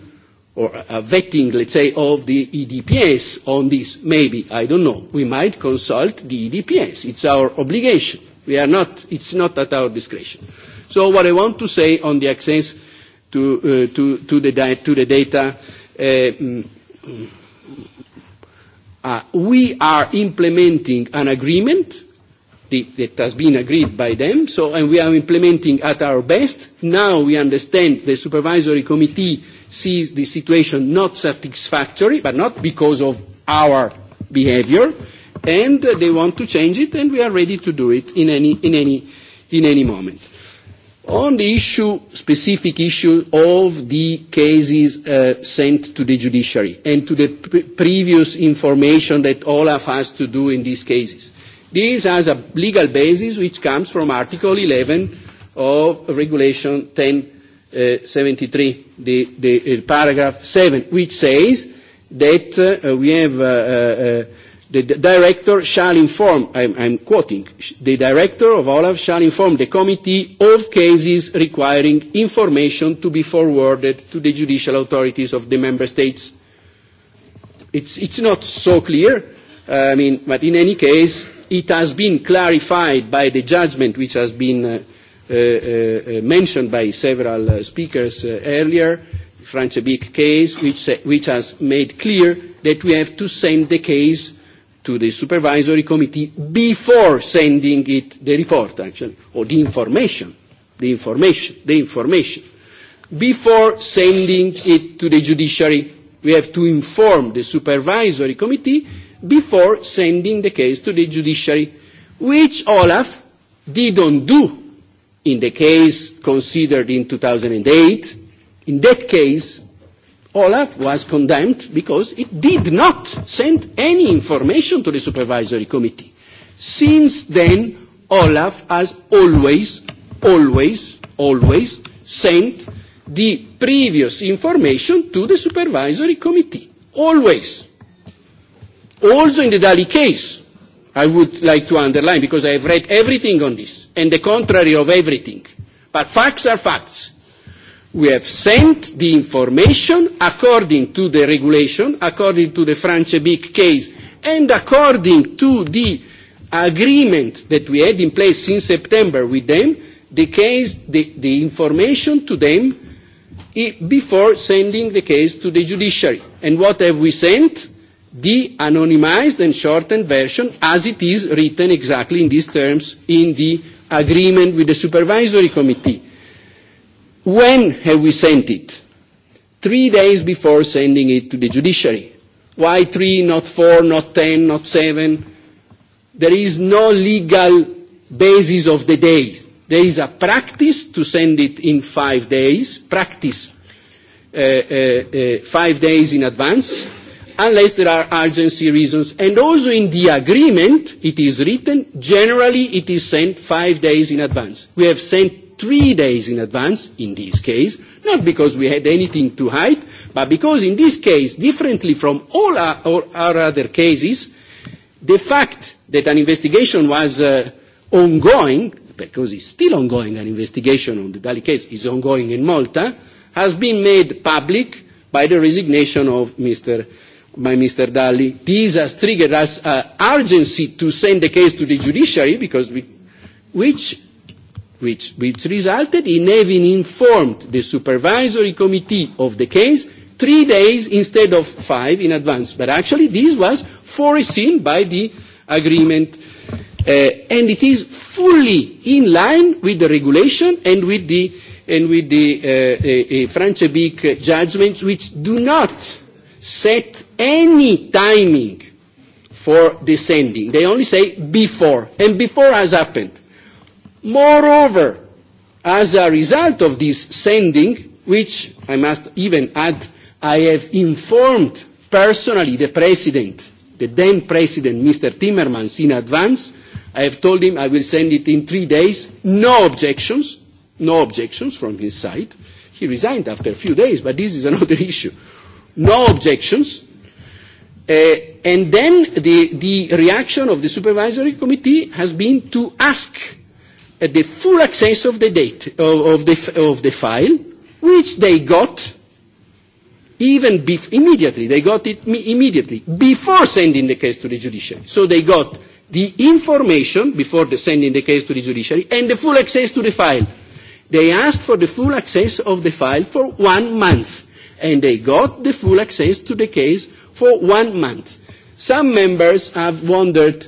or a vetting, let's say, of the EDPS on this. Maybe, I don't know. We might consult the EDPS. It's our obligation. We are not, it's not at our discretion. Uh, So what I want to say on the access to, uh, to, to, the, di- to the data, uh, mm, uh, we are implementing an agreement that has been agreed by them, so, and we are implementing at our best. Now we understand the supervisory committee sees the situation not satisfactory, but not because of our behavior, and they want to change it, and we are ready to do it in any, in any, in any moment. On the issue, specific issue of the cases uh, sent to the judiciary and to the pre- previous information that Olaf has to do in these cases. This has a legal basis which comes from Article 11 of Regulation 1073, uh, the, the uh, paragraph 7, which says that uh, we have uh, uh, uh the director shall inform, I'm, I'm quoting, the director of Olaf shall inform the committee of cases requiring information to be forwarded to the judicial authorities of the member states. It's, it's not so clear, uh, I mean, but in any case, it has been clarified by the judgment which has been uh, uh, uh, uh mentioned by several uh, speakers uh, earlier, Francebic case, which, uh, which has made clear that we have to send the case to the supervisory committee before sending it the report actually or the information the information the information before sending it to the judiciary we have to inform the supervisory committee before sending the case to the judiciary which olaf didn't do in the case considered in 2008 in that case Olaf was condemned because it did not send any information to the supervisory committee. Since then, Olaf has always, always, always sent the previous information to the supervisory committee. Always. Also in the Dali case, I would like to underline because I have read everything on this and the contrary of everything. But facts are facts We have sent the information according to the regulation, according to the France BIC case, and according to the agreement that we had in place since September with them, the case, the, the information to them before sending the case to the judiciary. And what have we sent? The anonymized and shortened version as it is written exactly in these terms in the agreement with the supervisory committee. When have we sent it? Three days before sending it to the judiciary. Why three, not four, not ten, not seven? There is no legal basis of the day. There is a practice to send it in five days, practice uh, uh, uh, five days in advance, unless there are urgency reasons. And also in the agreement, it is written, generally it is sent five days in advance. We have sent three days in advance in this case, not because we had anything to hide, but because in this case, differently from all our, all our other cases, the fact that an investigation was uh, ongoing, because it's still ongoing, an investigation on the Dali case is ongoing in Malta, has been made public by the resignation of Mr. by Mr. Dalli. This has triggered us uh, urgency to send the case to the judiciary, because we, which which, which resulted in having informed the supervisory committee of the case three days instead of five in advance. But actually this was foreseen by the agreement uh, and it is fully in line with the regulation and with the, and with the uh, uh, uh Francebic judgments which do not set any timing for descending. They only say before, and before has happened. Moreover, as a result of this sending, which I must even add, I have informed personally the president, the then president, Mr. Timmermans, in advance. I have told him I will send it in three days. No objections, no objections from his side. He resigned after a few days, but this is another issue. No objections. Uh, and then the, the reaction of the supervisory committee has been to ask at uh, the full access of the, data, of, of the, of the file, which they got even bef- immediately. They got it me- immediately, before sending the case to the judiciary. So they got the information before the sending the case to the judiciary and the full access to the file. They asked for the full access of the file for one month, and they got the full access to the case for one month. Some members have wondered,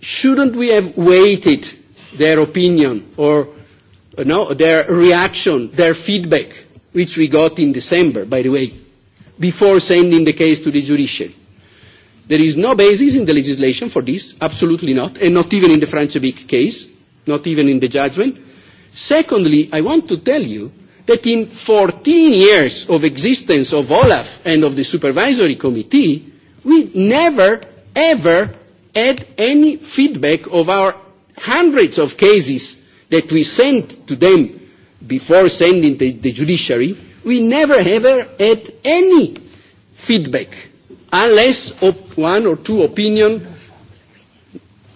shouldn't we have waited their opinion or you know, their reaction, their feedback, which we got in December, by the way, before sending the case to the judiciary. There is no basis in the legislation for this, absolutely not, and not even in the Francevic case, not even in the judgment. Secondly, I want to tell you that in 14 years of existence of Olaf and of the supervisory committee, we never, ever had any feedback of our hundreds of cases that we sent to them before sending the, the judiciary, we never ever had any feedback unless op- one or two opinion,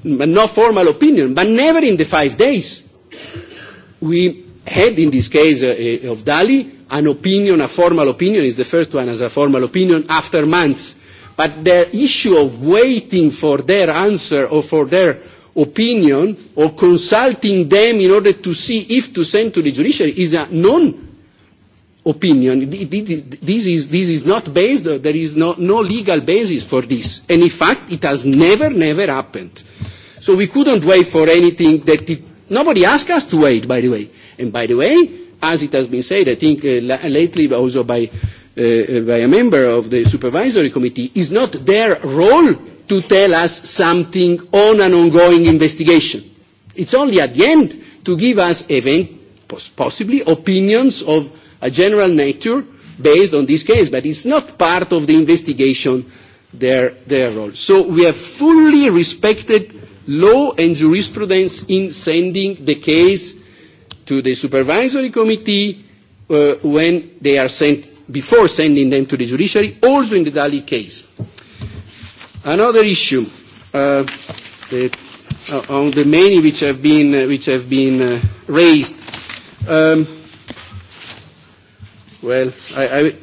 no formal opinion, but never in the five days. We had in this case uh, uh, of Dali an opinion, a formal opinion, is the first one as a formal opinion after months. But the issue of waiting for their answer or for their opinion or consulting them in order to see if to send to the judiciary is a non-opinion. This is, this is not based, there is no, no legal basis for this. And in fact, it has never, never happened. So we couldn't wait for anything that it, nobody asked us to wait, by the way. And by the way, as it has been said, I think uh, lately also by, uh, uh, by a member of the supervisory committee, is not their role to tell us something on an ongoing investigation. It's only at the end to give us even possibly opinions of a general nature based on this case, but it's not part of the investigation their, their role. So we have fully respected law and jurisprudence in sending the case to the supervisory committee uh, when they are sent, before sending them to the judiciary, also in the Dali case. Another issue uh, that, uh, on the many which have been, uh, which have been uh, raised. Um, well, I, I,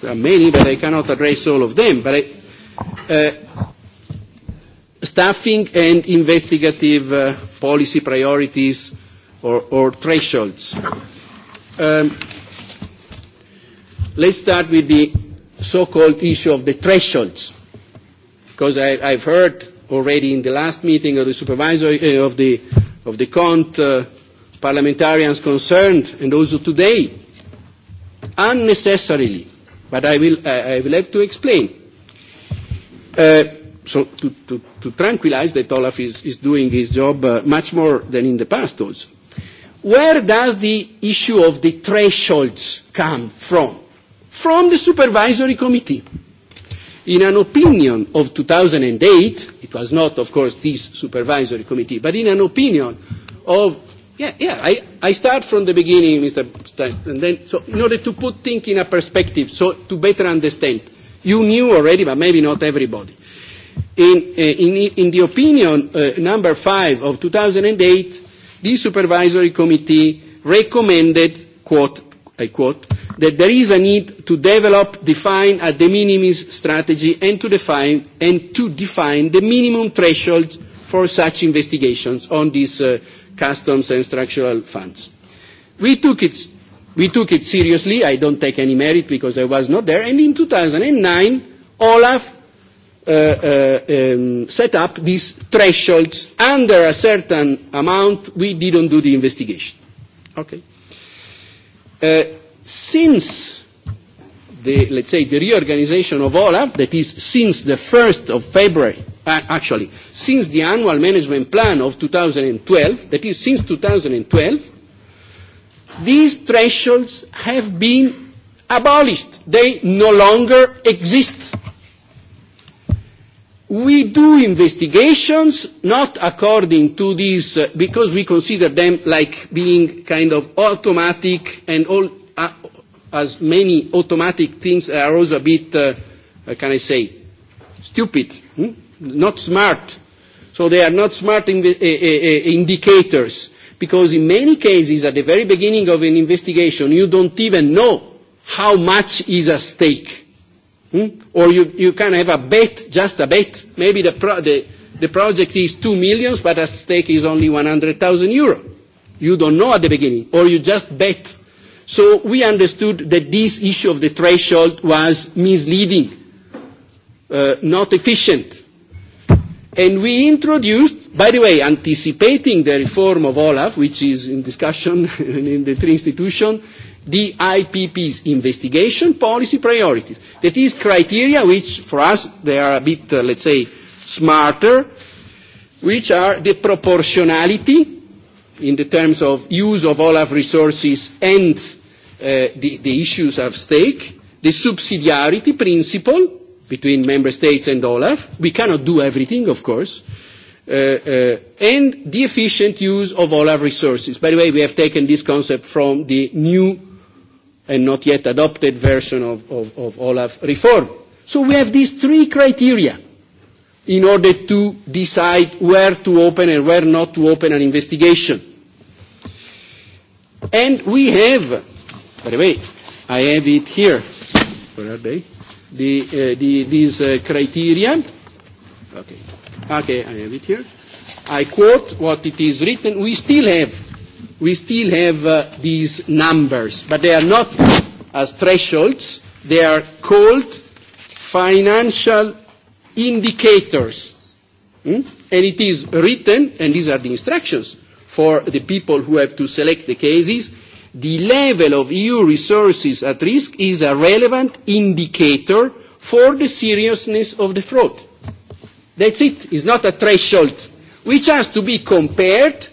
there are many, but I cannot address all of them. But I, uh, staffing and investigative uh, policy priorities or, or thresholds. Um, let's start with the so-called issue of the thresholds. Because I, I've heard already in the last meeting of the supervisory uh, eh, of the of the Cont uh, parliamentarians concerned, and also today, unnecessarily. But I will uh, I will have to explain. Uh, so to, to, to tranquilize that Olaf is, is doing his job uh, much more than in the past also. Where does the issue of the thresholds come from? From the supervisory committee in an opinion of 2008, it was not, of course, this supervisory committee, but in an opinion of, yeah, yeah, I, I start from the beginning, Mr. Stein, and then, so in order to put things in a perspective, so to better understand, you knew already, but maybe not everybody. In, uh, in, in the opinion uh, number five of 2008, the supervisory committee recommended, quote, I quote, that there is a need to develop, define a de minimis strategy and to define, and to define the minimum threshold for such investigations on these uh, customs and structural funds. We took it We took it seriously. I don't take any merit because I was not there. And in 2009, Olaf uh, uh, um, set up these thresholds. Under a certain amount, we didn't do the investigation. Okay. Uh, since the, let's say, the reorganization of OLAF, that is since the 1st of February, uh, actually, since the annual management plan of 2012, that is since 2012, these thresholds have been abolished. They no longer exist. We do investigations not according to these, uh, because we consider them like being kind of automatic and all as many automatic things that are also a bit, uh, uh, can I say, stupid, hmm? not smart. So they are not smart inv- uh, eh, uh, eh, uh, eh, indicators because in many cases at the very beginning of an investigation you don't even know how much is at stake. Hmm? Or you, you can have a bet, just a bet. Maybe the, pro- the, the project is 2 million but at stake is only 100,000 euro. You don't know at the beginning or you just bet So we understood that this issue of the threshold was misleading, uh, not efficient. And we introduced, by the way, anticipating the reform of OLAF, which is in discussion in the three institutions, the IPP's investigation policy priorities. That is criteria which, for us, they are a bit, uh, let's say, smarter, which are the proportionality in the terms of use of OLAF resources and uh, the, the issues at stake, the subsidiarity principle between member states and Olaf. We cannot do everything, of course. Uh, uh, and the efficient use of Olaf resources. By the way, we have taken this concept from the new and not yet adopted version of, of, of Olaf reform. So we have these three criteria in order to decide where to open and where not to open an investigation. And we have By the way, I have it here. Where are they? The, uh, the, these uh, criteria. Okay. Okay, I have it here. I quote what it is written. We still have, we still have uh, these numbers, but they are not as thresholds. They are called financial indicators. Hmm? And it is written, and these are the instructions for the people who have to select the cases, the level of EU resources at risk is a relevant indicator for the seriousness of the fraud. That's it. It's not a threshold, which has to be compared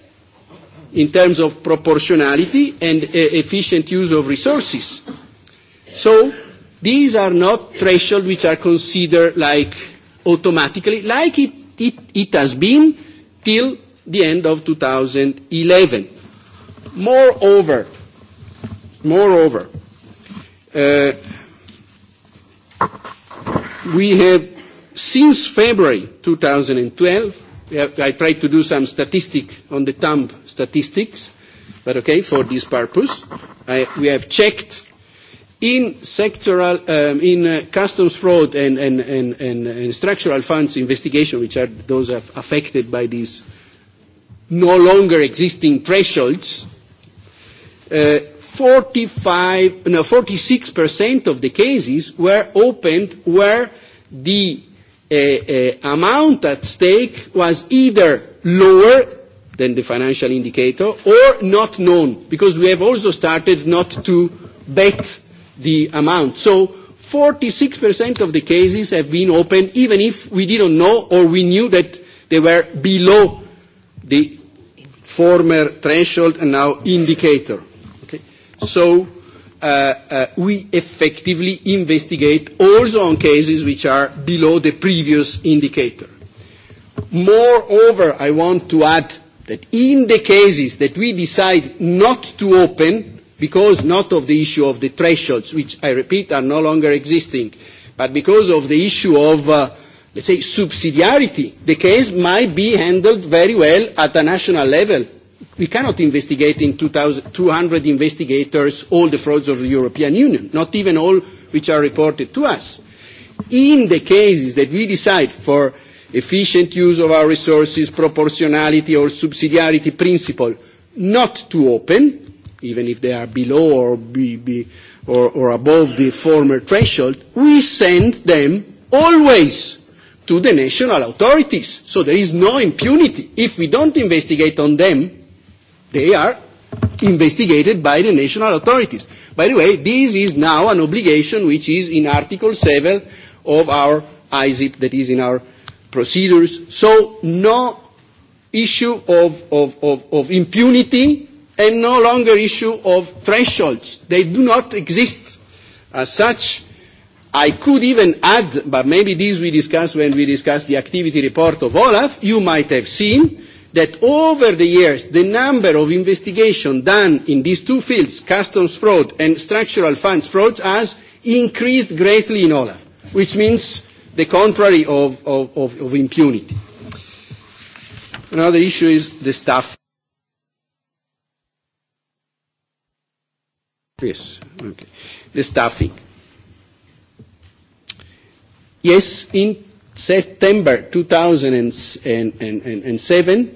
in terms of proportionality and uh, efficient use of resources. So these are not thresholds which are considered like automatically, like it, it, it has been till the end of 2011. Moreover, Moreover, uh, we have, since February 2012, we have, I tried to do some statistic on the thumb statistics, but okay, for this purpose, I, we have checked in sectoral, um, in uh, customs fraud and, and, and, and, and structural funds investigation, which are those affected by these no longer existing thresholds, uh, 45, no, 46% of the cases were opened where the uh, uh, amount at stake was either lower than the financial indicator or not known, because we have also started not to bet the amount. So 46% of the cases have been opened, even if we didn't know or we knew that they were below the former threshold and now indicator. So uh, uh, we effectively investigate also on cases which are below the previous indicator. Moreover, I want to add that in the cases that we decide not to open, because not of the issue of the thresholds, which I repeat are no longer existing, but because of the issue of, uh, let's say, subsidiarity, the case might be handled very well at a national level we cannot investigate in 200 investigators all the frauds of the European Union, not even all which are reported to us. In the cases that we decide for efficient use of our resources, proportionality or subsidiarity principle, not to open, even if they are below or, be, be, or, or above the former threshold, we send them always to the national authorities. So there is no impunity. If we don't investigate on them, They are investigated by the national authorities. By the way, this is now an obligation which is in Article 7 of our ISIP, that is in our procedures. So no issue of, of, of, of impunity and no longer issue of thresholds. They do not exist. As such, I could even add, but maybe this we discuss when we discuss the activity report of Olaf, you might have seen, that over the years, the number of investigations done in these two fields, customs fraud and structural funds fraud, has increased greatly in Olaf, which means the contrary of, of, of, of impunity. Another issue is the staff. Yes, okay. The staffing. Yes, in September 2007,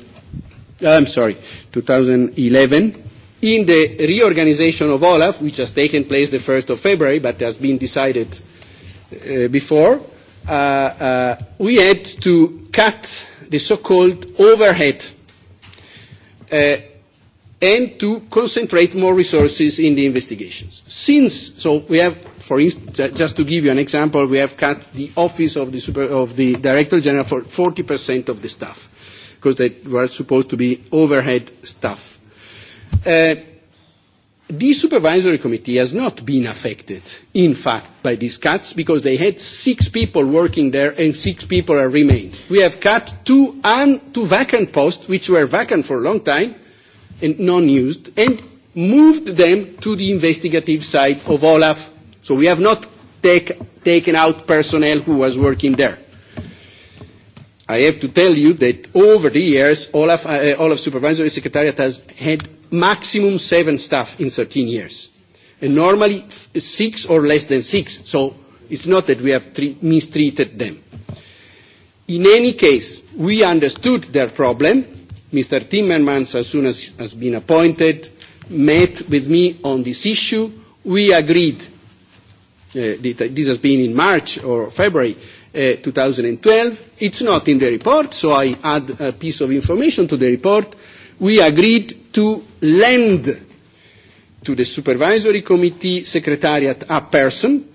Ah, I'm sorry, 2011, in the reorganization of Olaf, which has taken place the 1st of February, but has been decided uh, before, uh, uh, we had to cut the so-called overhead uh, and to concentrate more resources in the investigations. Since, so we have, for instance, just to give you an example, we have cut the office of the, super, of the Director General for 40% of the staff because they were supposed to be overhead staff. Uh, the supervisory committee has not been affected, in fact, by these cuts because they had six people working there and six people are remained. We have cut two, un, two vacant posts, which were vacant for a long time and non-used, and moved them to the investigative side of Olaf. So we have not take, taken out personnel who was working there. I have to tell you that over the years, Olaf, uh, uh Olaf Supervisory Secretariat has had maximum seven staff in 13 years. And normally six or less than six. So it's not that we have tre- mistreated them. In any case, we understood their problem. Mr. Timmermans, as soon as has been appointed, met with me on this issue. We agreed, uh, uh this has been in March or February, uh, eh, 2012. It's not in the report, so I add a piece of information to the report. We agreed to lend to the Supervisory Committee Secretariat a person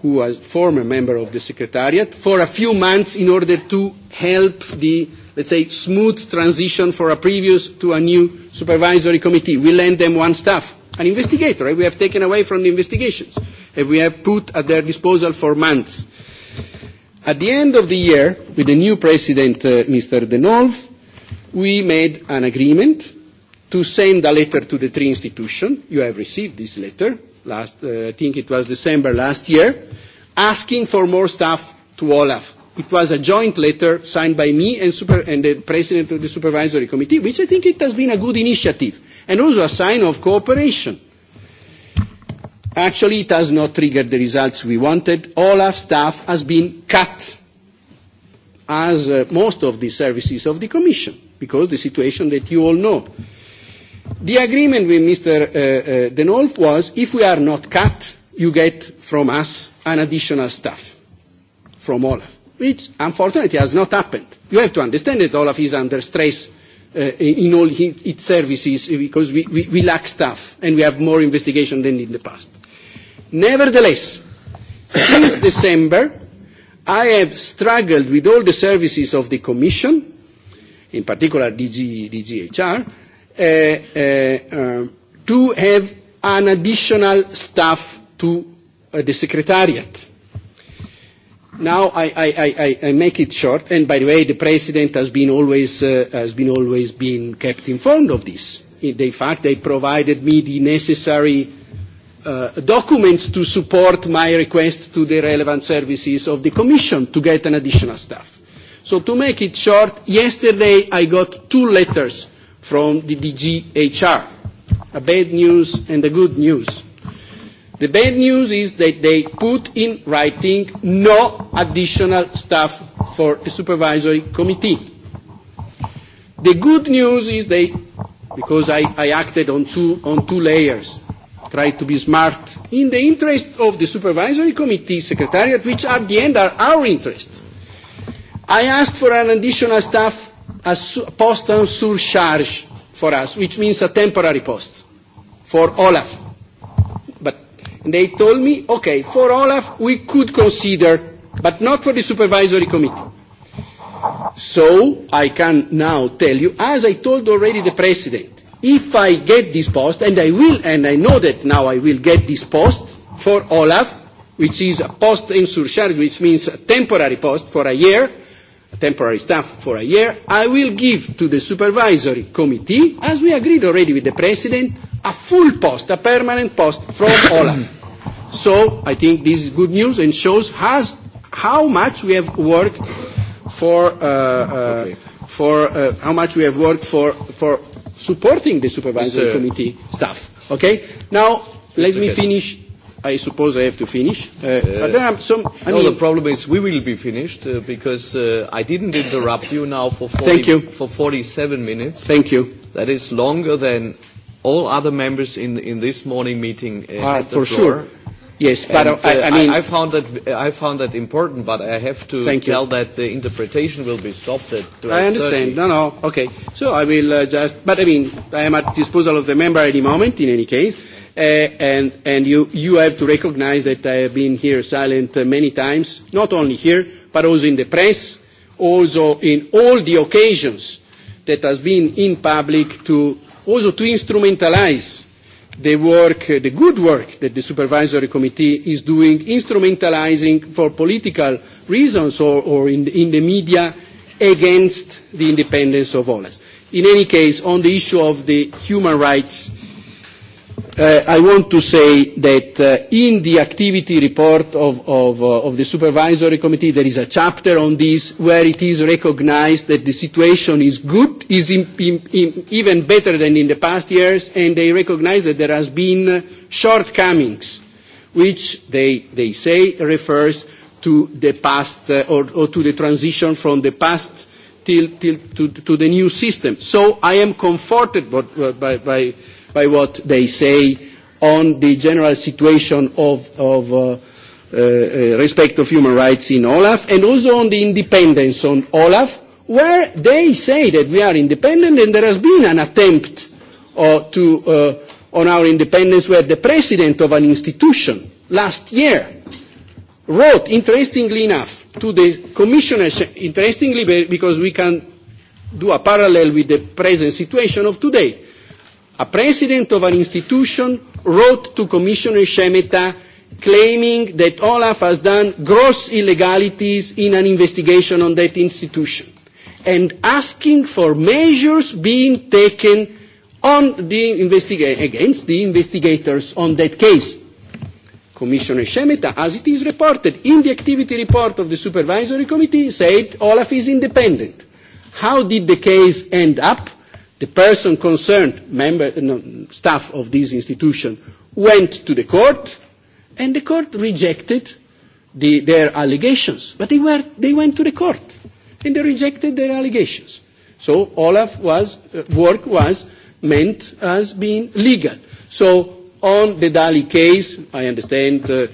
who was former member of the Secretariat for a few months in order to help the, let's say, smooth transition for a previous to a new Supervisory Committee. We lend them one staff, an investigator, right? we have taken away from the investigations, and we have put at their disposal for months. At the end of the year, with the new president, uh, Mr. Denolf, we made an agreement to send a letter to the three institutions. You have received this letter last, uh, I think it was December last year, asking for more staff to Olaf. It was a joint letter signed by me and, super, and the president of the supervisory committee, which I think it has been a good initiative and also a sign of cooperation Actually, it has not triggered the results we wanted. Olaf staff has been cut, as uh, most of the services of the Commission, because the situation that you all know. The agreement with Mr. Uh, uh, Denolf was, if we are not cut, you get from us an additional staff from Olaf, which unfortunately has not happened. You have to understand that Olaf is under stress uh, in all its services uh, because we, we, we lack staff and we have more investigation than in the past. Nevertheless, since December, I have struggled with all the services of the Commission, in particular DG, DGHR, uh, uh, uh, to have an additional staff to uh, the Secretariat Now I, I, I, I make it short, and by the way, the President has been always, uh, has been always been kept informed of this. In fact, they provided me the necessary uh, documents to support my request to the relevant services of the Commission to get an additional staff. So to make it short, yesterday I got two letters from the DG HR, a bad news and a good news. The bad news is that they put in writing no additional staff for the supervisory committee. The good news is they, because I, I acted on two, on two layers, tried to be smart, in the interest of the supervisory committee, secretariat, which at the end are our interest. I asked for an additional staff as post and surcharge for us, which means a temporary post for Olaf They told me, okay, for Olaf we could consider, but not for the supervisory committee. So I can now tell you, as I told already the president, if I get this post, and I will, and I know that now I will get this post for Olaf, which is a post in surcharge, which means a temporary post for a year, temporary staff for a year, I will give to the supervisory committee, as we agreed already with the president, a full post, a permanent post from Olaf. So I think this is good news and shows has, how much we have worked for, uh, uh, for uh, how much we have worked for, for supporting the supervisory Mr. committee staff. Okay? Now, let Mr. me finish I suppose I have to finish. Uh, uh, but there are some. I no, mean, the problem is we will be finished uh, because uh, I didn't interrupt you now for 40, thank you. for 47 minutes. Thank you. That is longer than all other members in in this morning meeting. Uh, uh, for floor. sure. Yes, but and, uh, I, I uh, mean, I, I found that uh, I found that important, but I have to thank tell you. that the interpretation will be stopped at. I understand. 30. No, no. Okay. So I will uh, just. But I mean, I am at disposal of the member any moment. In any case uh, and, and you, you have to recognize that I have been here silent uh, many times, not only here, but also in the press, also in all the occasions that has been in public to also to instrumentalize the work, uh, the good work that the supervisory committee is doing, instrumentalizing for political reasons or, or in, in the media against the independence of OLAS. In any case, on the issue of the human rights uh, uh, I want to say that uh, in the activity report of, of, uh, of the supervisory committee, there is a chapter on this where it is recognized that the situation is good, is in, in, in even better than in the past years, and they recognize that there has been uh, shortcomings, which they, they say refers to the past uh, or, or to the transition from the past till, till to, to the new system. So I am comforted by, by, by by what they say on the general situation of, of uh, uh, uh, respect of human rights in Olaf and also on the independence on Olaf, where they say that we are independent and there has been an attempt uh, to, uh, on our independence where the president of an institution last year wrote, interestingly enough, to the commissioners, interestingly because we can do a parallel with the present situation of today, a president of an institution wrote to Commissioner Shemeta claiming that Olaf has done gross illegalities in an investigation on that institution and asking for measures being taken on the investiga- against the investigators on that case. Commissioner Shemeta, as it is reported in the activity report of the Supervisory Committee, said Olaf is independent. How did the case end up? the person concerned, member, uh, no, staff of this institution, went to the court, and the court rejected the, their allegations. But they, were, they went to the court, and they rejected their allegations. So Olaf was, uh, work was meant as being legal. So on the Dali case, I understand uh, uh,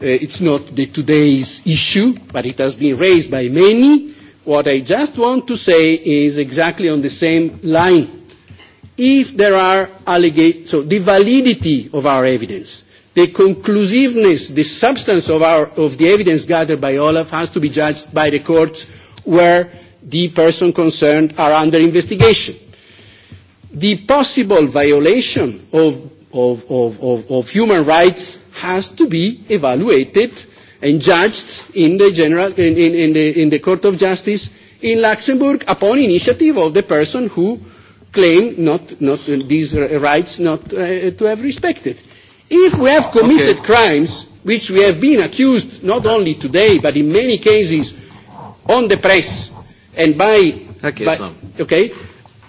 it's not the today's issue, but it has been raised by many What I just want to say is exactly on the same line. If there are allegations, so the validity of our evidence, the conclusiveness, the substance of, our, of the evidence gathered by Olaf has to be judged by the courts where the person concerned are under investigation. The possible violation of, of, of, of, of human rights has to be evaluated and judged in the general in, in, in, the, in the Court of Justice in Luxembourg upon initiative of the person who claimed not, not uh, these rights not uh, to have respected. If we have committed okay. crimes, which we have been accused not only today but in many cases on the press and by, okay, by, so. okay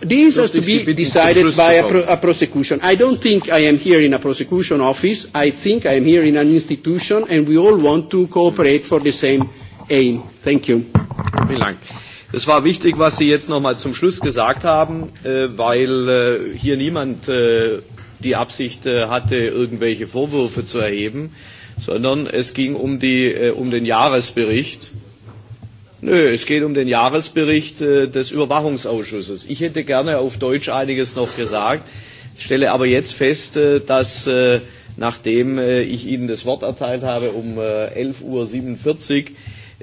This has to be decided by a, pro a prosecution. I don't think I am here in a prosecution office. I think I am here in an institution, and we all want to cooperate for the same aim. Thank you. Vielen Dank. Es war wichtig, was Sie jetzt nochmal zum Schluss gesagt haben, äh, weil äh, hier niemand äh, die Absicht äh, hatte, irgendwelche Vorwürfe zu erheben, sondern es ging um, die, äh, um den Jahresbericht. Äh, Nö, es geht um den Jahresbericht äh, des Überwachungsausschusses. Ich hätte gerne auf Deutsch einiges noch gesagt, stelle aber jetzt fest, äh, dass äh, nachdem äh, ich Ihnen das Wort erteilt habe um äh, 11.47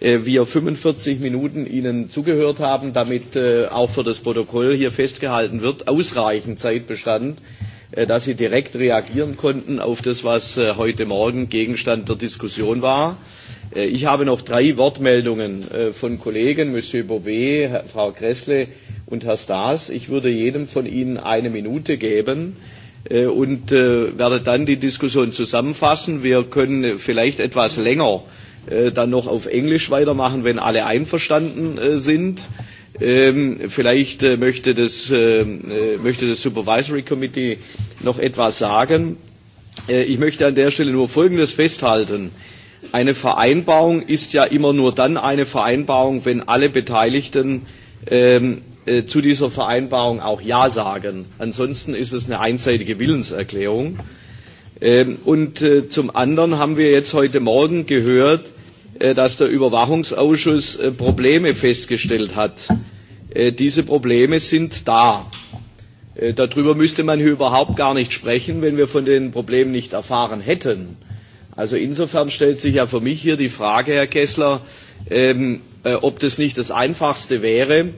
Uhr, äh, wir 45 Minuten Ihnen zugehört haben, damit äh, auch für das Protokoll hier festgehalten wird, ausreichend Zeit bestand, äh, dass Sie direkt reagieren konnten auf das, was äh, heute Morgen Gegenstand der Diskussion war. Äh, Äh, ich habe noch drei Wortmeldungen äh, von Kollegen, Monsieur Bové, Frau Kressle und Herr Staes. Ich würde jedem von Ihnen eine Minute geben äh, und werde dann die Diskussion zusammenfassen. Wir können vielleicht etwas länger dann noch auf Englisch weitermachen, wenn alle einverstanden sind. Ähm, vielleicht äh, möchte, das, äh, möchte das Supervisory Committee noch etwas sagen. Äh, ich möchte an der Stelle nur Folgendes festhalten. Äh, Eine Vereinbarung ist ja immer nur dann eine Vereinbarung, wenn alle Beteiligten ähm, äh, zu dieser Vereinbarung auch Ja sagen. Ansonsten ist es eine einseitige Willenserklärung. Ähm, und äh, zum anderen haben wir jetzt heute Morgen gehört, äh, dass der Überwachungsausschuss äh, Probleme festgestellt hat. Äh, diese Probleme sind da. Äh, darüber müsste man hier überhaupt gar nicht sprechen, wenn wir von den Problemen nicht erfahren hätten. Äh, Also insofern stellt sich ja für mich hier die Frage, Herr Kessler, ähm, äh, ob das nicht das Einfachste wäre,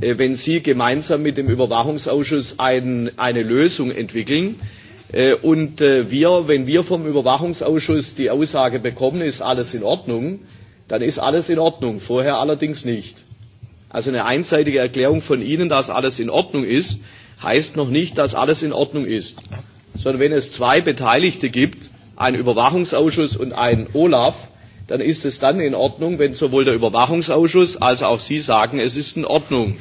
äh, wenn Sie gemeinsam mit dem Überwachungsausschuss ein, eine Lösung entwickeln. Äh, und äh, wir, wenn wir vom Überwachungsausschuss die Aussage bekommen, ist alles in Ordnung, dann ist alles in Ordnung, vorher allerdings nicht. Also eine einseitige Erklärung von Ihnen, dass alles in Ordnung ist, heißt noch nicht, dass alles in Ordnung ist. Sondern wenn es zwei Beteiligte gibt, einen Überwachungsausschuss und einen Olaf, dann ist es dann in Ordnung, wenn sowohl der Überwachungsausschuss als auch Sie sagen, es ist in Ordnung.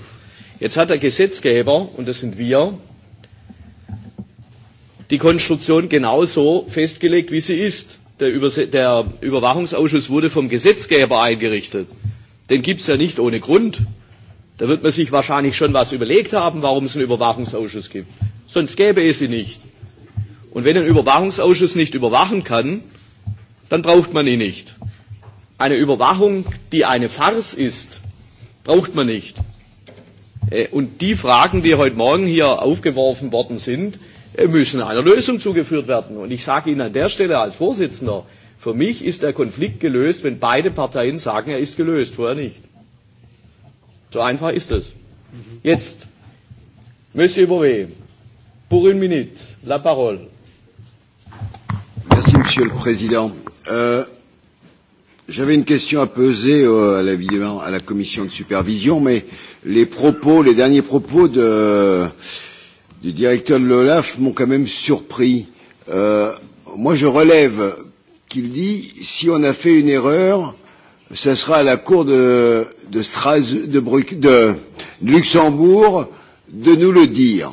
Jetzt hat der Gesetzgeber, und das sind wir, die Konstruktion genauso festgelegt, wie sie ist. Der, Überse der Überwachungsausschuss wurde vom Gesetzgeber eingerichtet. Den gibt es ja nicht ohne Grund. Da wird man sich wahrscheinlich schon was überlegt haben, warum es einen Überwachungsausschuss gibt. Sonst gäbe es sie nicht. Und wenn ein Überwachungsausschuss nicht überwachen kann, dann braucht man ihn nicht. Eine Überwachung, die eine Farce ist, braucht man nicht. Äh, und die Fragen, die heute Morgen hier aufgeworfen worden sind, äh, müssen einer Lösung zugeführt werden. Und ich sage Ihnen an der Stelle als Vorsitzender, für mich ist der Konflikt gelöst, wenn beide Parteien sagen, er ist gelöst, vorher nicht. So einfach ist es. Mhm. Jetzt, Monsieur Bové, pour une minute, la parole. Monsieur le Président. Euh, J'avais une question à peser euh, à, la, à la commission de supervision, mais les propos, les derniers propos de, du directeur de l'OLAF m'ont quand même surpris. Euh, moi, je relève qu'il dit si on a fait une erreur, ça sera à la cour de, de, Stras, de, Bruc, de, de Luxembourg de nous le dire.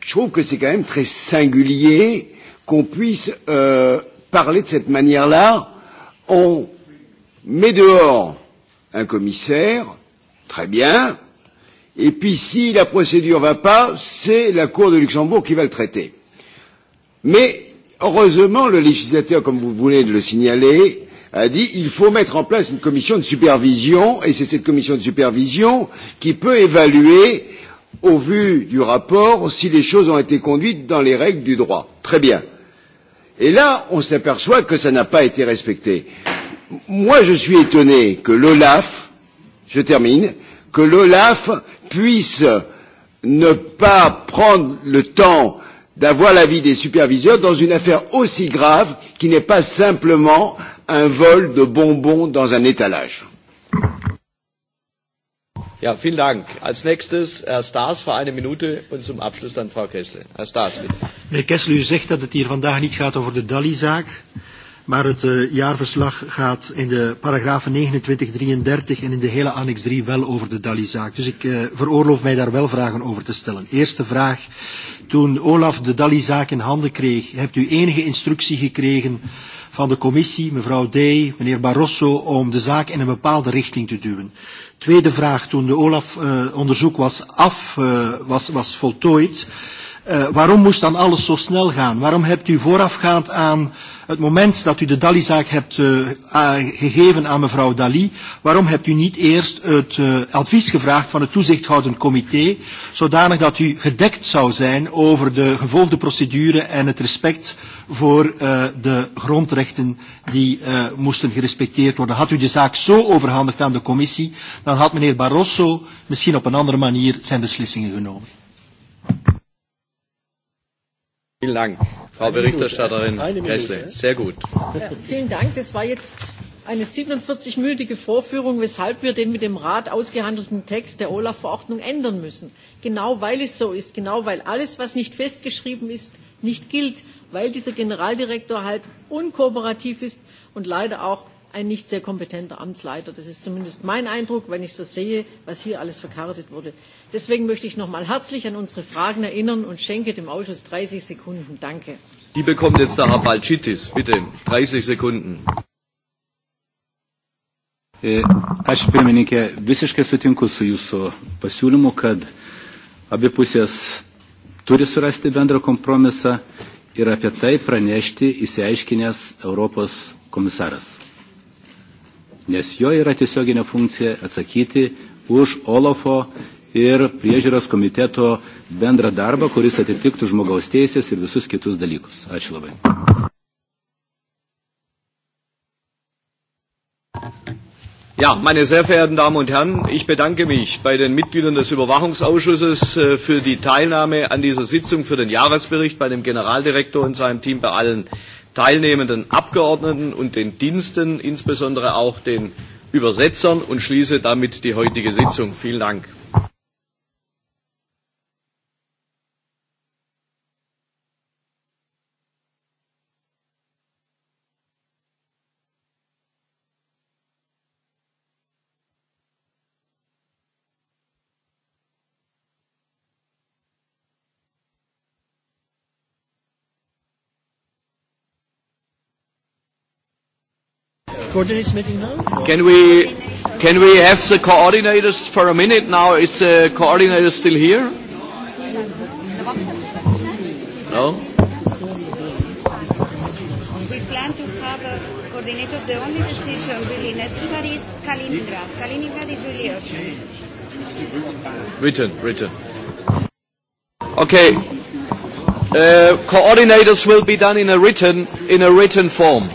Je trouve que c'est quand même très singulier qu'on puisse euh, parler de cette manière-là, on met dehors un commissaire, très bien, et puis si la procédure ne va pas, c'est la Cour de Luxembourg qui va le traiter. Mais heureusement, le législateur, comme vous voulez de le signaler, a dit il faut mettre en place une commission de supervision, et c'est cette commission de supervision qui peut évaluer, au vu du rapport, si les choses ont été conduites dans les règles du droit. Très bien. Et là, on s'aperçoit que ça n'a pas été respecté. Moi, je suis étonné que l'OLAF, je termine, que l'OLAF puisse ne pas prendre le temps d'avoir l'avis des superviseurs dans une affaire aussi grave qui n'est pas simplement un vol de bonbons dans un étalage. Ja, vielen Dank. Als nächstes Herr Staes voor eine Minute und zum Abschluss dann Frau Kessler. Herr Staes, bitte. Meneer Kessler, u zegt dat het hier vandaag niet gaat over de Dali-zaak, maar het uh, jaarverslag gaat in de paragrafen 29, 33 en in de hele annex 3 wel over de Dali-zaak. Dus ik uh, veroorloof mij daar wel vragen over te stellen. Eerste vraag. Toen Olaf de Dali-zaak in handen kreeg, hebt u enige instructie gekregen van de commissie, mevrouw Day, meneer Barroso, om de zaak in een bepaalde richting te duwen? Tweede vraag, toen de OLAF-onderzoek eh, was, af, eh, was, was voltooid, eh, waarom moest dan alles zo snel gaan? Waarom hebt u voorafgaand aan uh, het moment dat u de Dali-zaak hebt uh, gegeven aan mevrouw Dali, waarom hebt u niet eerst het uh, advies gevraagd van het toezichthoudend comité, zodanig dat u gedekt zou zijn over de gevolgde procedure en het respect voor uh, de grondrechten die uh, moesten gerespecteerd worden. Had u de zaak zo overhandigd aan de commissie, dan had meneer Barroso misschien op een andere manier zijn beslissingen genomen. Vielen Dank, Frau eine Berichterstatterin Minute, Gressle. Sehr gut. Ja, vielen Dank. Das war jetzt eine 47-minütige Vorführung, weshalb wir den mit dem Rat ausgehandelten Text der Olaf-Verordnung ändern müssen. Genau weil es so ist, genau weil alles, was nicht festgeschrieben ist, nicht gilt, weil dieser Generaldirektor halt unkooperativ ist und leider auch ein nicht sehr kompetenter Amtsleiter. Das ist zumindest mein Eindruck, wenn ich so sehe, was hier alles verkartet wurde. Deswegen möchte ich nochmal herzlich an unsere Fragen erinnern und schenke dem Ausschuss 30 Sekunden. Danke. Die bekommt jetzt der Herr Balcitis. Bitte, 30 Sekunden. E, Aš pirmininkė visiškai sutinku su jūsų pasiūlymu, kad abi pusės turi surasti bendrą kompromisą ir apie tai pranešti įsiaiškinęs Europos komisaras. Nes jo yra tiesioginė funkcija atsakyti už Olofo ir priežiūros komiteto bendrą darbą, kuris atitiktų žmogaus teisės ir visus kitus dalykus. Ačiū labai. Ja, meine sehr verehrten Damen und Herren, ich bedanke mich bei den Mitgliedern des Überwachungsausschusses äh, für die Teilnahme an dieser Sitzung für den Jahresbericht, bei dem Generaldirektor und seinem Team, bei allen teilnehmenden Abgeordneten und den Diensten, insbesondere auch den Übersetzern und schließe damit die heutige Sitzung. Vielen Dank. coordinators meeting now? Or? Can we can we have the coordinators for a minute now? Is the coordinator still here? No. We plan to have a uh, coordinators. The only decision really necessary is Kaliningrad. Kaliningrad is really urgent. Written, written. Okay. Uh, coordinators will be done in a written in a written form.